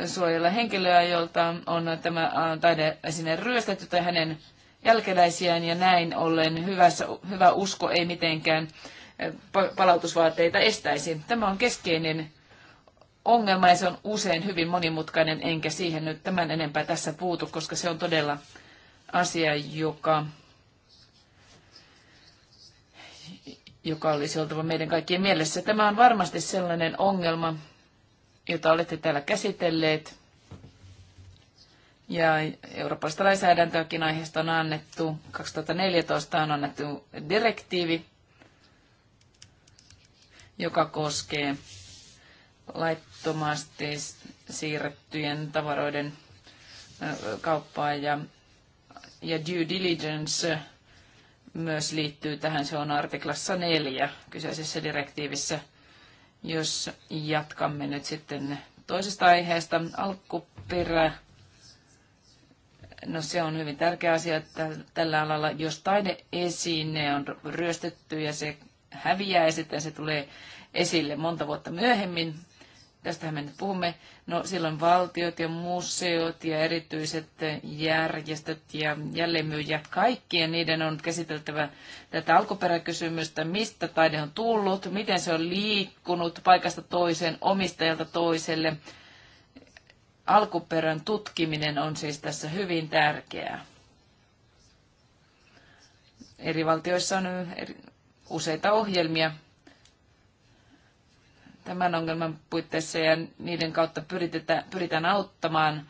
suojella henkilöä, jolta on tämä taideesine ryöstetty tai hänen jälkeläisiään ja näin ollen hyvässä, hyvä usko ei mitenkään palautusvaateita estäisi. Tämä on keskeinen ongelma ja se on usein hyvin monimutkainen, enkä siihen nyt tämän enempää tässä puutu, koska se on todella asia, joka, joka olisi oltava meidän kaikkien mielessä. Tämä on varmasti sellainen ongelma, jota olette täällä käsitelleet. Ja Euroopasta lainsäädäntöäkin aiheesta on annettu. 2014 on annettu direktiivi, joka koskee laitteita laittomasti siirrettyjen tavaroiden kauppaa ja, ja due diligence myös liittyy tähän. Se on artiklassa neljä kyseisessä direktiivissä. Jos jatkamme nyt sitten toisesta aiheesta, alkuperä. No se on hyvin tärkeä asia että tällä alalla. Jos taideesine on ryöstetty ja se häviää ja sitten se tulee esille monta vuotta myöhemmin, tästähän me nyt puhumme, no silloin valtiot ja museot ja erityiset järjestöt ja jälleenmyyjät, kaikkien niiden on käsiteltävä tätä alkuperäkysymystä, mistä taide on tullut, miten se on liikkunut paikasta toiseen, omistajalta toiselle. Alkuperän tutkiminen on siis tässä hyvin tärkeää. Eri valtioissa on useita ohjelmia, tämän ongelman puitteissa ja niiden kautta pyritään auttamaan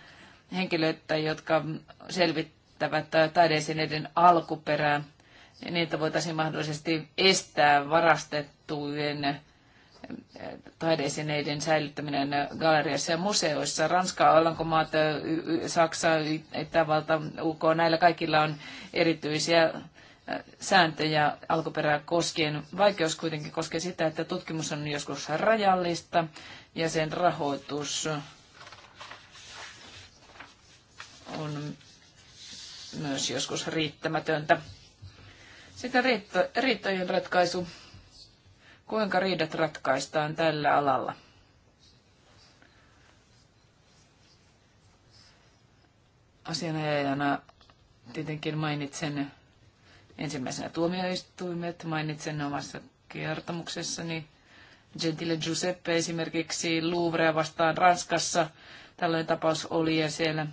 henkilöitä, jotka selvittävät taideesineiden alkuperää. Niitä voitaisiin mahdollisesti estää varastettujen eh, taideesineiden säilyttäminen galleriassa ja museoissa. Ranska, Alankomaat, Saksa, Itävalta, UK, näillä kaikilla on erityisiä sääntöjä alkuperää koskien. Vaikeus kuitenkin koskee sitä, että tutkimus on joskus rajallista ja sen rahoitus on myös joskus riittämätöntä. Sitten riitto, riittojen ratkaisu. Kuinka riidat ratkaistaan tällä alalla? Asianajajana tietenkin mainitsen Ensimmäisenä tuomioistuimet mainitsen omassa kertomuksessani. Gentile Giuseppe esimerkiksi Louvrea vastaan Ranskassa. Tällainen tapaus oli ja siellä,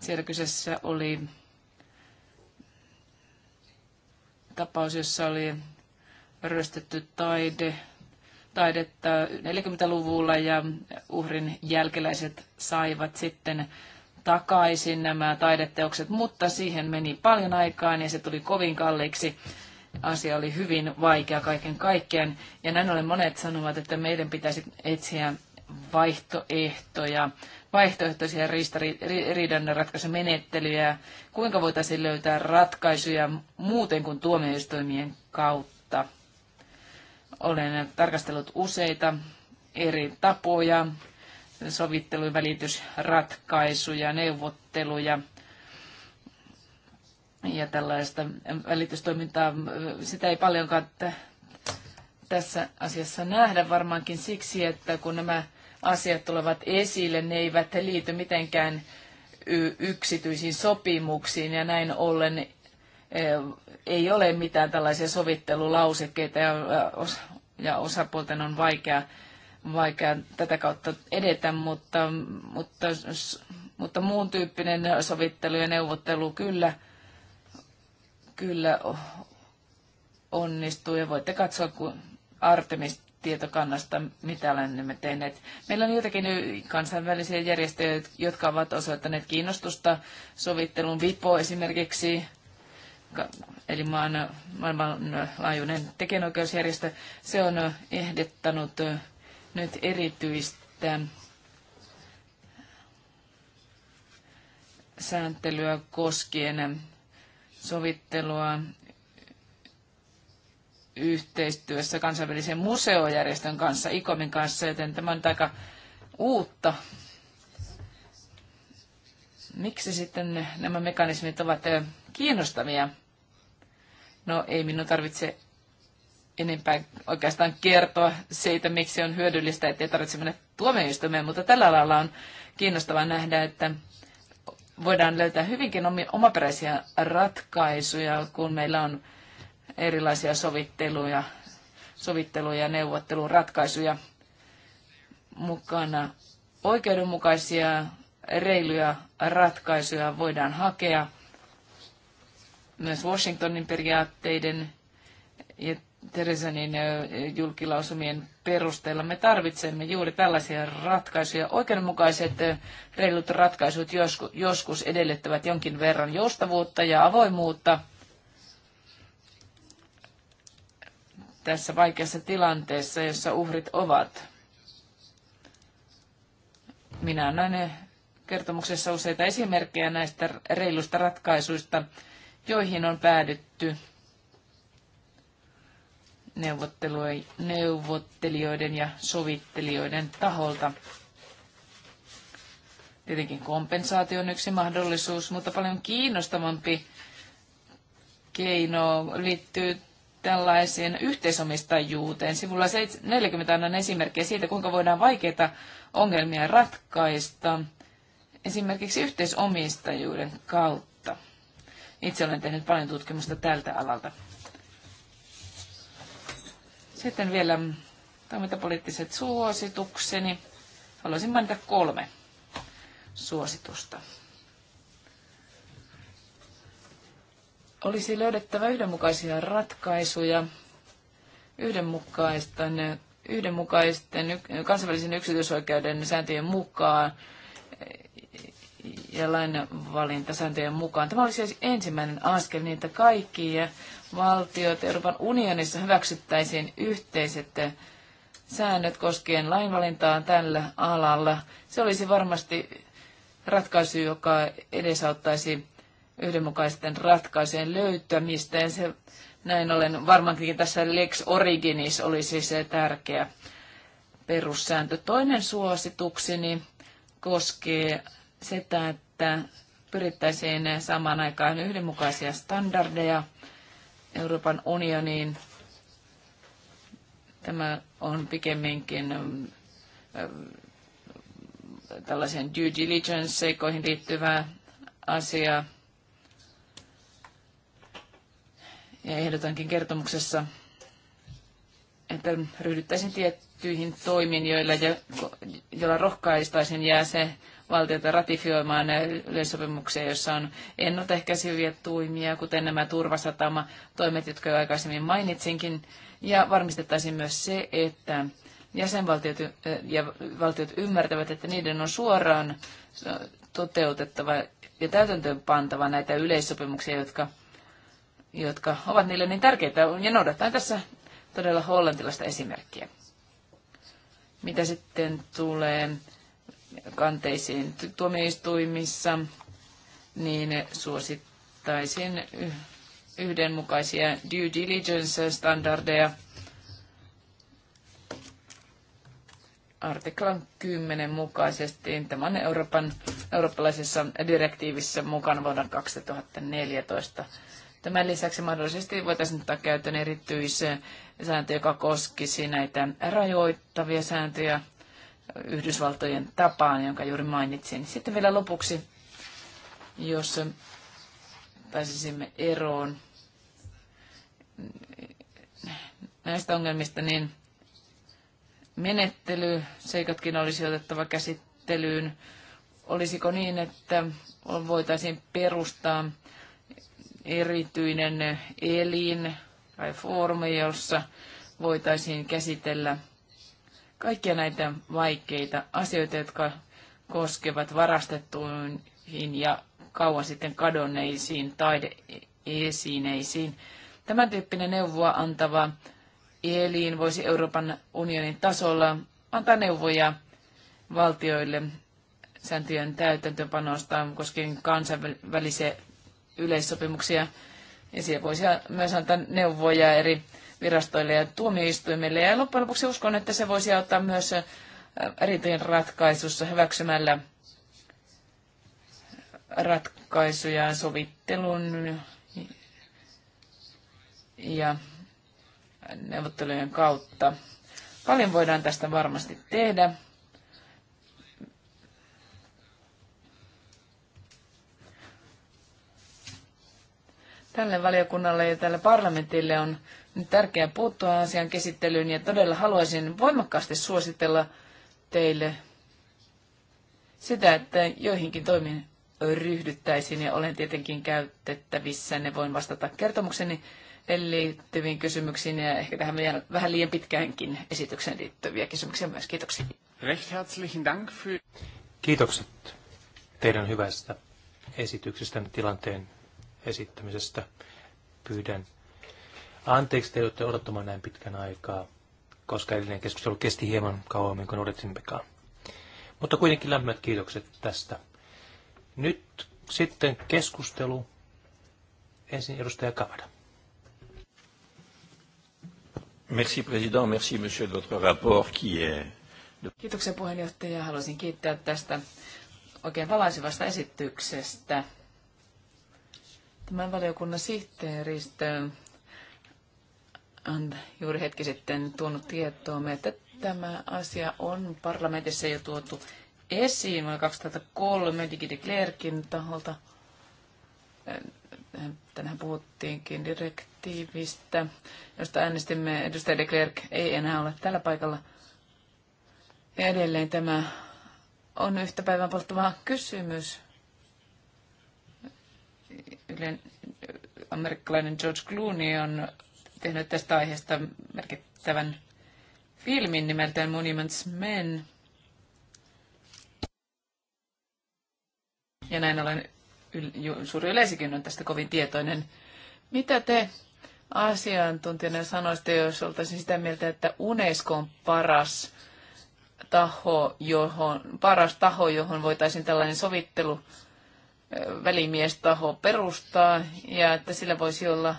siellä kyseessä oli tapaus, jossa oli ryöstetty taide, taidetta 40-luvulla ja uhrin jälkeläiset saivat sitten takaisin nämä taideteokset, mutta siihen meni paljon aikaa ja se tuli kovin kalliiksi. Asia oli hyvin vaikea kaiken kaikkiaan ja näin ollen monet sanovat, että meidän pitäisi etsiä vaihtoehtoja, vaihtoehtoisia riidan ratkaisumenettelyjä, kuinka voitaisiin löytää ratkaisuja muuten kuin tuomioistuimien kautta. Olen tarkastellut useita eri tapoja sovittelu- ja välitysratkaisuja, neuvotteluja ja tällaista välitystoimintaa. Sitä ei paljonkaan tässä asiassa nähdä varmaankin siksi, että kun nämä asiat tulevat esille, ne eivät liity mitenkään yksityisiin sopimuksiin ja näin ollen eh, ei ole mitään tällaisia sovittelulausekkeita ja, eh, ja osapuolten on vaikea vaikea tätä kautta edetä, mutta, mutta, mutta muun tyyppinen sovittelu ja neuvottelu kyllä, kyllä onnistuu ja voitte katsoa kun Artemis tietokannasta, mitä olemme tehneet. Meillä on joitakin kansainvälisiä järjestöjä, jotka ovat osoittaneet kiinnostusta sovittelun VIPO esimerkiksi, eli maailmanlaajuinen tekijänoikeusjärjestö. Se on ehdettänyt nyt erityistä sääntelyä koskien sovittelua yhteistyössä kansainvälisen museojärjestön kanssa, ICOMin kanssa, joten tämä on aika uutta. Miksi sitten nämä mekanismit ovat kiinnostavia? No ei minun tarvitse enempää oikeastaan kertoa siitä, miksi on hyödyllistä, ettei tarvitse mennä tuomioistuimeen, mutta tällä alalla on kiinnostavaa nähdä, että voidaan löytää hyvinkin omaperäisiä ratkaisuja, kun meillä on erilaisia sovitteluja, sovitteluja ja neuvotteluratkaisuja mukana. Oikeudenmukaisia, reiluja ratkaisuja voidaan hakea myös Washingtonin periaatteiden ja Teresanin julkilausumien perusteella. Me tarvitsemme juuri tällaisia ratkaisuja. Oikeudenmukaiset reilut ratkaisut joskus edellyttävät jonkin verran joustavuutta ja avoimuutta tässä vaikeassa tilanteessa, jossa uhrit ovat. Minä annan kertomuksessa useita esimerkkejä näistä reilusta ratkaisuista, joihin on päädytty – neuvottelijoiden ja sovittelijoiden taholta. Tietenkin kompensaatio on yksi mahdollisuus, mutta paljon kiinnostavampi keino liittyy tällaiseen yhteisomistajuuteen. Sivulla 40 annan esimerkkejä siitä, kuinka voidaan vaikeita ongelmia ratkaista esimerkiksi yhteisomistajuuden kautta. Itse olen tehnyt paljon tutkimusta tältä alalta. Sitten vielä toimintapoliittiset suositukseni. Haluaisin mainita kolme suositusta. Olisi löydettävä yhdenmukaisia ratkaisuja, yhdenmukaisten, yhdenmukaisten kansainvälisen yksityisoikeuden sääntöjen mukaan ja lainvalintasääntöjen mukaan. Tämä olisi ensimmäinen askel niin, että kaikki valtiot Euroopan unionissa hyväksyttäisiin yhteiset säännöt koskien lainvalintaa tällä alalla. Se olisi varmasti ratkaisu, joka edesauttaisi yhdenmukaisten ratkaisujen löytämistä. Ja se, näin ollen varmaankin tässä Lex Originis olisi se tärkeä perussääntö. Toinen suositukseni koskee sitä, että pyrittäisiin saamaan aikaan yhdenmukaisia standardeja Euroopan unioniin. Tämä on pikemminkin ähm, äh, tällaisen due diligence-seikoihin liittyvää asiaa. Ja ehdotankin kertomuksessa, että ryhdyttäisiin tiettyihin toimiin, joilla, joilla rohkaistaisiin jäsen, valtioita ratifioimaan yleissopimuksia, joissa on ennaltaehkäiseviä toimia, kuten nämä turvasatama-toimet, jotka jo aikaisemmin mainitsinkin. Ja varmistettaisiin myös se, että jäsenvaltiot eh, ja valtiot ymmärtävät, että niiden on suoraan eh, toteutettava ja täytäntöön pantava näitä yleissopimuksia, jotka, jotka ovat niille niin tärkeitä. Ja noudattaen tässä todella hollantilaista esimerkkiä. Mitä sitten tulee kanteisiin tuomioistuimissa, niin suosittaisin yhdenmukaisia due diligence-standardeja. Artiklan 10 mukaisesti. Tämä on Euroopan, eurooppalaisessa direktiivissä mukana vuonna 2014. Tämän lisäksi mahdollisesti voitaisiin ottaa käyttöön erityisen sääntö, joka koskisi näitä rajoittavia sääntöjä, Yhdysvaltojen tapaan, jonka juuri mainitsin. Sitten vielä lopuksi, jos pääsisimme eroon näistä ongelmista, niin menettely, seikatkin olisi otettava käsittelyyn. Olisiko niin, että voitaisiin perustaa erityinen elin tai foorumi, jossa voitaisiin käsitellä kaikkia näitä vaikeita asioita, jotka koskevat varastettuihin ja kauan sitten kadonneisiin taideesineisiin. Tämän tyyppinen neuvoa antava elin voisi Euroopan unionin tasolla antaa neuvoja valtioille sääntöjen täytäntöpanosta koskien kansainvälisiä yleissopimuksia. Ja siellä voisi myös antaa neuvoja eri virastoille ja tuomioistuimille. Ja loppujen lopuksi uskon, että se voisi auttaa myös äh, riitojen ratkaisussa hyväksymällä ratkaisuja sovittelun ja neuvottelujen kautta. Paljon voidaan tästä varmasti tehdä. Tälle valiokunnalle ja tälle parlamentille on tärkeää puuttua asian käsittelyyn ja todella haluaisin voimakkaasti suositella teille sitä, että joihinkin toimiin ryhdyttäisiin ja olen tietenkin käytettävissä, ne voin vastata kertomukseni liittyviin kysymyksiin ja ehkä tähän meidän vähän liian pitkäänkin esitykseen liittyviä kysymyksiä myös. Kiitoksia. Recht herzlichen Dank für... Kiitokset teidän hyvästä esityksestä tilanteen esittämisestä. Pyydän Anteeksi, te joudutte odottamaan näin pitkän aikaa, koska edellinen keskustelu kesti hieman kauemmin kuin odotimmekaan. Mutta kuitenkin lämpimät kiitokset tästä. Nyt sitten keskustelu. Ensin edustaja Kavada. Merci président, merci monsieur de votre rapport qui est... Kiitoksia puheenjohtaja. Haluaisin kiittää tästä oikein valaisevasta esityksestä. Tämän valiokunnan sihteeristö on juuri hetki sitten tuonut tietoa, että tämä asia on parlamentissa jo tuotu esiin vuonna 2003 DigiDeclerkin taholta. Äh, tänään puhuttiinkin direktiivistä, josta äänestimme. Edustaja de Klerk ei enää ole tällä paikalla. Ja edelleen tämä on yhtä päivän polttava kysymys. Ylen äh, amerikkalainen George Clooney on tehnyt tästä aiheesta merkittävän filmin nimeltään Monuments Men. Ja näin ollen yl- suuri yleisikin on tästä kovin tietoinen. Mitä te asiantuntijana sanoisitte, jos oltaisiin sitä mieltä, että Unesco on paras taho, johon, paras taho, johon voitaisiin tällainen sovittelu välimiestaho perustaa ja että sillä voisi olla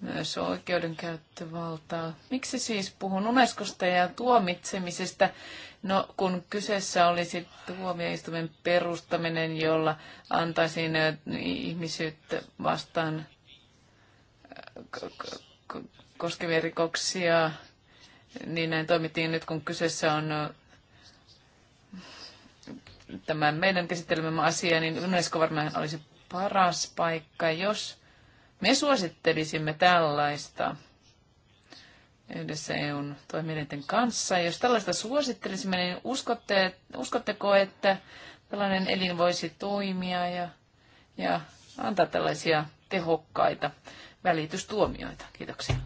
myös oikeudenkäyttövaltaa. Miksi siis puhun Unescosta ja tuomitsemisesta? No, kun kyseessä olisi tuomioistuimen perustaminen, jolla antaisiin ihmisyyttä vastaan koskevia rikoksia, niin näin toimittiin nyt, kun kyseessä on tämä meidän käsittelemämme asia, niin Unesco varmaan olisi paras paikka, jos me suosittelisimme tällaista yhdessä EUn toimijoiden kanssa. Jos tällaista suosittelisimme, niin uskotte, uskotteko, että tällainen elin voisi toimia ja, ja antaa tällaisia tehokkaita välitystuomioita? Kiitoksia.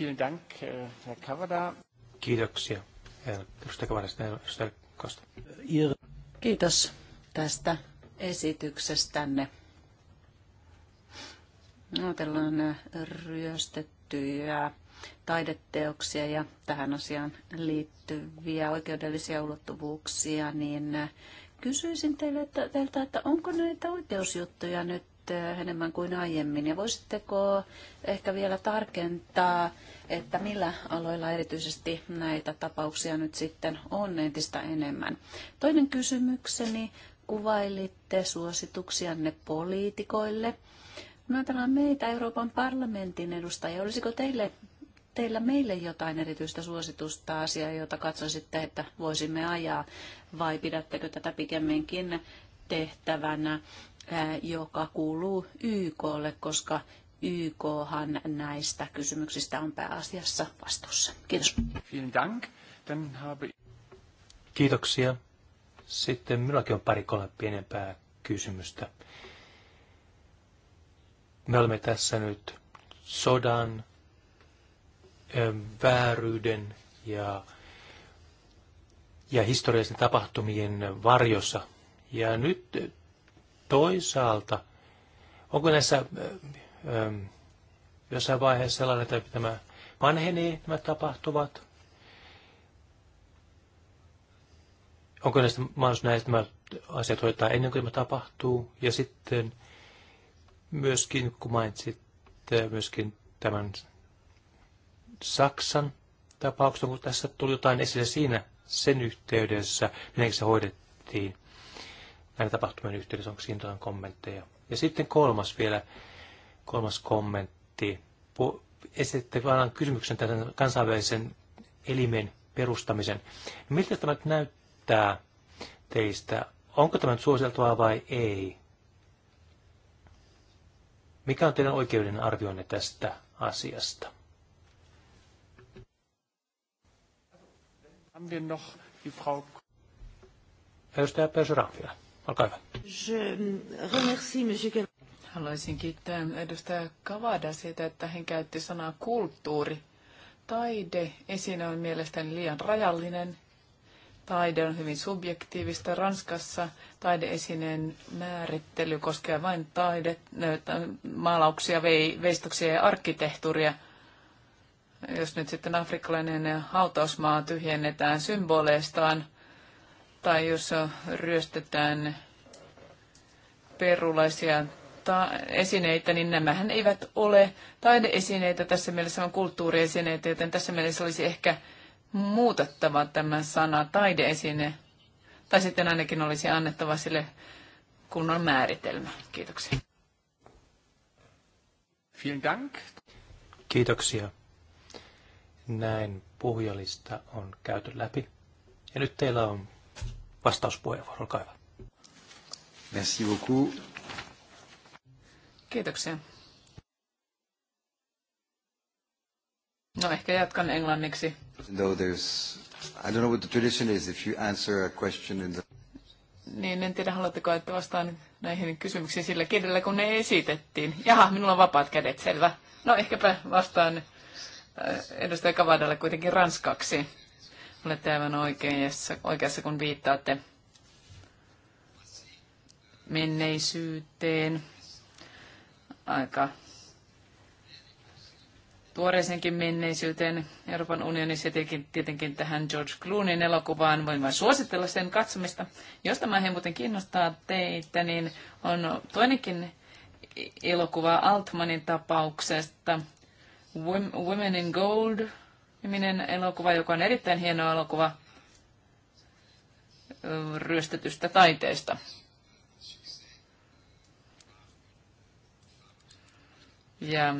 Vielen Dank, äh, Herr Kavada. Kiitoksia, Kavada. Kiitos tästä esityksestänne. Otellaan ryöstettyjä taideteoksia ja tähän asiaan liittyviä oikeudellisia ulottuvuuksia, niin kysyisin teille, että, teiltä, että onko näitä oikeusjuttuja nyt enemmän kuin aiemmin. Ja voisitteko ehkä vielä tarkentaa, että millä aloilla erityisesti näitä tapauksia nyt sitten on entistä enemmän? Toinen kysymykseni kuvailitte suosituksianne poliitikoille. Kun ajatellaan meitä Euroopan parlamentin edustajia, olisiko teille, teillä meille jotain erityistä suositusta asiaa, jota katsoisitte, että voisimme ajaa, vai pidättekö tätä pikemminkin tehtävänä, eh, joka kuuluu YKlle, koska YKhan näistä kysymyksistä on pääasiassa vastuussa. Kiitos. Kiitoksia. Sitten minullakin on pari-kolme pienempää kysymystä. Me olemme tässä nyt sodan, vääryyden ja, ja historiallisten tapahtumien varjossa. Ja nyt toisaalta, onko näissä jossain vaiheessa sellainen, että tämä vanhenee nämä tapahtuvat, onko näistä mahdollisuus näistä nämä asiat hoitaa ennen kuin tämä tapahtuu? Ja sitten myöskin, kun mainitsit myöskin tämän Saksan tapauksen, kun tässä tuli jotain esille siinä sen yhteydessä, miten se hoidettiin näiden tapahtumien yhteydessä, onko siinä jotain kommentteja. Ja sitten kolmas vielä, kolmas kommentti. Esitte vain kysymyksen tämän kansainvälisen elimen perustamisen. Miltä tämä näyttää? päättää teistä, onko tämä nyt suositeltavaa vai ei. Mikä on teidän oikeuden arvioinne tästä asiasta? Edustaja Persura vielä. Olkaa hyvä. Haluaisin kiittää edustaja Kavada siitä, että hän käytti sanaa kulttuuri. Taide esine on mielestäni liian rajallinen Taide on hyvin subjektiivista. Ranskassa taideesineen määrittely koskee vain taide, maalauksia, veistoksia ja arkkitehtuuria. Jos nyt sitten afrikkalainen hautausmaa tyhjennetään symboleistaan, tai jos ryöstetään perulaisia esineitä, niin nämähän eivät ole taideesineitä tässä mielessä, on kulttuuriesineitä, joten tässä mielessä olisi ehkä muutettava tämä sana taideesine, tai sitten ainakin olisi annettava sille kunnon määritelmä. Kiitoksia. Vielen Dank. Kiitoksia. Näin puhujalista on käyty läpi. Ja nyt teillä on vastauspuheenvuoro, olkaa hyvä. Merci beaucoup. Kiitoksia. No ehkä jatkan englanniksi. there's, I don't know what the tradition is if you answer a question in the... Niin, en tiedä haluatteko, että vastaan näihin kysymyksiin sillä kielellä, kun ne esitettiin. Jaha, minulla on vapaat kädet, selvä. No ehkäpä vastaan äh, edustaja Kavadalle kuitenkin ranskaksi. Olette aivan oikeassa, oikeassa kun viittaatte menneisyyteen. Aika tuoreeseenkin menneisyyteen Euroopan unionissa ja tietenkin, tietenkin tähän George Clooneyn elokuvaan. Voin vain suositella sen katsomista. Jos tämä aihe muuten kiinnostaa teitä, niin on toinenkin elokuva Altmanin tapauksesta. Women in Gold niminen elokuva, joka on erittäin hieno elokuva ryöstetystä taiteesta. Ja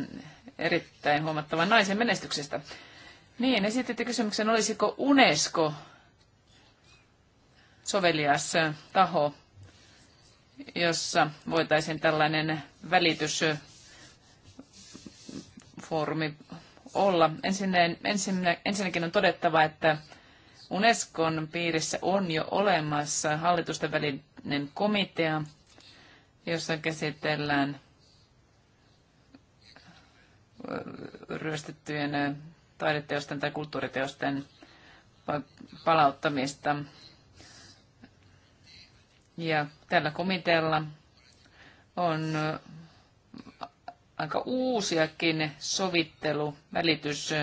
erittäin huomattavan naisen menestyksestä. Niin, esititte kysymyksen, olisiko UNESCO sovelias taho, jossa voitaisiin tällainen välitysfoorumi olla. Ensinnäkin, ensinnäkin on todettava, että Unescon piirissä on jo olemassa hallitusten välinen komitea, jossa käsitellään ryöstettyjen eh, taideteosten tai kulttuuriteosten palauttamista. Ja tällä komitealla on eh, aika uusiakin sovittelu, välitys,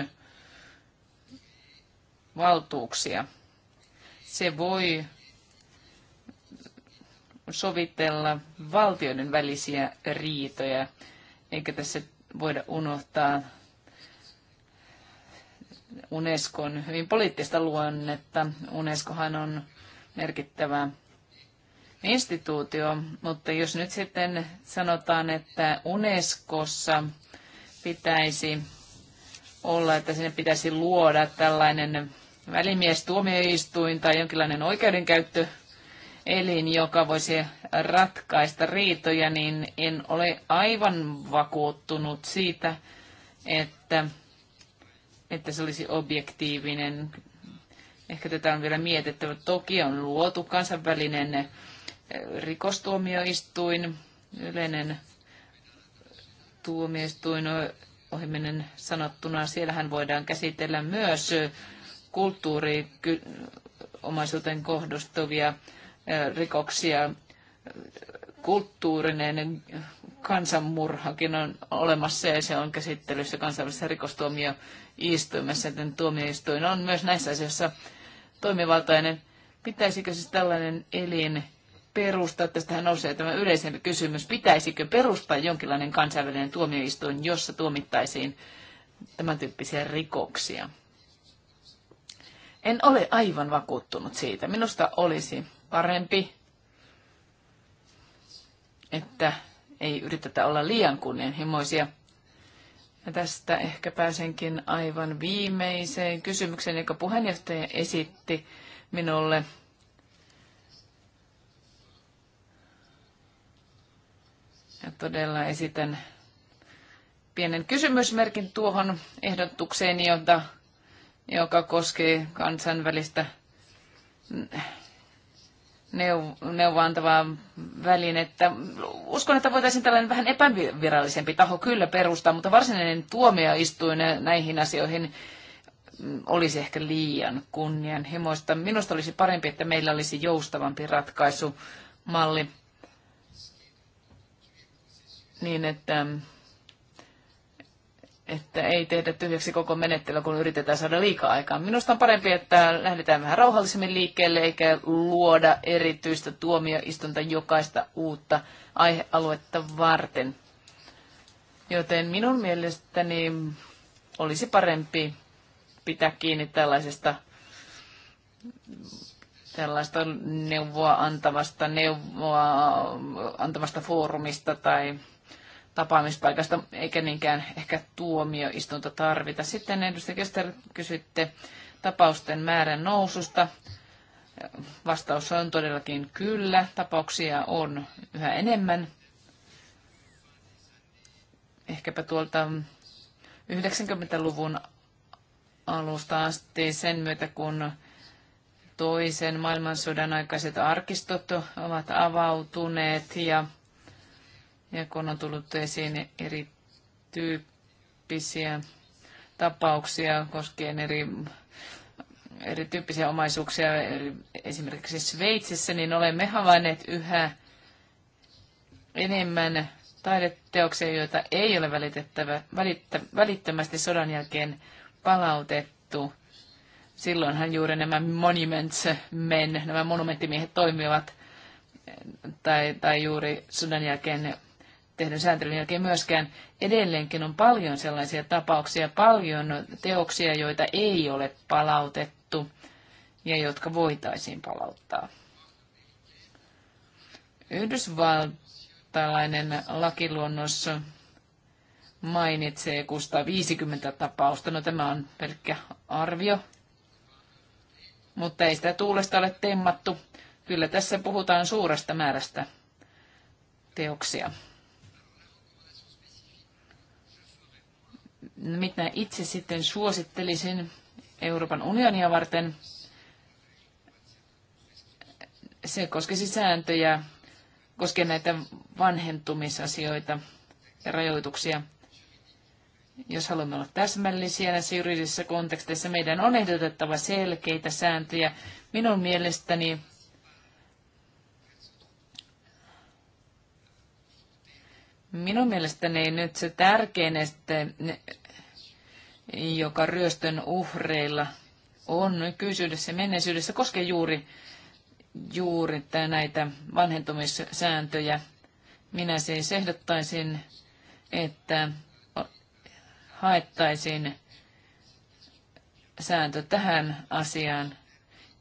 valtuuksia. Se voi sovitella valtioiden välisiä riitoja, eikä tässä voida unohtaa Unescon hyvin poliittista luonnetta. Unescohan on merkittävä instituutio, mutta jos nyt sitten sanotaan, että Unescossa pitäisi olla, että sinne pitäisi luoda tällainen välimiestuomioistuin tai jonkinlainen oikeudenkäyttö elin, joka voisi ratkaista riitoja, niin en ole aivan vakuuttunut siitä, että, että se olisi objektiivinen. Ehkä tätä on vielä mietittävä. Toki on luotu kansainvälinen eh, rikostuomioistuin, yleinen tuomioistuin ohimennen sanottuna. Siellähän voidaan käsitellä myös kulttuuriomaisuuteen kohdistuvia rikoksia. Kulttuurinen kansanmurhakin on olemassa ja se on käsittelyssä kansainvälisessä rikostuomioistuimessa, joten tuomioistuin on myös näissä asioissa toimivaltainen. Pitäisikö siis tällainen elin perustaa, tästähän nousee tämä yleisempi kysymys, pitäisikö perustaa jonkinlainen kansainvälinen tuomioistuin, jossa tuomittaisiin tämän tyyppisiä rikoksia? En ole aivan vakuuttunut siitä. Minusta olisi parempi, että ei yritetä olla liian kunnianhimoisia. Ja tästä ehkä pääsenkin aivan viimeiseen kysymykseen, joka puheenjohtaja esitti minulle. Ja todella esitän pienen kysymysmerkin tuohon ehdotukseen, jota, joka koskee kansainvälistä neuvoantavaa välinettä. Uskon, että voitaisiin tällainen vähän epävirallisempi taho kyllä perustaa, mutta varsinainen tuomioistuin näihin asioihin olisi ehkä liian kunnianhimoista. Minusta olisi parempi, että meillä olisi joustavampi ratkaisumalli niin, että että ei tehdä tyhjäksi koko menettelyä, kun yritetään saada liikaa aikaa. Minusta on parempi, että lähdetään vähän rauhallisemmin liikkeelle, eikä luoda erityistä tuomioistunta jokaista uutta aihealuetta varten. Joten minun mielestäni olisi parempi pitää kiinni tällaisesta tällaista neuvoa antavasta, neuvoa antavasta foorumista tai tapaamispaikasta, eikä niinkään ehkä tuomioistunta tarvita. Sitten edustaja Kester kysytte tapausten määrän noususta. Vastaus on todellakin kyllä. Tapauksia on yhä enemmän. Ehkäpä tuolta 90-luvun alusta asti sen myötä, kun toisen maailmansodan aikaiset arkistot ovat avautuneet ja ja kun on tullut esiin erityyppisiä tapauksia koskien eri, erityyppisiä omaisuuksia esimerkiksi Sveitsissä, niin olemme havainneet yhä enemmän taideteoksia, joita ei ole välitettävä, välittä, välittömästi sodan jälkeen palautettu. Silloinhan juuri nämä monuments men, nämä monumenttimiehet toimivat, tai, tai juuri sodan jälkeen tehdyn sääntelyn jälkeen myöskään. Edelleenkin on paljon sellaisia tapauksia, paljon teoksia, joita ei ole palautettu ja jotka voitaisiin palauttaa. Yhdysvaltalainen lakiluonnos mainitsee 650 tapausta. No tämä on pelkkä arvio, mutta ei sitä tuulesta ole temmattu. Kyllä tässä puhutaan suuresta määrästä teoksia. mitä itse sitten suosittelisin Euroopan unionia varten, se koskisi sääntöjä koskien näitä vanhentumisasioita ja rajoituksia. Jos haluamme olla täsmällisiä näissä juridisissa konteksteissa, meidän on ehdotettava selkeitä sääntöjä. Minun mielestäni Minun mielestäni nyt se tärkein joka ryöstön uhreilla on nykyisyydessä ja menneisyydessä, koskee juuri, juuri näitä vanhentumissääntöjä. Minä siis ehdottaisin, että haettaisiin sääntö tähän asiaan.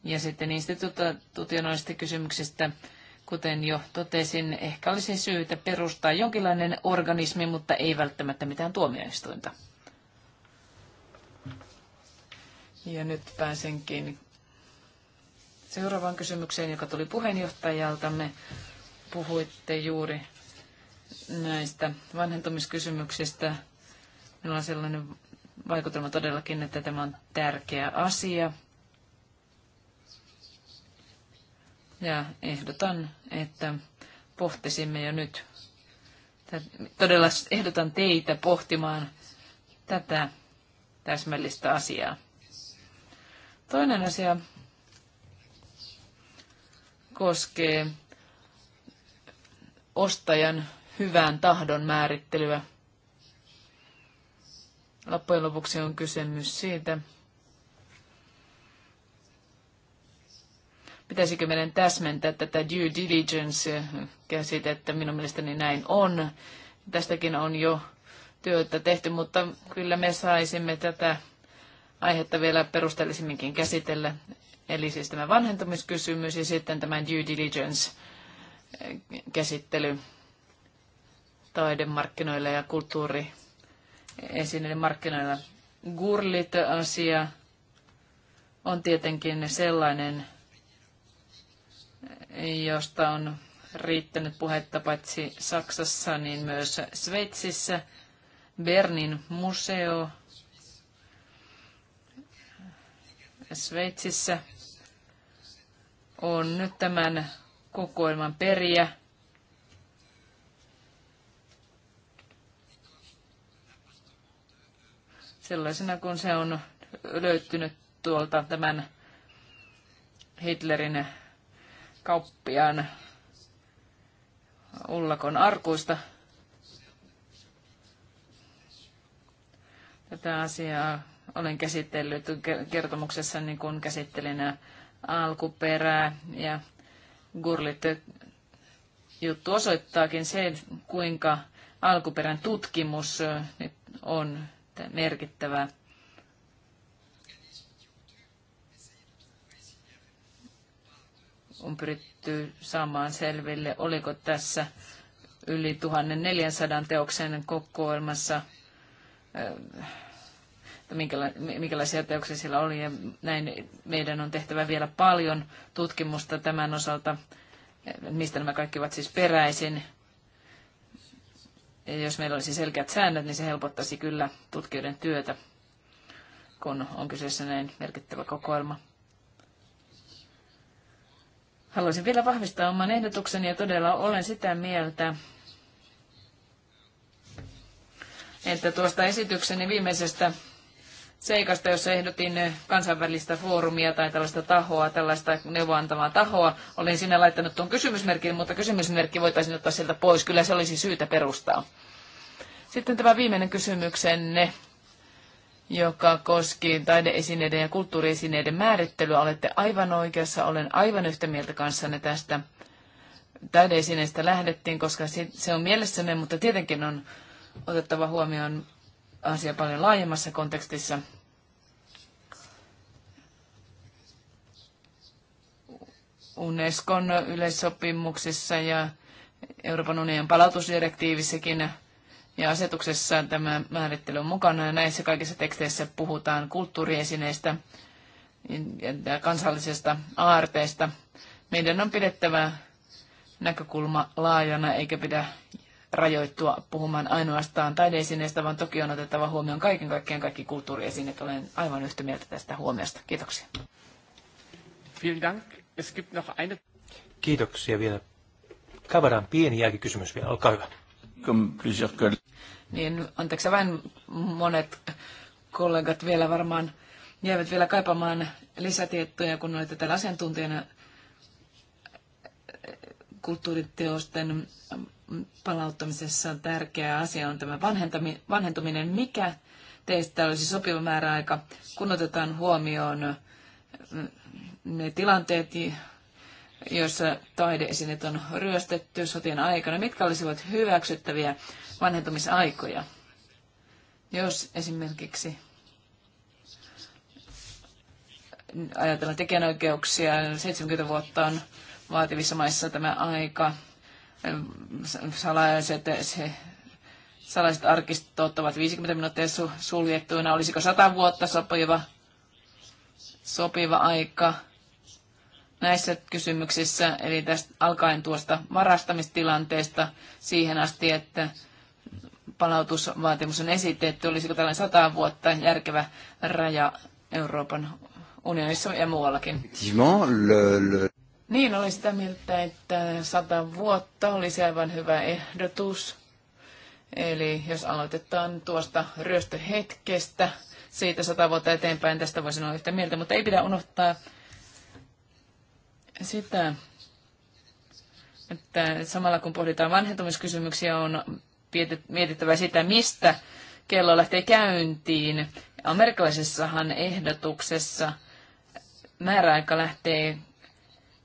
Ja sitten institutionaalisista kysymyksistä, kuten jo totesin, ehkä olisi syytä perustaa jonkinlainen organismi, mutta ei välttämättä mitään tuomioistuinta. Ja nyt pääsenkin seuraavaan kysymykseen, joka tuli puheenjohtajaltamme. Puhuitte juuri näistä vanhentumiskysymyksistä. Minulla on sellainen vaikutelma todellakin, että tämä on tärkeä asia. Ja ehdotan, että pohtisimme jo nyt. Todella ehdotan teitä pohtimaan tätä täsmällistä asiaa. Toinen asia koskee ostajan hyvän tahdon määrittelyä. Loppujen lopuksi on kysymys siitä, pitäisikö meidän täsmentää tätä due diligence-käsitettä. Minun mielestäni näin on. Tästäkin on jo työtä tehty, mutta kyllä me saisimme tätä aihetta vielä perusteellisemminkin käsitellä. Eli siis tämä vanhentumiskysymys ja sitten tämä due diligence-käsittely eh, taidemarkkinoilla ja esineiden markkinoilla. Gurlit-asia on tietenkin sellainen, josta on riittänyt puhetta paitsi Saksassa, niin myös Sveitsissä. Bernin museo Sveitsissä on nyt tämän kokoelman periä. Sellaisena kun se on löytynyt tuolta tämän Hitlerin kauppiaan ullakon arkuista. Tätä asiaa olen käsitellyt kertomuksessa, niin kun käsittelin alkuperää ja Gurlit juttu osoittaakin sen, kuinka alkuperän tutkimus nyt on merkittävä. On pyritty saamaan selville, oliko tässä yli 1400 teoksen kokoelmassa minkäla- minkälaisia teoksia siellä oli. Ja näin meidän on tehtävä vielä paljon tutkimusta tämän osalta, mistä nämä kaikki ovat siis peräisin. Ja jos meillä olisi selkeät säännöt, niin se helpottaisi kyllä tutkijoiden työtä, kun on kyseessä näin merkittävä kokoelma. Haluaisin vielä vahvistaa oman ehdotukseni ja todella olen sitä mieltä, että tuosta esitykseni viimeisestä seikasta, jossa ehdotin eh, kansainvälistä foorumia tai tällaista tahoa, tällaista neuvoantavaa tahoa. Olin sinne laittanut tuon kysymysmerkin, mutta kysymysmerkki voitaisiin ottaa sieltä pois. Kyllä se olisi syytä perustaa. Sitten tämä viimeinen kysymyksenne, joka koski taideesineiden ja kulttuuriesineiden määrittelyä. Olette aivan oikeassa, olen aivan yhtä mieltä kanssanne tästä. Taideesineistä lähdettiin, koska se on mielessämme, mutta tietenkin on otettava huomioon asia paljon laajemmassa kontekstissa. Unescon yleissopimuksissa ja Euroopan unionin palautusdirektiivissäkin ja asetuksessa tämä määrittely on mukana. Ja näissä kaikissa teksteissä puhutaan kulttuuriesineistä ja kansallisesta aarteesta. Meidän on pidettävä näkökulma laajana eikä pidä rajoittua puhumaan ainoastaan taideesineistä, vaan toki on otettava huomioon kaiken kaikkiaan kaikki kulttuuriesineet. Olen aivan yhtä mieltä tästä huomiosta. Kiitoksia. Kiitoksia vielä. Kavaran pieni jälkikysymys vielä. Olkaa hyvä. Niin, anteeksi vain monet kollegat vielä varmaan jäävät vielä kaipaamaan lisätietoja, kun olette täällä asiantuntijana kulttuuriteosten palauttamisessa tärkeä asia on tämä vanhentuminen. Mikä teistä olisi sopiva määräaika, kun otetaan huomioon mm, ne tilanteet, joissa taideesineet on ryöstetty sotien aikana? Mitkä olisivat hyväksyttäviä vanhentumisaikoja? Jos esimerkiksi ajatellaan tekijänoikeuksia, 70 vuotta on vaativissa maissa tämä aika. Salaiset, se, salaiset arkistot ovat 50 minuuttia suljettuina. Olisiko 100 vuotta sopiva, sopiva aika näissä kysymyksissä, eli tästä alkaen tuosta varastamistilanteesta siihen asti, että palautusvaatimus on esitetty. Olisiko tällainen 100 vuotta järkevä raja Euroopan unionissa ja muuallakin? Niin, oli sitä mieltä, että sata vuotta olisi aivan hyvä ehdotus. Eli jos aloitetaan tuosta ryöstöhetkestä, siitä sata vuotta eteenpäin, tästä voisin olla yhtä mieltä, mutta ei pidä unohtaa sitä, että samalla kun pohditaan vanhentumiskysymyksiä, on mietittävä sitä, mistä kello lähtee käyntiin. Amerikkalaisessahan ehdotuksessa määräaika lähtee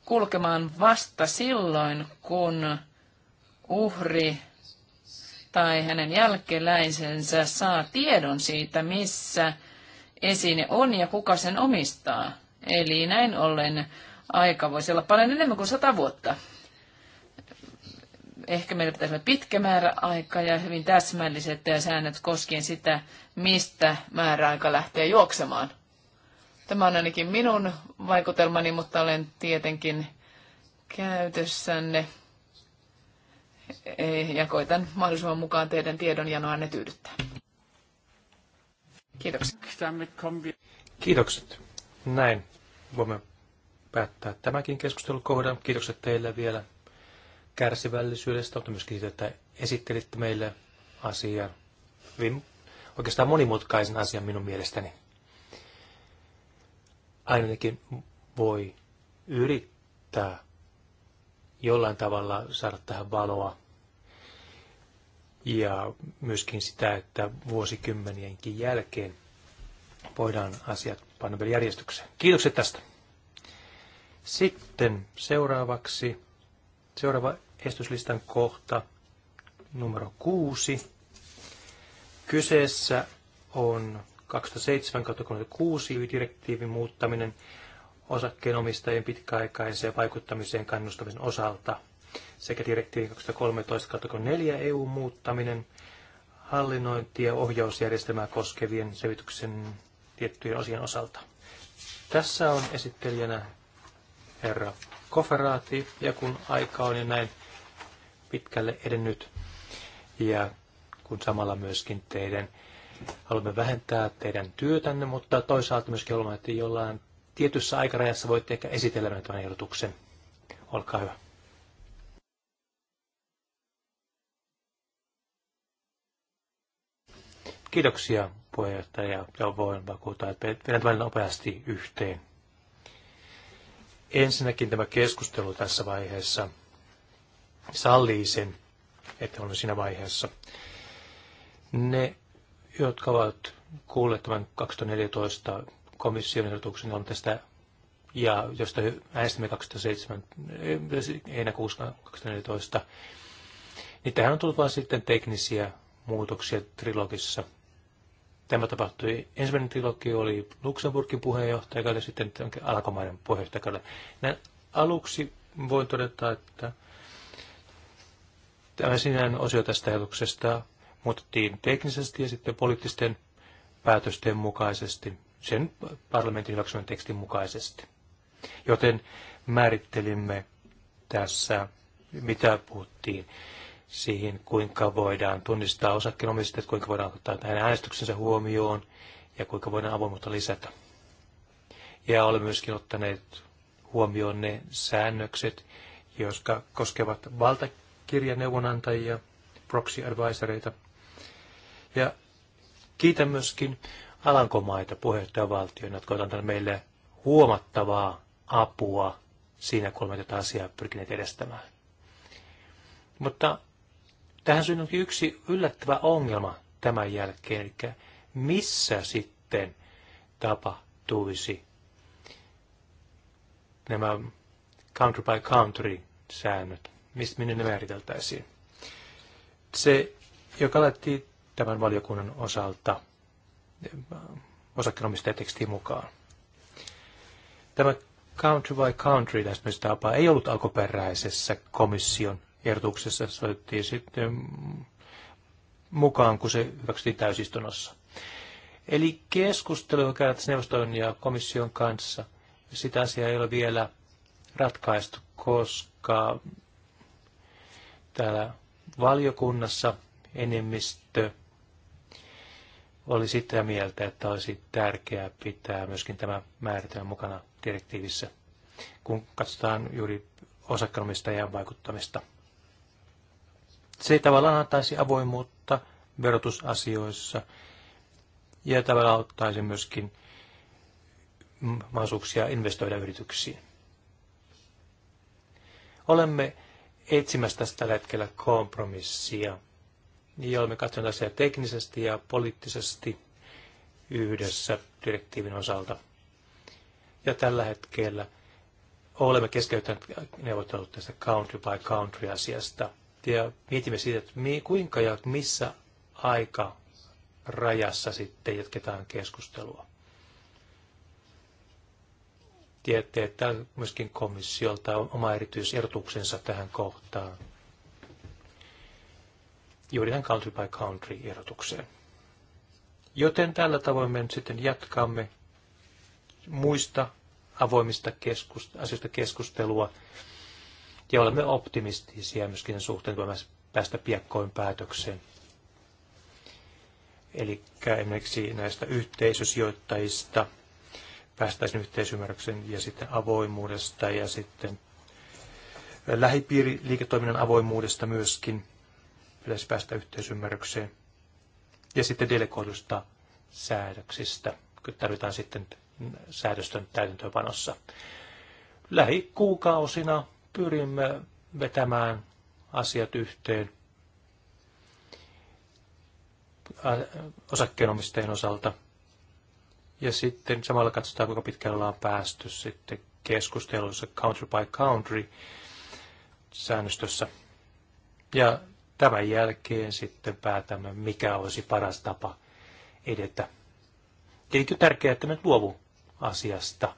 kulkemaan vasta silloin, kun uhri tai hänen jälkeläisensä saa tiedon siitä, missä esine on ja kuka sen omistaa. Eli näin ollen aika voisi olla paljon enemmän kuin sata vuotta. Ehkä meillä pitäisi olla pitkä aika ja hyvin täsmälliset säännöt koskien sitä, mistä määräaika lähtee juoksemaan. Tämä on ainakin minun vaikutelmani, mutta olen tietenkin käytössänne e, ja koitan mahdollisimman mukaan teidän tiedonjanoanne tyydyttää. Kiitokset. Kiitokset. Näin voimme päättää tämäkin keskustelukohdan. Kiitokset teille vielä kärsivällisyydestä, mutta myöskin siitä, että esittelitte meille asian. Hyvin oikeastaan monimutkaisen asian minun mielestäni ainakin voi yrittää jollain tavalla saada tähän valoa. Ja myöskin sitä, että vuosikymmenienkin jälkeen voidaan asiat panna vielä järjestykseen. Kiitokset tästä. Sitten seuraavaksi, seuraava estyslistan kohta numero kuusi. Kyseessä on 2007-36 direktiivin muuttaminen osakkeenomistajien pitkäaikaiseen vaikuttamiseen kannustamisen osalta sekä direktiivin 2013-4 EU muuttaminen hallinnointi- ja ohjausjärjestelmää koskevien selvityksen tiettyjen osien osalta. Tässä on esittelijänä herra Koferaati, ja kun aika on jo niin näin pitkälle edennyt, ja kun samalla myöskin teidän haluamme vähentää teidän työtänne, mutta toisaalta myöskin haluamme, että jollain tietyssä aikarajassa voitte ehkä esitellä tämän ehdotuksen. Olkaa hyvä. Kiitoksia puheenjohtaja ja voin vakuuttaa, että vedän tämän nopeasti yhteen. Ensinnäkin tämä keskustelu tässä vaiheessa sallii sen, että on siinä vaiheessa. Ne jotka ovat kuulleet tämän 2014 komission ehdotuksen on tästä, ja josta äänestimme 2007, eh, heinäkuussa 2014, niin tähän on tullut vain sitten teknisiä muutoksia trilogissa. Tämä tapahtui, ensimmäinen trilogi oli Luxemburgin puheenjohtajakalle, sitten alkomaiden puheenjohtajakalle. Näin aluksi voin todeta, että tämä sinänsä osio tästä ajatuksesta muutettiin teknisesti ja sitten poliittisten päätösten mukaisesti, sen parlamentin hyväksymän tekstin mukaisesti. Joten määrittelimme tässä, mitä puhuttiin siihen, kuinka voidaan tunnistaa osakkeenomistajat, kuinka voidaan ottaa hänen äänestyksensä huomioon ja kuinka voidaan avoimuutta lisätä. Ja olemme myöskin ottaneet huomioon ne säännökset, jotka koskevat valtakirjaneuvonantajia, proxy advisoreita – ja kiitän myöskin Alankomaita puheenjohtajavaltioina, jotka ovat antaneet meille huomattavaa apua siinä, kun olemme tätä asiaa pyrkineet edestämään. Mutta tähän syntyi yksi yllättävä ongelma tämän jälkeen, eli missä sitten tapahtuisi nämä country by country säännöt, mistä minne ne määriteltäisiin. Se, joka laitettiin tämän valiokunnan osalta osakkeenomistajatekstiin mukaan. Tämä country by country lähestymistapa ei ollut alkuperäisessä komission ehdotuksessa, se otettiin sitten mukaan, kun se hyväksyttiin täysistunnossa. Eli keskustelu, joka käydään neuvoston ja komission kanssa, sitä asiaa ei ole vielä ratkaistu, koska täällä valiokunnassa enemmistö oli sitä mieltä, että olisi tärkeää pitää myöskin tämä määritelmä mukana direktiivissä, kun katsotaan juuri osakkeenomistajan vaikuttamista. Se tavallaan antaisi avoimuutta verotusasioissa ja tavallaan auttaisi myöskin mahdollisuuksia investoida yrityksiin. Olemme etsimässä tästä tällä hetkellä kompromissia niin Joo, olemme katsoneet asiaa teknisesti ja poliittisesti yhdessä direktiivin osalta. Ja tällä hetkellä olemme keskeyttäneet neuvottelut tästä country by country asiasta ja mietimme siitä, että kuinka ja missä aika rajassa sitten jatketaan keskustelua. Tiedätte, että myöskin komissiolta on oma erityisertuksensa tähän kohtaan juuri tähän country by country erotukseen. Joten tällä tavoin me nyt sitten jatkamme muista avoimista keskust- asioista keskustelua ja olemme optimistisia myöskin sen suhteen, että päästä piakkoin päätökseen. Eli esimerkiksi näistä yhteisösijoittajista päästäisiin yhteisymmärryksen ja sitten avoimuudesta ja sitten lähipiiriliiketoiminnan avoimuudesta myöskin – pitäisi päästä yhteisymmärrykseen. Ja sitten delegoidusta säädöksistä, kun tarvitaan sitten säädöstön täytäntöönpanossa. Lähikuukausina pyrimme vetämään asiat yhteen osakkeenomistajien osalta. Ja sitten samalla katsotaan, kuinka pitkällä ollaan päästy sitten keskustelussa country by country säännöstössä. Ja tämän jälkeen sitten päätämme, mikä olisi paras tapa edetä. Eli tärkeää, että me luovu asiasta,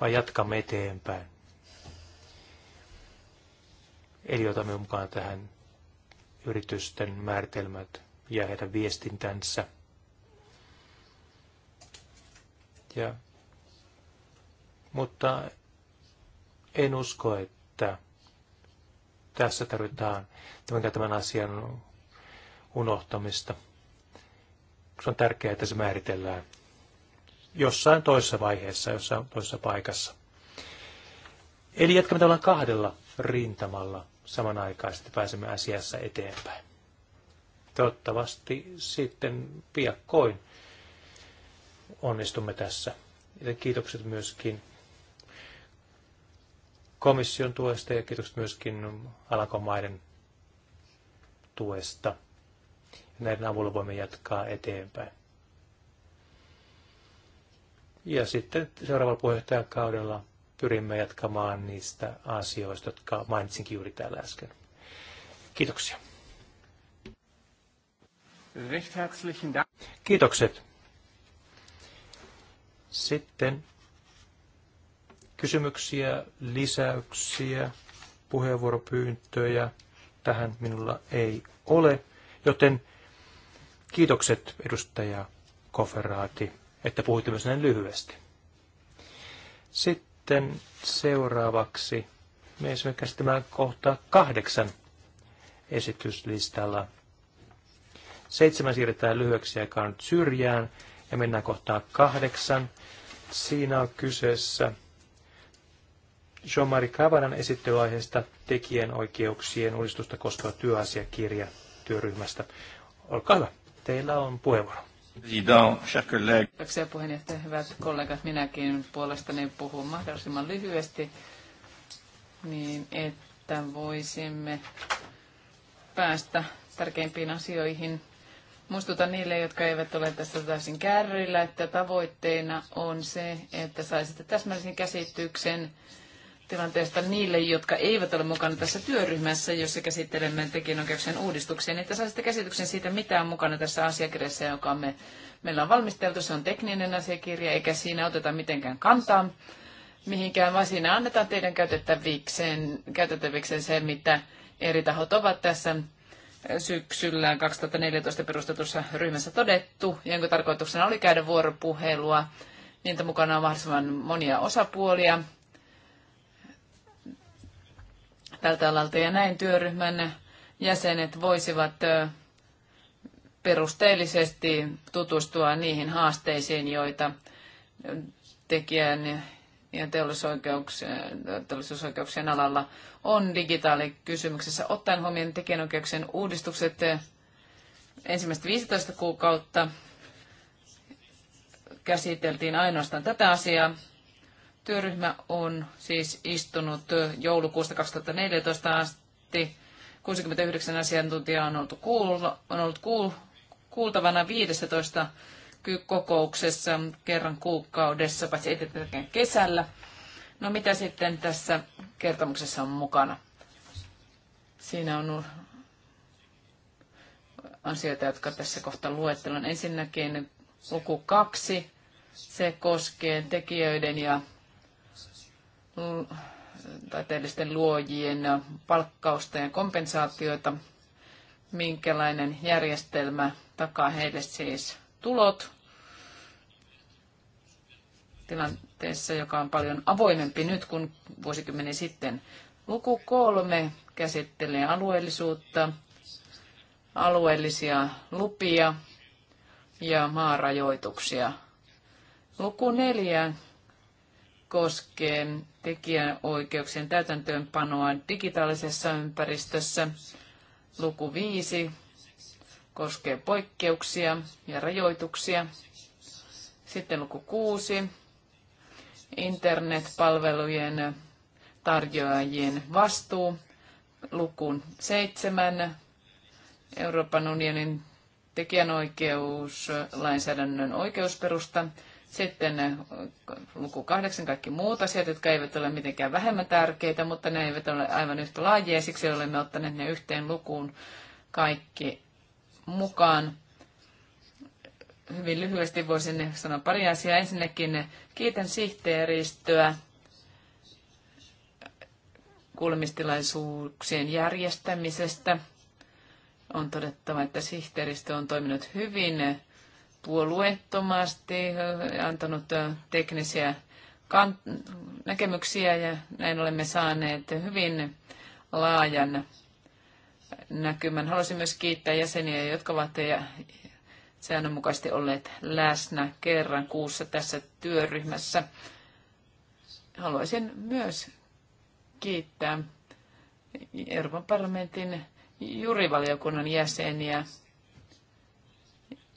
vaan jatkamme eteenpäin. Eli otamme mukaan tähän yritysten määritelmät ja heidän viestintänsä. Ja, mutta en usko, että tässä tarvitaan tämän, tämän asian unohtamista. Se on tärkeää, että se määritellään jossain toisessa vaiheessa, jossain toisessa paikassa. Eli jatkamme tavallaan kahdella rintamalla samanaikaisesti, pääsemme asiassa eteenpäin. Toivottavasti sitten piakkoin onnistumme tässä. Joten kiitokset myöskin komission tuesta ja kiitokset myöskin Alankomaiden tuesta. Näiden avulla voimme jatkaa eteenpäin. Ja sitten seuraavalla puheenjohtajakaudella pyrimme jatkamaan niistä asioista, jotka mainitsinkin juuri täällä äsken. Kiitoksia. Kiitokset. Sitten kysymyksiä, lisäyksiä, puheenvuoropyyntöjä tähän minulla ei ole, joten kiitokset edustaja Koferaati, että puhuitte myös näin lyhyesti. Sitten seuraavaksi me esimerkiksi käsittämään kohtaa kahdeksan esityslistalla. Seitsemän siirretään lyhyeksi aikaan syrjään ja mennään kohtaan kahdeksan. Siinä on kyseessä Jean-Marie Kavanan esittelyaiheesta tekijänoikeuksien uudistusta koskeva työasiakirja työryhmästä. Olkaa hyvä, teillä on puheenvuoro. Kiitoksia puheenjohtaja, hyvät kollegat. Minäkin puolestani puhun mahdollisimman lyhyesti, niin että voisimme päästä tärkeimpiin asioihin. Muistutan niille, jotka eivät ole tässä täysin kärryillä, että tavoitteena on se, että saisitte täsmällisen käsityksen tilanteesta niille, jotka eivät ole mukana tässä työryhmässä, jossa käsittelemme tekijänoikeuksien uudistuksia, niin että saisitte käsityksen siitä, mitä on mukana tässä asiakirjassa, joka me, meillä on valmisteltu. Se on tekninen asiakirja, eikä siinä oteta mitenkään kantaa mihinkään, vaan siinä annetaan teidän käytettävikseen, käytettävikseen se, mitä eri tahot ovat tässä syksyllä 2014 perustetussa ryhmässä todettu, jonka tarkoituksena oli käydä vuoropuhelua. Niitä mukana on mahdollisimman monia osapuolia, tältä alalta ja näin työryhmän jäsenet voisivat perusteellisesti tutustua niihin haasteisiin, joita tekijän ja teollisuusoikeuksien, teollisuusoikeuksien alalla on digitaalikysymyksessä. Ottaen huomioon tekijänoikeuksien uudistukset ensimmäistä 15 kuukautta käsiteltiin ainoastaan tätä asiaa. Työryhmä on siis istunut joulukuusta 2014 asti. 69 asiantuntijaa on ollut, kuulla, on ollut kuul, kuultavana 15 kokouksessa kerran kuukaudessa, paitsi ei kesällä. No mitä sitten tässä kertomuksessa on mukana? Siinä on asioita, jotka tässä kohta luettelen. Ensinnäkin luku kaksi. Se koskee tekijöiden ja taiteellisten luojien palkkausta ja kompensaatioita, minkälainen järjestelmä takaa heille siis tulot tilanteessa, joka on paljon avoimempi nyt kuin vuosikymmeni sitten. Luku kolme käsittelee alueellisuutta, alueellisia lupia ja maarajoituksia. Luku neljä koskee tekijänoikeuksien täytäntöönpanoa digitaalisessa ympäristössä. Luku 5 koskee poikkeuksia ja rajoituksia. Sitten luku 6, internetpalvelujen tarjoajien vastuu. Luku 7, Euroopan unionin tekijänoikeuslainsäädännön oikeusperusta. Sitten äh, luku kahdeksan kaikki muut asiat, jotka eivät ole mitenkään vähemmän tärkeitä, mutta ne eivät ole aivan yhtä laajia, siksi olemme ottaneet ne yhteen lukuun kaikki mukaan. Hyvin lyhyesti voisin sanoa pari asiaa. Ensinnäkin kiitän sihteeristöä kuulemistilaisuuksien järjestämisestä. On todettava, että sihteeristö on toiminut hyvin puolueettomasti äh, antanut äh, teknisiä näkemyksiä ja näin olemme saaneet hyvin laajan näkymän. Haluaisin myös kiittää jäseniä, jotka ovat säännönmukaisesti olleet läsnä kerran kuussa tässä työryhmässä. Haluaisin myös kiittää Euroopan parlamentin jurivaliokunnan jäseniä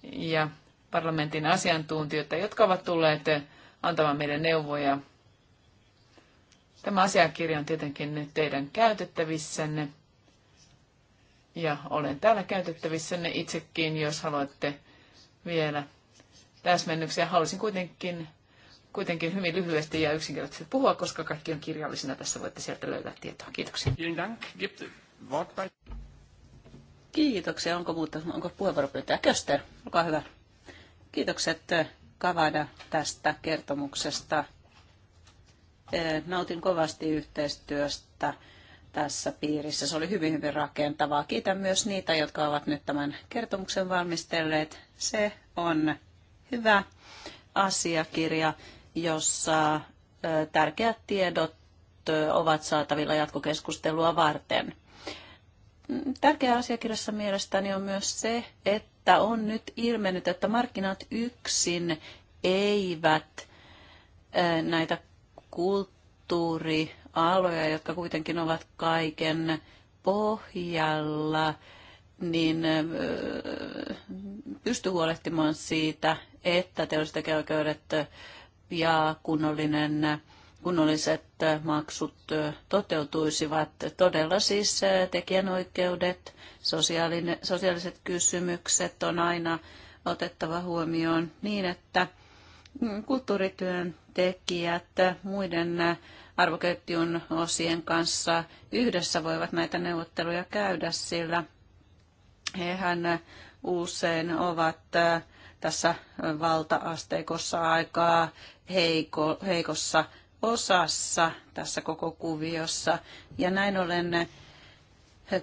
ja parlamentin asiantuntijoita, jotka ovat tulleet antamaan meille neuvoja. Tämä asiakirja on tietenkin nyt teidän käytettävissänne. Ja olen täällä käytettävissänne itsekin, jos haluatte vielä täsmennyksiä. Haluaisin kuitenkin, kuitenkin hyvin lyhyesti ja yksinkertaisesti puhua, koska kaikki on kirjallisena. Tässä voitte sieltä löytää tietoa. Kiitoksia. Kiitoksia. Onko muuta? Onko puheenvuoropyyntöä? Köster, olkaa hyvä. Kiitokset eh, Kavada tästä kertomuksesta. Eh, nautin kovasti yhteistyöstä tässä piirissä. Se oli hyvin, hyvin rakentavaa. Kiitän myös niitä, jotka ovat nyt tämän kertomuksen valmistelleet. Se on hyvä asiakirja, jossa eh, tärkeät tiedot ovat saatavilla jatkokeskustelua varten. Mm, tärkeä asiakirjassa mielestäni on myös se, että että on nyt ilmennyt, että markkinat yksin eivät eh, näitä kulttuurialoja, jotka kuitenkin ovat kaiken pohjalla, niin eh, pysty huolehtimaan siitä, että teollistekeoikeudet ja kunnollinen, kunnolliset maksut eh, toteutuisivat. Todella siis tekijänoikeudet sosiaaliset kysymykset on aina otettava huomioon niin, että mm, kulttuurityön tekijät muiden arvoketjun osien kanssa yhdessä voivat näitä neuvotteluja käydä, sillä hehän usein ovat äh, tässä valtaasteikossa aikaa heiko, heikossa osassa tässä koko kuviossa. Ja näin ollen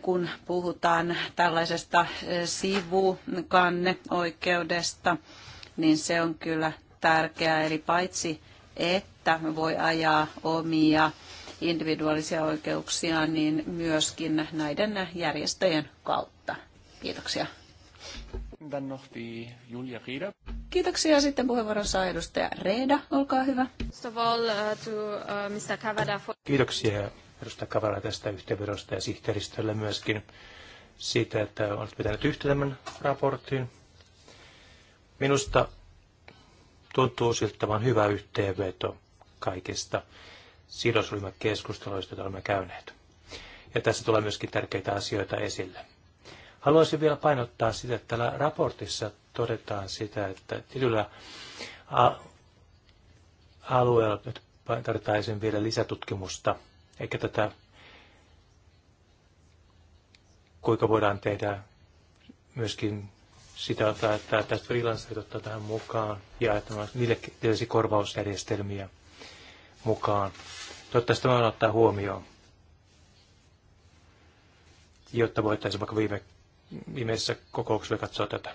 kun puhutaan tällaisesta sivukanneoikeudesta, niin se on kyllä tärkeää. Eli paitsi, että voi ajaa omia individuaalisia oikeuksia, niin myöskin näiden järjestöjen kautta. Kiitoksia. Kiitoksia. Sitten puheenvuoron saa edustaja Reeda. Olkaa hyvä. Uh, uh, Kiitoksia edustaja Kavala tästä yhteenvedosta ja sihteeristölle myöskin siitä, että olet pitänyt yhtä tämän raportin. Minusta tuntuu siltä vain hyvä yhteenveto kaikista sidosryhmäkeskusteluista, joita olemme käyneet. Ja tässä tulee myöskin tärkeitä asioita esille. Haluaisin vielä painottaa sitä, että täällä raportissa todetaan sitä, että tietyllä alueella tarvitaan vielä lisätutkimusta – eikä tätä, kuinka voidaan tehdä myöskin sitä, että tästä freelancerit ottaa tähän mukaan ja että niille tietysti korvausjärjestelmiä mukaan. Toivottavasti tämä ottaa huomioon, jotta voitaisiin vaikka viime, viimeisessä kokouksessa katsoa tätä.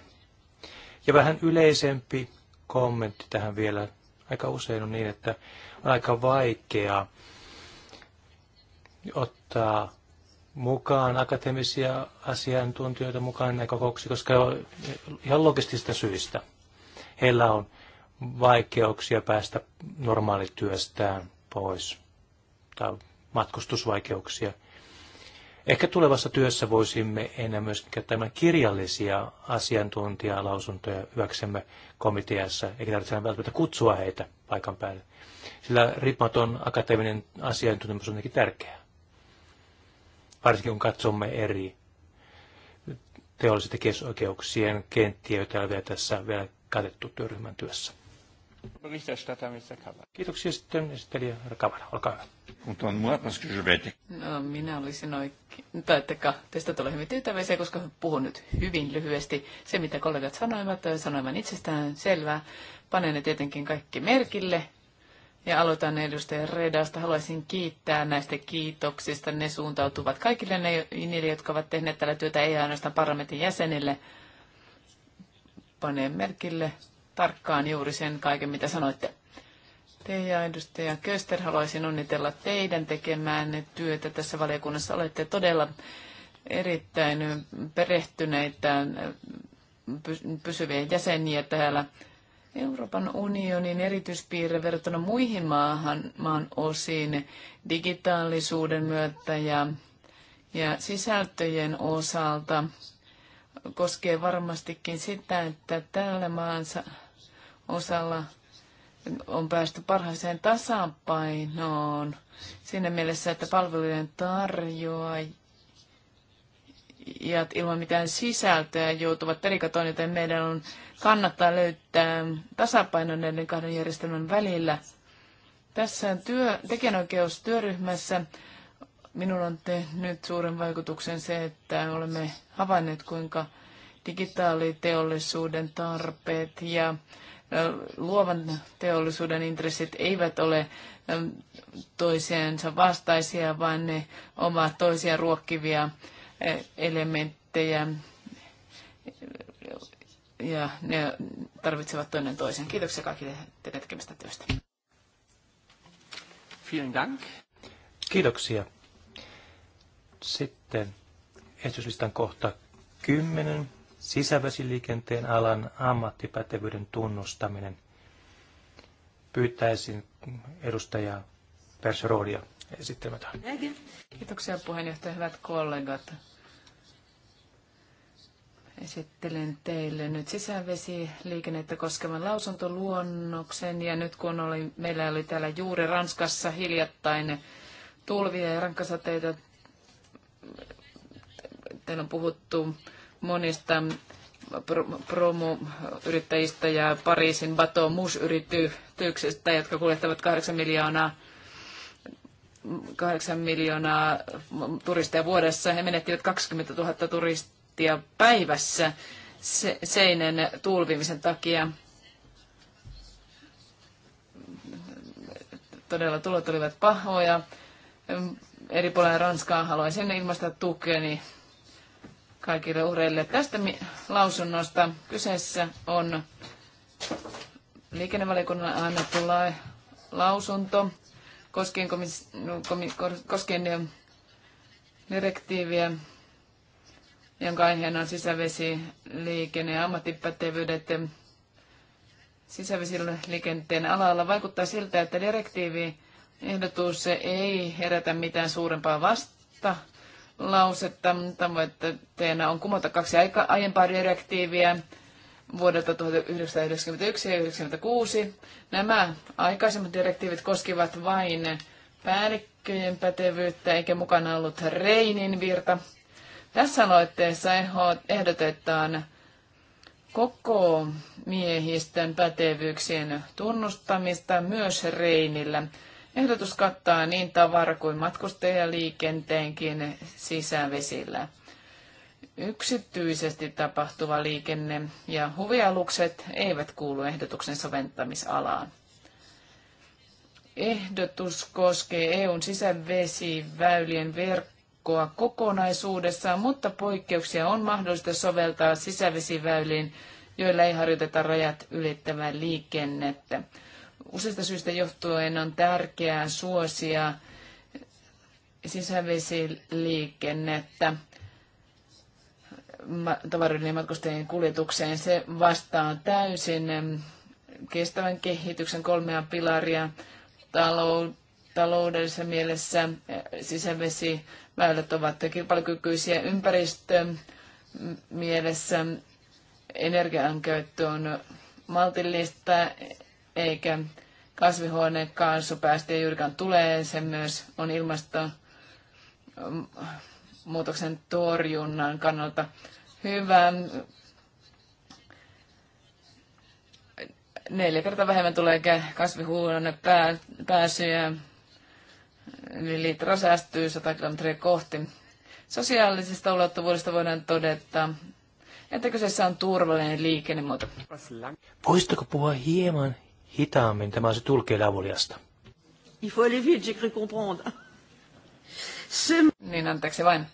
Ja vähän yleisempi kommentti tähän vielä. Aika usein on niin, että on aika vaikeaa ottaa mukaan akateemisia asiantuntijoita mukaan näkökoksi, koska ihan logistista syistä heillä on vaikeuksia päästä normaalityöstään pois tai matkustusvaikeuksia. Ehkä tulevassa työssä voisimme enää myös käyttää kirjallisia asiantuntijalausuntoja hyväksemme komiteassa, eikä tarvitse välttämättä kutsua heitä paikan päälle. Sillä riippumaton akateeminen asiantuntemus on tärkeää varsinkin kun katsomme eri teollisten tekijäsoikeuksien kenttiä, joita on vielä tässä vielä katettu työryhmän työssä. Kiitoksia sitten esittelijä Kavara, olkaa hyvä. on No minä olisin oikein, tai että teistä tulee hyvin tyytyväisiä, koska puhun nyt hyvin lyhyesti. Se mitä kollegat sanoivat, sanoivat itsestään selvää. Panen ne tietenkin kaikki merkille ja aloitan edustaja Redasta. Haluaisin kiittää näistä kiitoksista. Ne suuntautuvat kaikille ne, niille, jotka ovat tehneet tällä työtä, ei ainoastaan parlamentin jäsenille. Paneen merkille tarkkaan juuri sen kaiken, mitä sanoitte. Te ja edustaja Köster, haluaisin onnitella teidän tekemäänne työtä tässä valiokunnassa. Olette todella erittäin perehtyneitä pysyviä jäseniä täällä Euroopan unionin erityispiirre verrattuna muihin maahan, maan osiin digitaalisuuden myötä ja, ja sisältöjen osalta koskee varmastikin sitä, että tällä maansa osalla on päästy parhaiseen tasapainoon siinä mielessä, että palvelujen tarjoaja ja ilman mitään sisältöä joutuvat perikatoon, joten meidän on kannattaa löytää tasapaino näiden kahden järjestelmän välillä. Tässä työ, tekijänoikeustyöryhmässä minun on tehnyt suuren vaikutuksen se, että olemme havainneet, kuinka digitaaliteollisuuden tarpeet ja luovan teollisuuden intressit eivät ole toisiansa vastaisia, vaan ne ovat toisia ruokkivia elementtejä ja ne tarvitsevat toinen toisen. Kiitoksia kaikille teidän tekemästä työstä. Vielen Dank. Kiitoksia. Sitten esityslistan kohta 10. Sisävesiliikenteen alan ammattipätevyyden tunnustaminen. Pyytäisin edustaja Perserodia esittelemään Kiitoksia puheenjohtaja, hyvät kollegat. Esittelen teille nyt sisävesiliikennettä koskevan lausuntoluonnoksen. Ja nyt kun oli, meillä oli täällä juuri Ranskassa hiljattain tulvia ja rankkasateita, täällä on puhuttu monista promoyrittäjistä ja Pariisin Bato Mus-yrityksestä, jotka kuljettavat 8 miljoonaa 8 miljoonaa turistia vuodessa. He menettivät 20 000 turistia päivässä seinen tulvimisen takia. Todella tulot olivat pahoja. Eri puolilla Ranskaa haluaisin ilmaista tukeni kaikille uhreille. Tästä lausunnosta kyseessä on liikennevalikunnan annettu lausunto koskien, komis, no, komi, koskien eh, direktiiviä, jonka aiheena on sisävesi, liikenne ja ammattipätevyydet liikenteen alalla. Vaikuttaa siltä, että direktiivi ehdotus ei herätä mitään suurempaa vasta lausetta. Tavoitteena on kumota kaksi aika, aiempaa direktiiviä vuodelta 1991 ja 1996. Nämä aikaisemmat direktiivit koskivat vain päällikköjen pätevyyttä eikä mukana ollut Reinin virta. Tässä aloitteessa ehdotetaan koko miehistön pätevyyksien tunnustamista myös Reinillä. Ehdotus kattaa niin tavara- kuin matkustajaliikenteenkin sisävesillä. Yksityisesti tapahtuva liikenne ja huvialukset eivät kuulu ehdotuksen soventamisalaan. Ehdotus koskee EUn sisävesiväylien verkkoa kokonaisuudessaan, mutta poikkeuksia on mahdollista soveltaa sisävesiväyliin, joilla ei harjoiteta rajat ylittävää liikennettä. Useista syistä johtuen on tärkeää suosia sisävesiliikennettä tavaroiden ja matkustajien kuljetukseen. Se vastaa täysin kestävän kehityksen kolmea pilaria taloudellisessa mielessä. E, Sisävesiväylät ovat kilpailukykyisiä ympäristö mielessä. Energian käyttö on maltillista eikä kasvihuonekaasupäästöjä juurikaan tulee. Se myös on ilmastonmuutoksen torjunnan kannalta hyvän... Neljä kertaa vähemmän tulee kasvihuone pää, pääsyjä. Eli litra säästyy 100 kilometriä kohti. Sosiaalisesta ulottuvuudesta voidaan todeta, että kyseessä on turvallinen liikennemuoto. Voisitko puhua hieman hitaammin? Tämä on se tulkeen avuliasta. Il faut aller vite, j'ai cru comprendre. Niin, anteeksi vain.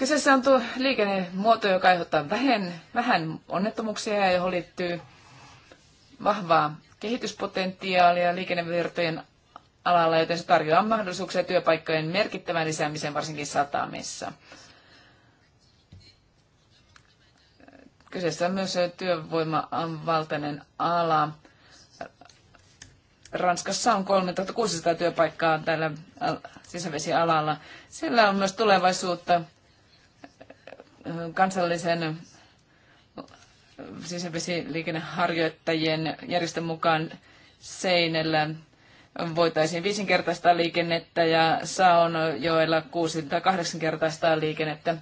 Kyseessä on tuo liikennemuoto, joka aiheuttaa vähän, vähän onnettomuuksia ja johon liittyy vahvaa kehityspotentiaalia liikennevirtojen alalla, joten se tarjoaa mahdollisuuksia työpaikkojen merkittävän lisäämiseen varsinkin satamissa. Kyseessä on myös työvoimavaltainen ala. Ranskassa on 3600 työpaikkaa tällä sisävesialalla. Sillä on myös tulevaisuutta kansallisen sisävesiliikenneharjoittajien järjestön mukaan Seinellä voitaisiin viisinkertaistaa liikennettä ja joella kuusi- tai kahdeksankertaistaa liikennettä.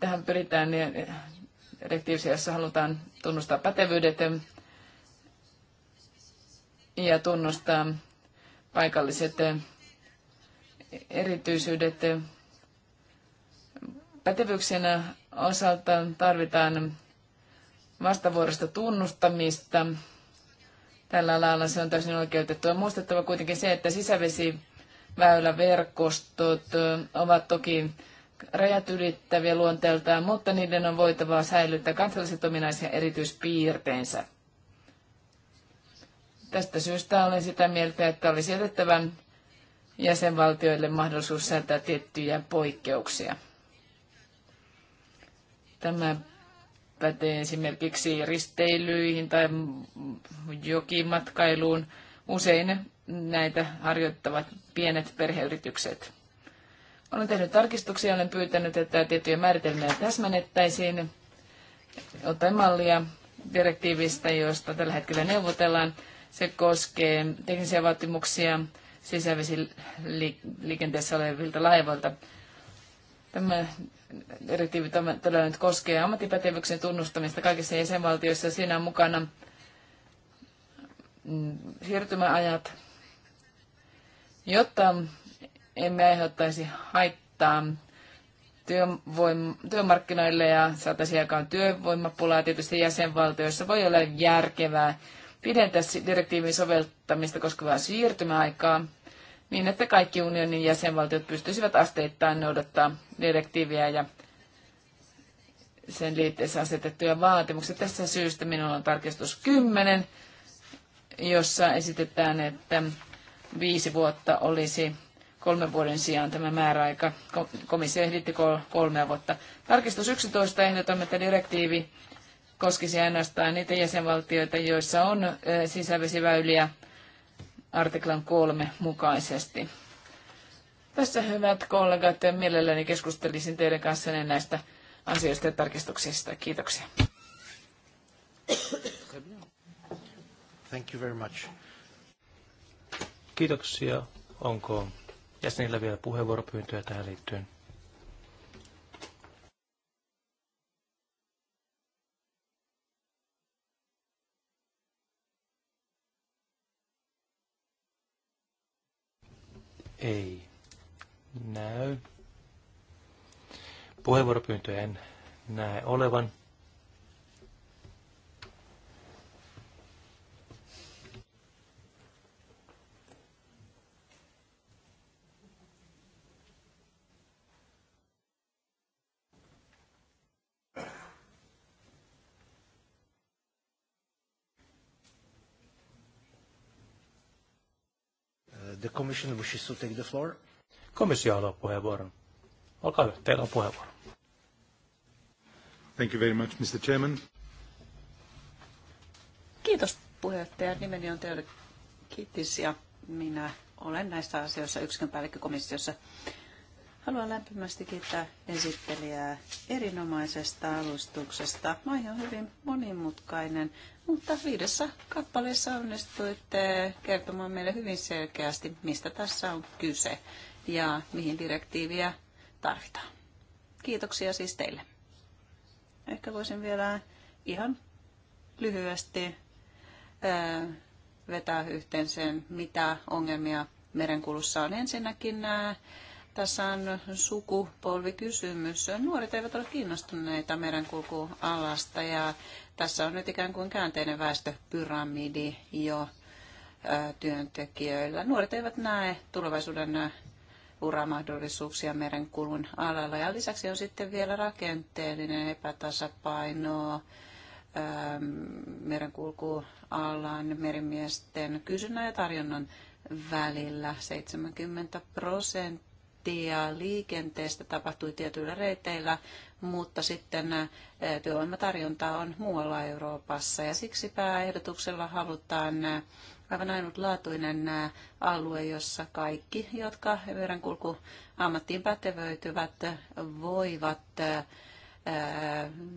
Tähän pyritään direktiivissä, jossa halutaan tunnustaa pätevyydet ja tunnustaa paikalliset erityisyydet. Pätevyyksien osalta tarvitaan vastavuorosta tunnustamista. Tällä alalla se on täysin On Muistettava kuitenkin se, että sisävesiväyläverkostot ovat toki rajat ylittäviä luonteeltaan, mutta niiden on voitava säilyttää kansalliset ominaisia erityispiirteensä. Tästä syystä olen sitä mieltä, että olisi jätettävä jäsenvaltioille mahdollisuus säätää tiettyjä poikkeuksia. Tämä pätee esimerkiksi risteilyihin tai jokimatkailuun. Usein näitä harjoittavat pienet perheyritykset. Olen tehnyt tarkistuksia ja olen pyytänyt, että tiettyjä määritelmiä täsmennettäisiin ottaen mallia direktiivistä, josta tällä hetkellä neuvotellaan. Se koskee teknisiä vaatimuksia, sisävesiliikenteessä olevilta laivoilta. Tämä direktiivi todella nyt koskee ammattipätevyyksen tunnustamista kaikissa jäsenvaltioissa. Siinä on mukana mm, siirtymäajat, jotta emme aiheuttaisi haittaa työvoim- työmarkkinoille ja saataisiin aikaan työvoimapulaa tietysti jäsenvaltioissa. Voi olla järkevää pidentää direktiivin soveltamista koskevaa siirtymäaikaa niin, että kaikki unionin jäsenvaltiot pystyisivät asteittain noudattaa direktiiviä ja sen liitteessä asetettuja vaatimuksia. Tässä syystä minulla on tarkistus 10, jossa esitetään, että viisi vuotta olisi kolme vuoden sijaan tämä määräaika. Komissio ehditti kolmea vuotta. Tarkistus 11 ehdotamme, että direktiivi koskisi ainoastaan niitä jäsenvaltioita, joissa on sisävesiväyliä artiklan kolme mukaisesti. Tässä hyvät kollegat, mielelläni keskustelisin teidän kanssanne näistä asioista ja tarkistuksista. Kiitoksia. Thank you very much. Kiitoksia. Onko jäsenillä vielä puheenvuoropyyntöjä tähän liittyen? ei näy. Puheenvuoropyyntöjä en näe olevan. the commission wishes to take the floor. Komissio haluaa puheenvuoron. Olkaa hyvä, teillä on puheenvuoro. Thank you very much, Mr. Chairman. Kiitos puheenjohtaja. Nimeni on Teodor Kittis ja minä olen näissä asioissa yksikön päällikkö komissiossa. Haluan lämpimästi kiittää esittelijää erinomaisesta alustuksesta. Aihe on hyvin monimutkainen, mutta viidessä kappaleessa onnistuitte kertomaan meille hyvin selkeästi, mistä tässä on kyse ja mihin direktiiviä tarvitaan. Kiitoksia siis teille. Ehkä voisin vielä ihan lyhyesti vetää yhteen sen, mitä ongelmia merenkulussa on. Ensinnäkin nämä tässä on sukupolvikysymys. Nuoret eivät ole kiinnostuneita merenkulkualasta ja tässä on nyt ikään kuin käänteinen väestöpyramidi jo työntekijöillä. Nuoret eivät näe tulevaisuuden uramahdollisuuksia merenkulun alalla. Ja lisäksi on sitten vielä rakenteellinen epätasapaino merenkulkualan merimiesten kysynnän ja tarjonnan välillä 70 prosenttia prosenttia liikenteestä tapahtui tietyillä reiteillä, mutta sitten työvoimatarjonta on muualla Euroopassa. Ja siksi pääehdotuksella halutaan aivan ainutlaatuinen alue, jossa kaikki, jotka merenkulku ammattiin pätevöityvät, voivat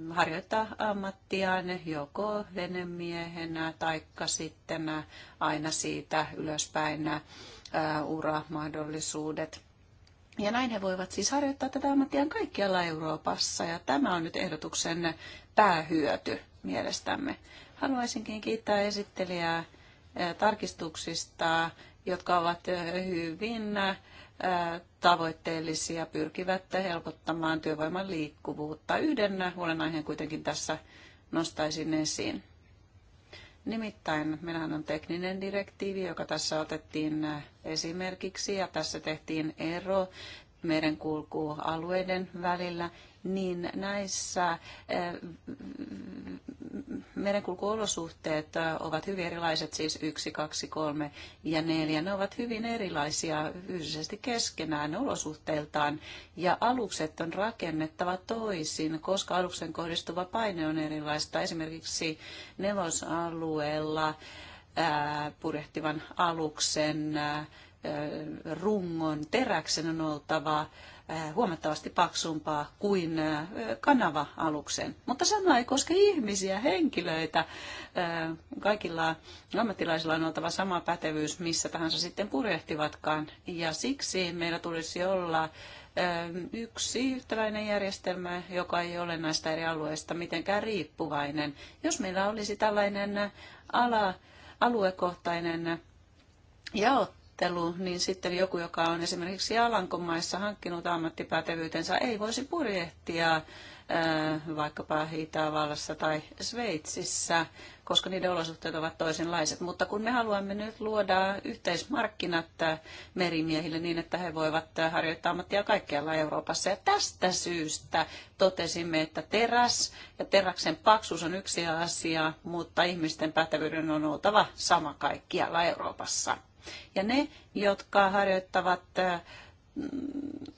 harjoittaa ammattiaan joko venemiehenä tai sitten aina siitä ylöspäin uramahdollisuudet. Ja näin he voivat siis harjoittaa tätä ammattiaan kaikkialla Euroopassa ja tämä on nyt ehdotuksen päähyöty mielestämme. Haluaisinkin kiittää esittelijää tarkistuksista, jotka ovat hyvin tavoitteellisia, pyrkivät helpottamaan työvoiman liikkuvuutta. Yhden huolenaiheen kuitenkin tässä nostaisin esiin. Nimittäin meillähän on tekninen direktiivi, joka tässä otettiin äh, esimerkiksi ja tässä tehtiin ero merenkulkualueiden välillä, niin näissä eh, merenkulkuolosuhteet eh, ovat hyvin erilaiset, siis yksi-kaksi-kolme ja neljä, Ne ovat hyvin erilaisia fyysisesti keskenään olosuhteiltaan ja alukset on rakennettava toisin, koska aluksen kohdistuva paine on erilaista. Esimerkiksi nelosalueella eh, purjehtivan aluksen rungon teräksen on oltava huomattavasti paksumpaa kuin kanava-aluksen. Mutta sama ei koske ihmisiä, henkilöitä. Kaikilla ammattilaisilla on oltava sama pätevyys, missä tahansa sitten purjehtivatkaan. Ja siksi meillä tulisi olla yksi yhtäläinen järjestelmä, joka ei ole näistä eri alueista mitenkään riippuvainen. Jos meillä olisi tällainen ala, aluekohtainen jaottelu, ajattelu, niin sitten joku, joka on esimerkiksi Alankomaissa hankkinut ammattipätevyytensä, ei voisi purjehtia vaikkapa Itävallassa tai Sveitsissä, koska niiden olosuhteet ovat toisenlaiset. Mutta kun me haluamme nyt luoda yhteismarkkinat merimiehille niin, että he voivat harjoittaa ammattia kaikkialla Euroopassa. Ja tästä syystä totesimme, että teräs ja teräksen paksuus on yksi asia, mutta ihmisten pätevyyden on oltava sama kaikkialla Euroopassa. Ja ne, jotka harjoittavat mm,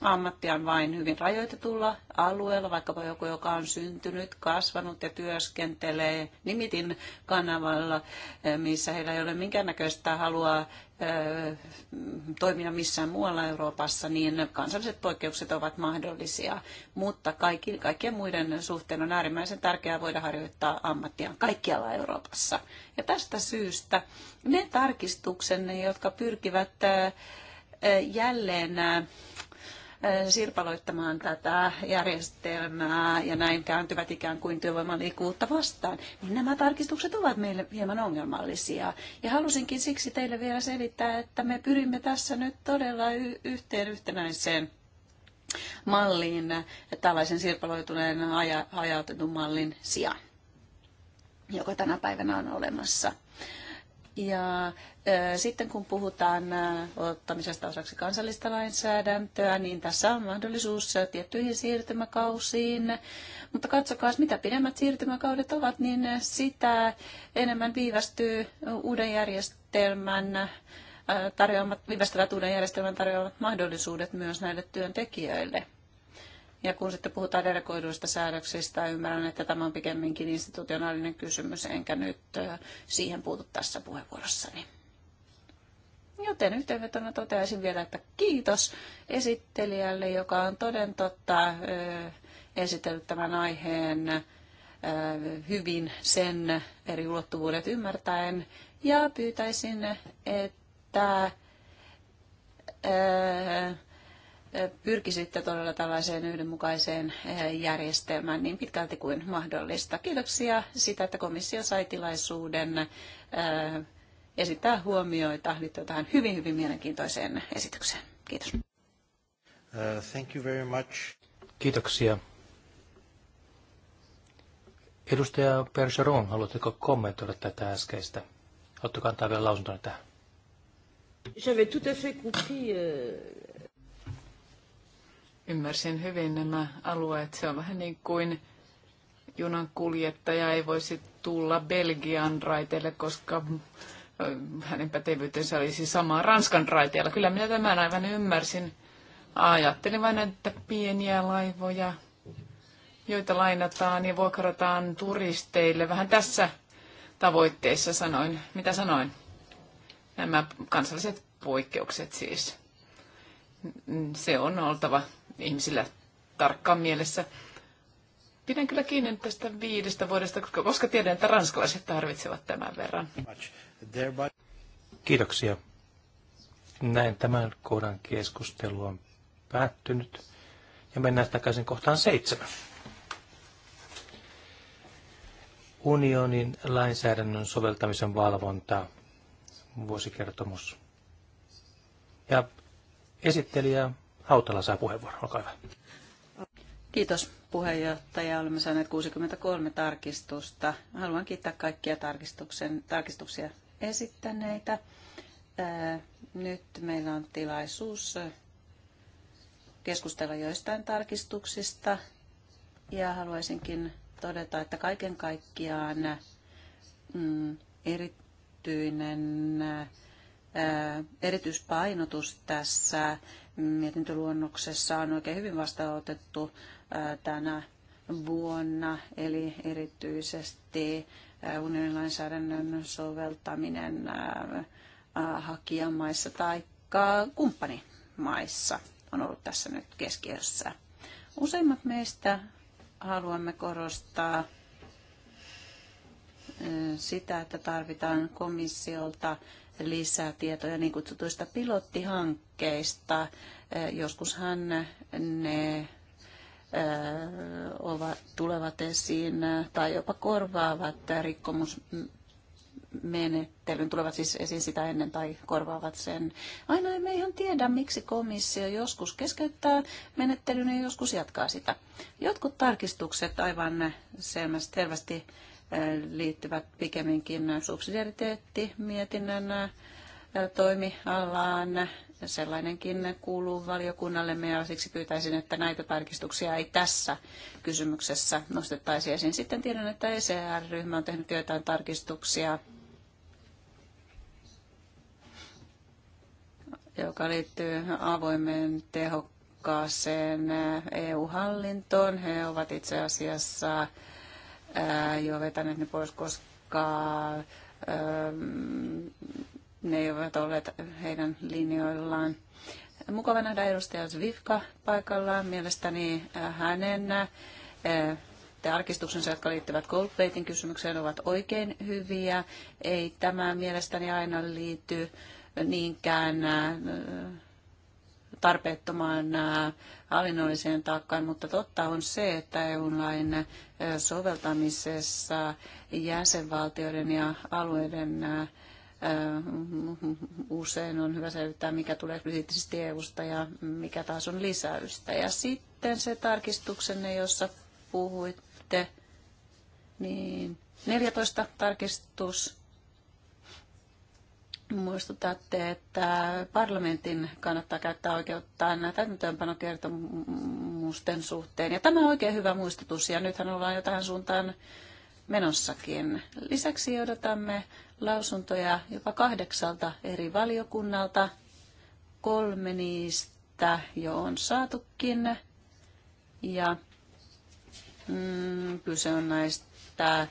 ammattiaan vain hyvin rajoitetulla alueella, vaikkapa joku, joka on syntynyt, kasvanut ja työskentelee nimitin kanavalla, missä heillä ei ole minkäännäköistä halua toimia missään muualla Euroopassa, niin kansalliset poikkeukset ovat mahdollisia. Mutta kaikki, kaikkien muiden suhteen on äärimmäisen tärkeää voida harjoittaa ammattia kaikkialla Euroopassa. Ja tästä syystä ne tarkistuksenne, jotka pyrkivät jälleen sirpaloittamaan tätä järjestelmää ja näin kääntyvät ikään kuin työvoiman liikkuvuutta vastaan, niin nämä tarkistukset ovat meille hieman ongelmallisia. Ja halusinkin siksi teille vielä selittää, että me pyrimme tässä nyt todella yhteen yhtenäiseen malliin tällaisen sirpaloituneen haja- hajautetun mallin sijaan, joka tänä päivänä on olemassa. Ja sitten kun puhutaan ottamisesta osaksi kansallista lainsäädäntöä, niin tässä on mahdollisuus tiettyihin siirtymäkausiin. Mutta katsokaa, mitä pidemmät siirtymäkaudet ovat, niin sitä enemmän viivästyy uuden järjestelmän tarjoamat, viivästävät uuden järjestelmän tarjoamat mahdollisuudet myös näille työntekijöille. Ja kun sitten puhutaan delegoiduista säädöksistä, ymmärrän, että tämä on pikemminkin institutionaalinen kysymys, enkä nyt siihen puutu tässä puheenvuorossani. Joten yhteenvetona toteaisin vielä, että kiitos esittelijälle, joka on toden totta esitellyt tämän aiheen hyvin sen eri ulottuvuudet ymmärtäen. Ja pyytäisin, että pyrkisitte todella tällaiseen yhdenmukaiseen järjestelmään niin pitkälti kuin mahdollista. Kiitoksia sitä, että komissio sai tilaisuuden esittää huomioita liittyen tähän hyvin, hyvin mielenkiintoiseen esitykseen. Kiitos. Uh, thank you very much. Kiitoksia. Edustaja Percheron, haluatteko kommentoida tätä äskeistä? Haluatteko kantaa vielä lausuntoa tähän? J'avais tout à fait compris. Euh, Ymmärsin hyvin nämä alueet. Se on vähän niin kuin junan kuljettaja ei voisi tulla Belgian raiteille, koska hänen pätevyytensä olisi samaa Ranskan raiteella. Kyllä minä tämän aivan ymmärsin. Ajattelin vain, että pieniä laivoja, joita lainataan ja vuokrataan turisteille. Vähän tässä tavoitteessa sanoin, mitä sanoin. Nämä kansalliset poikkeukset siis. Se on oltava ihmisillä tarkkaan mielessä. Pidän kyllä kiinni tästä viidestä vuodesta, koska tiedän, että ranskalaiset tarvitsevat tämän verran. Kiitoksia. Näin tämän kohdan keskustelu on päättynyt. Ja mennään takaisin kohtaan seitsemän. Unionin lainsäädännön soveltamisen valvonta, vuosikertomus. Ja esittelijä Hautala saa puheenvuoron, olkaa hyvä. Kiitos puheenjohtaja. Olemme saaneet 63 tarkistusta. Haluan kiittää kaikkia tarkistuksen, tarkistuksia esittäneitä. Nyt meillä on tilaisuus keskustella joistain tarkistuksista ja haluaisinkin todeta, että kaiken kaikkiaan mm, erityinen erityispainotus tässä mietintöluonnoksessa on oikein hyvin vastaanotettu tänä vuonna, eli erityisesti unionin lainsäädännön soveltaminen äh, äh, hakijamaissa tai kumppanimaissa on ollut tässä nyt keskiössä. Useimmat meistä haluamme korostaa äh, sitä, että tarvitaan komissiolta lisää tietoja niin kutsutuista pilottihankkeista. Joskushan ne ovat, tulevat esiin tai jopa korvaavat rikkomusmenettelyn, tulevat siis esiin sitä ennen tai korvaavat sen. Aina emme ihan tiedä, miksi komissio joskus keskeyttää menettelyn ja joskus jatkaa sitä. Jotkut tarkistukset aivan selvästi, liittyvät pikemminkin subsidiariteettimietinnön toimialaan sellainenkin kuuluu valiokunnallemme ja siksi pyytäisin, että näitä tarkistuksia ei tässä kysymyksessä nostettaisi esiin. Sitten tiedän, että ECR-ryhmä on tehnyt joitain tarkistuksia, joka liittyy avoimeen tehokkaaseen EU-hallintoon. Eh, e He ovat itse asiassa eh, jo vetäneet ne pois, koska eh, ne eivät olleet heidän linjoillaan. Mukava nähdä edustaja Zvivka paikallaan. Mielestäni äh, hänen äh, tarkistuksensa, jotka liittyvät Goldbaitin kysymykseen, ovat oikein hyviä. Ei tämä mielestäni aina liity niinkään äh, tarpeettomaan hallinnolliseen taakkaan, mutta totta on se, että EU-lain soveltamisessa jäsenvaltioiden ja alueiden usein on hyvä selvittää, mikä tulee kriittisesti EUsta ja mikä taas on lisäystä. Ja sitten se tarkistuksenne, jossa puhuitte, niin 14 tarkistus. Muistutatte, että parlamentin kannattaa käyttää oikeuttaan täytäntöönpanokertomusten suhteen. Ja tämä on oikein hyvä muistutus, ja nythän ollaan jo tähän suuntaan menossakin. Lisäksi odotamme lausuntoja jopa kahdeksalta eri valiokunnalta. Kolme niistä jo on saatukin. Ja mm, kyse on näistä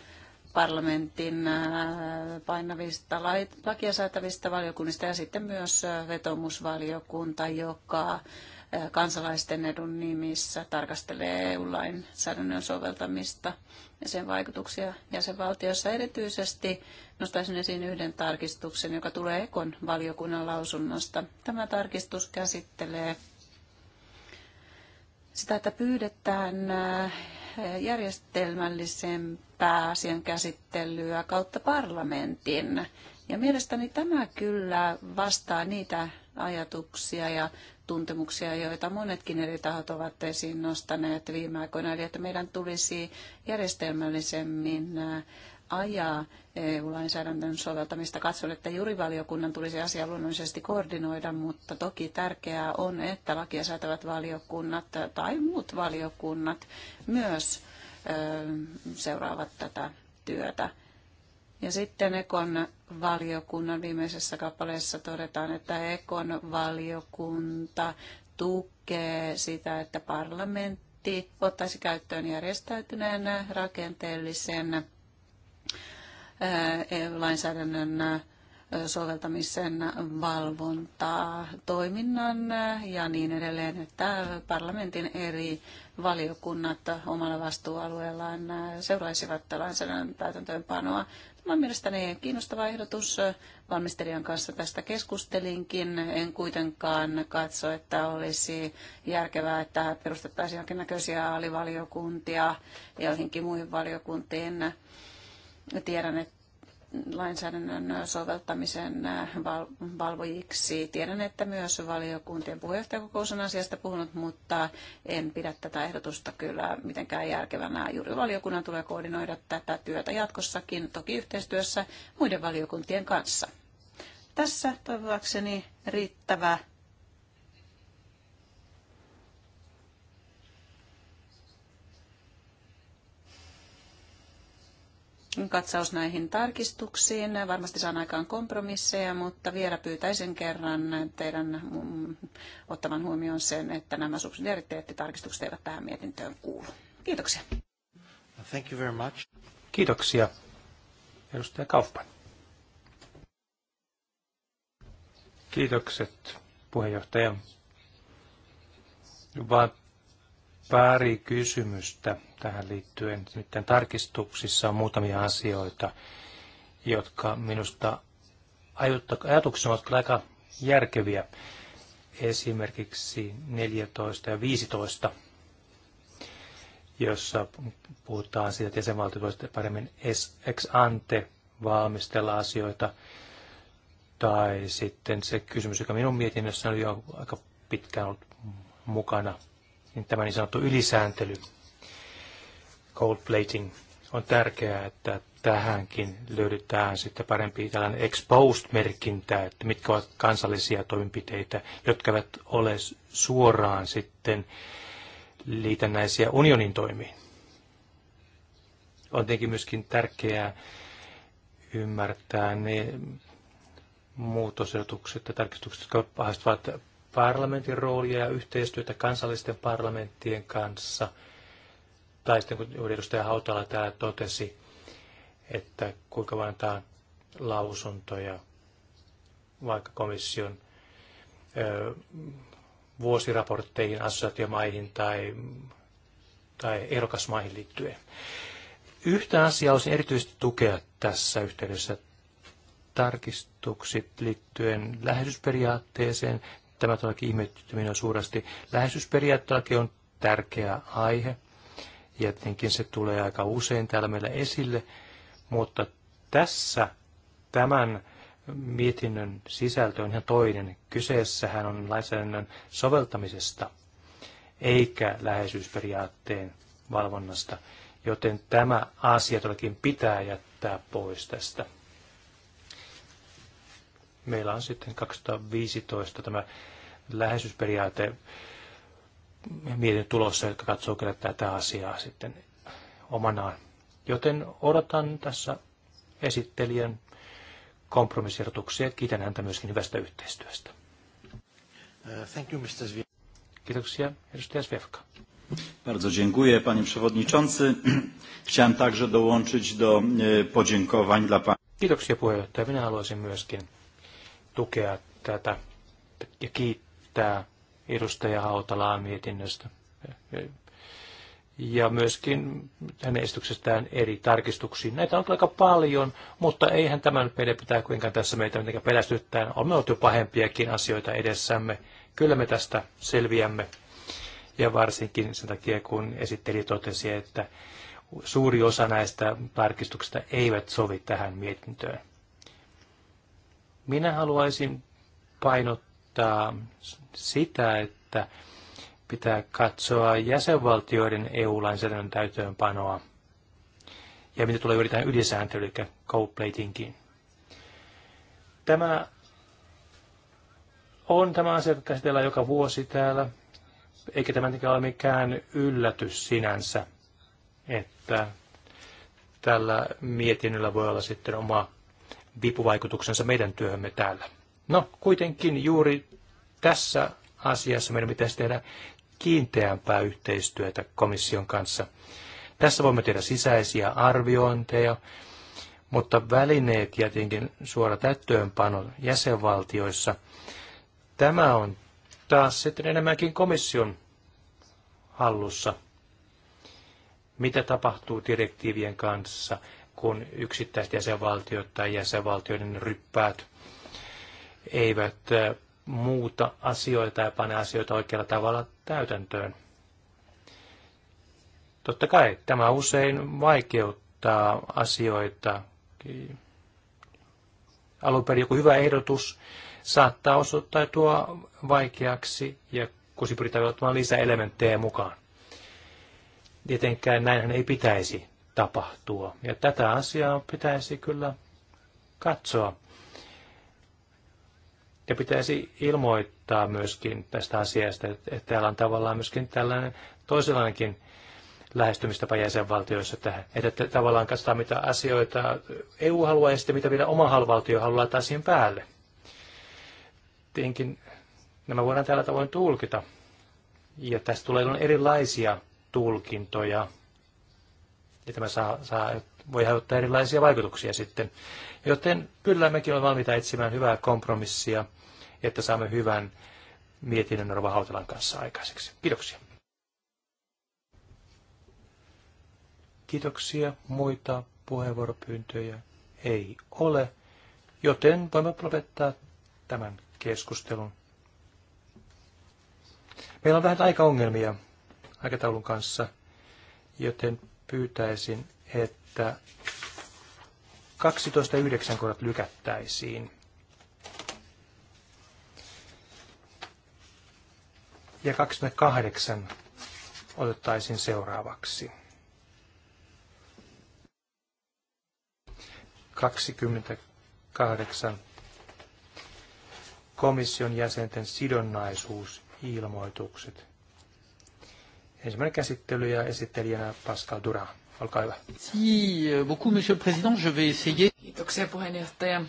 parlamentin äh, painavista lakia säätävistä valiokunnista ja sitten myös äh, vetomusvaliokunta, joka kansalaisten edun nimissä tarkastelee EU-lainsäädännön soveltamista ja sen vaikutuksia jäsenvaltioissa. Erityisesti nostaisin esiin yhden tarkistuksen, joka tulee Ekon valiokunnan lausunnosta. Tämä tarkistus käsittelee sitä, että pyydetään äh, järjestelmällisempää asian käsittelyä kautta parlamentin. Ja mielestäni tämä kyllä vastaa niitä ajatuksia ja tuntemuksia, joita monetkin eri tahot ovat esiin nostaneet viime aikoina. Eli että meidän tulisi järjestelmällisemmin äh, ajaa EU-lainsäädännön soveltamista. Katson, että jurivaliokunnan tulisi asia luonnollisesti koordinoida, mutta toki tärkeää on, että lakia säätävät valiokunnat tai muut valiokunnat myös äh, seuraavat tätä työtä. Ja sitten Ekon valiokunnan viimeisessä kappaleessa todetaan, että Ekon valiokunta tukee sitä, että parlamentti ottaisi käyttöön järjestäytyneen rakenteellisen e, lainsäädännön soveltamisen valvontaa toiminnan ja niin edelleen, että parlamentin eri valiokunnat omalla vastuualueellaan seuraisivat lainsäädännön täytäntöönpanoa. Tämä on mielestäni kiinnostava ehdotus. Valmistelijan kanssa tästä keskustelinkin. En kuitenkaan katso, että olisi järkevää, että perustettaisiin jonkinnäköisiä alivaliokuntia joihinkin muihin valiokuntiin. Tiedän, että lainsäädännön soveltamisen äh, valvojiksi. Tiedän, että myös valiokuntien puheenjohtajakokous on asiasta puhunut, mutta en pidä tätä ehdotusta kyllä mitenkään järkevänä. Juuri valiokunnan tulee koordinoida tätä työtä jatkossakin, toki yhteistyössä muiden valiokuntien kanssa. Tässä toivoakseni riittävä katsaus näihin tarkistuksiin. Varmasti saan aikaan kompromisseja, mutta vielä pyytäisin kerran teidän mm, ottavan huomioon sen, että nämä subsidiariteettitarkistukset eivät tähän mietintöön kuulu. Kiitoksia. Thank you very much. Kiitoksia. Edustaja Kaufman. Kiitokset puheenjohtaja. Vaan pari kysymystä tähän liittyen. Nyt tarkistuksissa on muutamia asioita, jotka minusta ajatuksena ovat aika järkeviä. Esimerkiksi 14 ja 15, jossa puhutaan siitä, että jäsenvaltiot voisivat paremmin ex ante valmistella asioita. Tai sitten se kysymys, joka minun mietinnössäni on jo aika pitkään ollut mukana – niin tämä niin sanottu ylisääntely, cold plating, on tärkeää, että tähänkin löydetään sitten parempi tällainen exposed-merkintä, että mitkä ovat kansallisia toimenpiteitä, jotka eivät ole suoraan sitten liitännäisiä unionin toimiin. On tietenkin myöskin tärkeää ymmärtää ne muutosehdotukset ja tarkistukset, jotka pahasti parlamentin roolia ja yhteistyötä kansallisten parlamenttien kanssa. Tai sitten kun edustaja Hautala täällä totesi, että kuinka vaan antaa lausuntoja vaikka komission ö, vuosiraportteihin, assosiaatiomaihin tai, tai ehdokasmaihin liittyen. Yhtä asiaa olisin erityisesti tukea tässä yhteydessä tarkistukset liittyen lähetysperiaatteeseen. Tämä todellakin ihmetytti minua suuresti. Läheisyysperiaatteellakin on tärkeä aihe, ja tietenkin se tulee aika usein täällä meillä esille, mutta tässä tämän mietinnön sisältö on ihan toinen. Kyseessähän on lainsäädännön soveltamisesta, eikä läheisyysperiaatteen valvonnasta, joten tämä asia todellakin pitää jättää pois tästä meillä on sitten 2015 tämä läheisyysperiaate mietin tulossa, jotka katsoo kyllä tätä asiaa sitten omanaan. Joten odotan tässä esittelijän kompromissirjoituksia. Kiitän häntä myöskin hyvästä yhteistyöstä. Uh, thank you, Mr. Zwie. Kiitoksia, edustaja Svefka. Bardzo dziękuję, panie przewodniczący. Chciałem także dołączyć do e, podziękowań dla pana. Kiitoksia puheenjohtaja. Minä haluaisin myöskin tukea tätä ja kiittää edustaja Hautalaa mietinnöstä ja myöskin hänen esityksestään eri tarkistuksiin. Näitä on aika paljon, mutta eihän tämän meidän pitää kuinkaan tässä meitä mitenkään pelästyttää. On me jo pahempiakin asioita edessämme. Kyllä me tästä selviämme. Ja varsinkin sen takia, kun esitteli totesi, että suuri osa näistä tarkistuksista eivät sovi tähän mietintöön. Minä haluaisin painottaa sitä, että pitää katsoa jäsenvaltioiden EU-lainsäädännön täytöönpanoa ja mitä tulee tähän ylisääntelyyn, eli co Tämä on tämä asia, joka käsitellään joka vuosi täällä, eikä tämä ole mikään yllätys sinänsä, että tällä mietinnöllä voi olla sitten oma vipuvaikutuksensa meidän työhömme täällä. No, kuitenkin juuri tässä asiassa meidän pitäisi tehdä kiinteämpää yhteistyötä komission kanssa. Tässä voimme tehdä sisäisiä arviointeja, mutta välineet ja tietenkin suora täyttöönpano jäsenvaltioissa, tämä on taas sitten enemmänkin komission hallussa. Mitä tapahtuu direktiivien kanssa, kun yksittäiset jäsenvaltiot tai jäsenvaltioiden ryppäät eivät muuta asioita ja pane asioita oikealla tavalla täytäntöön. Totta kai tämä usein vaikeuttaa asioita. Alun perin joku hyvä ehdotus saattaa osoittautua vaikeaksi ja kun se pyritään ottamaan lisää elementtejä mukaan. Tietenkään näinhän ei pitäisi tapahtua. Ja tätä asiaa pitäisi kyllä katsoa. Ja pitäisi ilmoittaa myöskin tästä asiasta, että täällä on tavallaan myöskin tällainen toisenlainenkin lähestymistapa jäsenvaltioissa tähän. Että tavallaan katsotaan, mitä asioita EU haluaa ja sitten mitä vielä oma valtio haluaa taas siihen päälle. Tietenkin nämä voidaan tällä tavoin tulkita. Ja tästä tulee erilaisia tulkintoja ja tämä saa, saa, voi aiheuttaa erilaisia vaikutuksia sitten. Joten kyllä mekin olemme valmiita etsimään hyvää kompromissia, että saamme hyvän mietinnön Rova Hautalan kanssa aikaiseksi. Kiitoksia. Kiitoksia. Muita puheenvuoropyyntöjä ei ole, joten voimme lopettaa tämän keskustelun. Meillä on vähän aikaongelmia aikataulun kanssa, joten pyytäisin, että 12.9 kohdat lykättäisiin. Ja 28 otettaisiin seuraavaksi. 28 komission jäsenten sidonnaisuusilmoitukset ensimmäinen käsittely ja esittelijänä Pascal Dura. Olkaa hyvä. beaucoup, monsieur le président. Je vais essayer. Kiitoksia puheenjohtaja.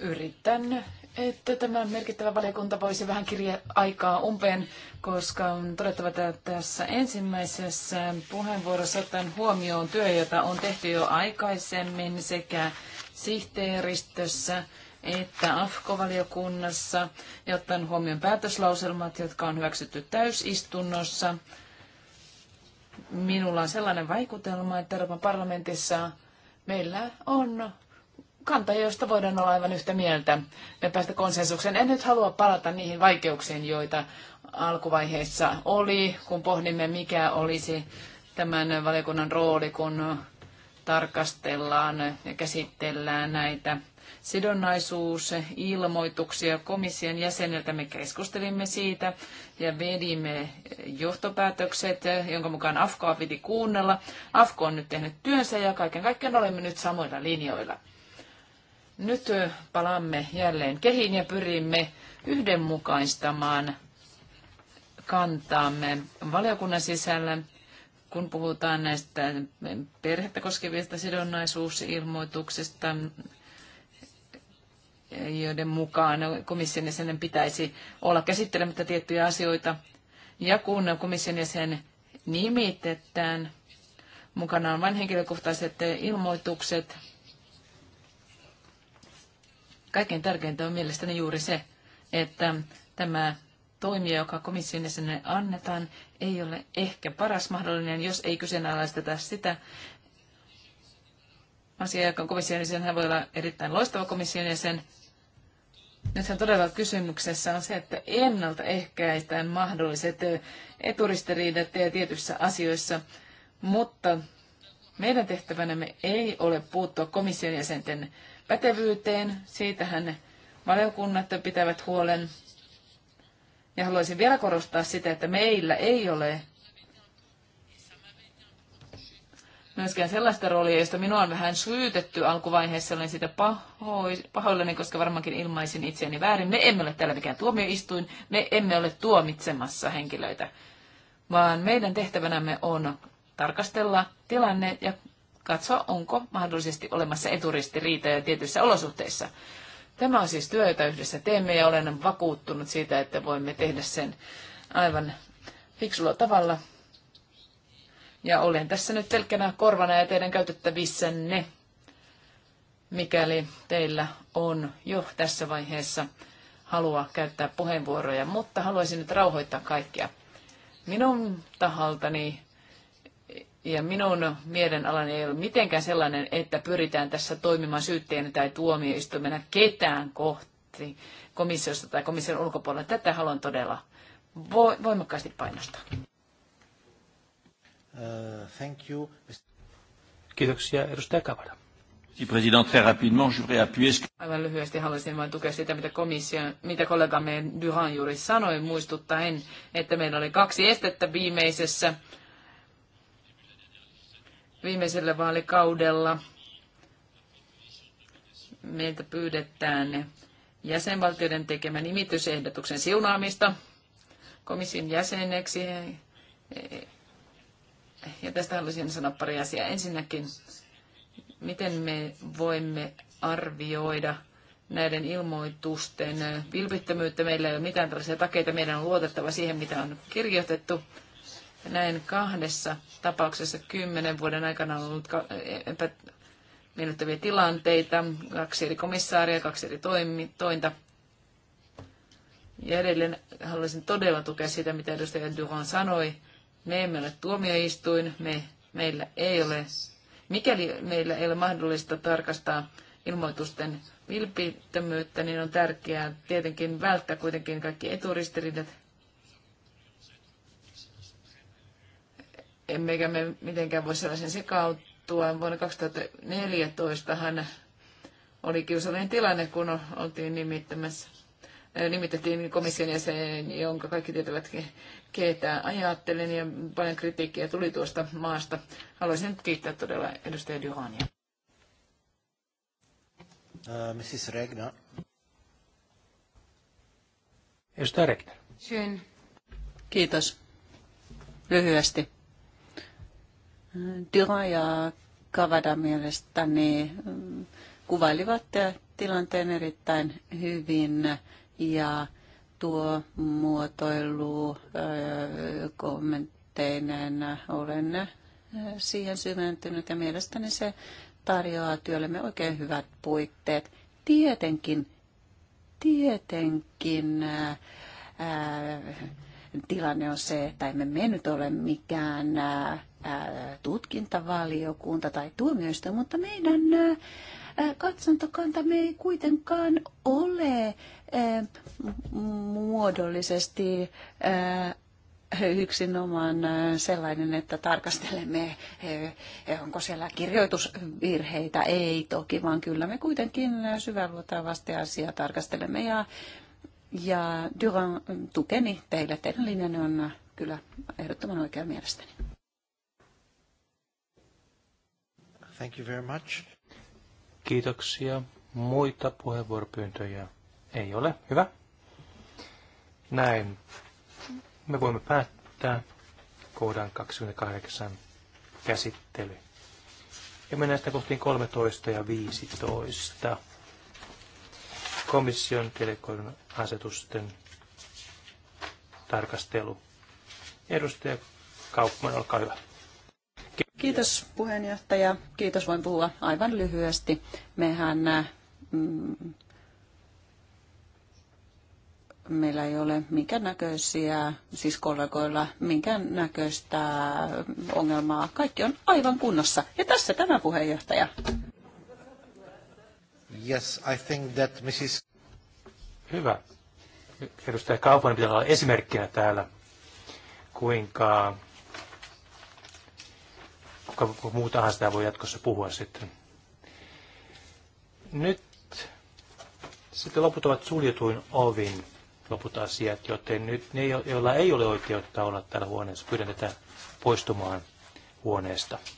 Yritän, että tämä merkittävä valiokunta voisi vähän kirja aikaa umpeen, koska on todettava, että tässä ensimmäisessä puheenvuorossa otan huomioon työ, jota on tehty jo aikaisemmin sekä sihteeristössä että AFKO-valiokunnassa ja ottaen huomioon päätöslauselmat, jotka on hyväksytty täysistunnossa, minulla on sellainen vaikutelma, että Euroopan parlamentissa meillä on kanta, josta voidaan olla aivan yhtä mieltä ja päästä konsensukseen. En nyt halua palata niihin vaikeuksiin, joita alkuvaiheessa oli, kun pohdimme, mikä olisi tämän valiokunnan rooli, kun tarkastellaan ja käsitellään näitä sidonnaisuusilmoituksia komission jäseniltä. Me keskustelimme siitä ja vedimme johtopäätökset, jonka mukaan AFKOa piti kuunnella. AFKO on nyt tehnyt työnsä ja kaiken kaikkiaan olemme nyt samoilla linjoilla. Nyt palaamme jälleen kehiin ja pyrimme yhdenmukaistamaan kantaamme valiokunnan sisällä kun puhutaan näistä perhettä koskevista sidonnaisuusilmoituksista, joiden mukaan komission jäsenen pitäisi olla käsittelemättä tiettyjä asioita. Ja kun komission jäsen nimitetään, mukana on vain henkilökohtaiset ilmoitukset. Kaikkein tärkeintä on mielestäni juuri se, että tämä toimija, joka komission jäsenelle annetaan, ei ole ehkä paras mahdollinen, jos ei kyseenalaisteta sitä asiaa, joka on komission jäsen. Hän voi olla erittäin loistava komission jäsen, Nythän todella kysymyksessä on se, että ennaltaehkäistään mahdolliset eturistiriidat tietyissä asioissa, mutta meidän tehtävänämme ei ole puuttua komission jäsenten pätevyyteen. Siitähän valiokunnat pitävät huolen. Ja haluaisin vielä korostaa sitä, että meillä ei ole myöskään sellaista roolia, josta minua on vähän syytetty alkuvaiheessa. Olen siitä pahoillani, koska varmaankin ilmaisin itseäni väärin. Me emme ole täällä mikään tuomioistuin, me emme ole tuomitsemassa henkilöitä, vaan meidän tehtävänämme on tarkastella tilanne ja katsoa, onko mahdollisesti olemassa ja tietyissä olosuhteissa. Tämä on siis työ, jota yhdessä teemme ja olen vakuuttunut siitä, että voimme tehdä sen aivan fiksulla tavalla ja olen tässä nyt pelkkänä korvana ja teidän käytettävissänne, mikäli teillä on jo tässä vaiheessa halua käyttää puheenvuoroja, mutta haluaisin nyt rauhoittaa kaikkia. Minun tahaltani ja minun mielenalani ei ole mitenkään sellainen, että pyritään tässä toimimaan syyttäjänä tai tuomioistuimena ketään kohti komissiosta tai komission ulkopuolella. Tätä haluan todella voimakkaasti painostaa. Uh, thank you. Kiitoksia, edustaja Kavada. Aivan lyhyesti haluaisin vain tukea sitä, mitä komissio, mitä kollegamme Duhan juuri sanoi, muistuttaen, että meillä oli kaksi estettä viimeisessä, viimeisellä vaalikaudella. Meiltä pyydetään jäsenvaltioiden tekemän nimitysehdotuksen siunaamista komission jäseneksi ja tästä haluaisin sanoa pari asiaa. Ensinnäkin, miten me voimme arvioida näiden ilmoitusten vilpittömyyttä. Meillä ei ole mitään tällaisia takeita. Meidän on luotettava siihen, mitä on kirjoitettu. Näin kahdessa tapauksessa kymmenen vuoden aikana on ollut epämiellyttäviä tilanteita. Kaksi eri komissaaria, kaksi eri toiminta. Ja edelleen haluaisin todella tukea sitä, mitä edustaja Duran sanoi me emme ole tuomioistuin, me, meillä ei ole, mikäli meillä ei ole mahdollista tarkastaa ilmoitusten vilpittömyyttä, niin on tärkeää tietenkin välttää kuitenkin kaikki eturistiriidat. Emmekä me mitenkään voi sellaisen sekautua. Vuonna 2014 hän oli kiusallinen tilanne, kun oltiin nimittämässä nimitettiin komission jäsen, jonka kaikki tietävät keitä ajattelen ja paljon kritiikkiä tuli tuosta maasta. Haluaisin nyt kiittää todella edustaja Johania. Uh, äh, Mrs. Regner. Edustaja Regner. Schön. Kiitos. Lyhyesti. Dyra ja Kavada mielestäni mm, kuvailivat äh, tilanteen erittäin hyvin ja tuo muotoilu kommentteinen olen siihen syventynyt ja mielestäni se tarjoaa työllemme oikein hyvät puitteet. Tietenkin, tietenkin ää, tilanne on se, että emme me nyt ole mikään ää, tutkintavaliokunta tai tuomioistuin, mutta meidän Katsantokanta me ei kuitenkaan ole muodollisesti yksinomaan sellainen, että tarkastelemme, onko siellä kirjoitusvirheitä. Ei toki, vaan kyllä me kuitenkin syväluotaavasti asiaa tarkastelemme. Ja, ja Duran tukeni teille. Teidän linjanne on kyllä ehdottoman oikea mielestäni. Thank you very much. Kiitoksia. Muita puheenvuoropyyntöjä ei ole. Hyvä. Näin. Me voimme päättää kohdan 28 käsittely. Ja mennään sitten kohtiin 13 ja 15. Komission telekoidon asetusten tarkastelu. Edustaja Kaupman, olkaa hyvä. Kiitos puheenjohtaja. Kiitos, voin puhua aivan lyhyesti. Mehän mm, meillä ei ole minkään näköisiä, siis kollegoilla minkään näköistä ongelmaa. Kaikki on aivan kunnossa. Ja tässä tämä puheenjohtaja. Yes, I think that Mrs. Hyvä. Edustaja Kauponen pitää olla esimerkkinä täällä, kuinka kuka muu tahansa voi jatkossa puhua sitten. Nyt sitten loput ovat suljetuin ovin loput asiat, joten nyt ne, joilla ei ole oikeutta olla täällä huoneessa, pyydän tätä poistumaan huoneesta.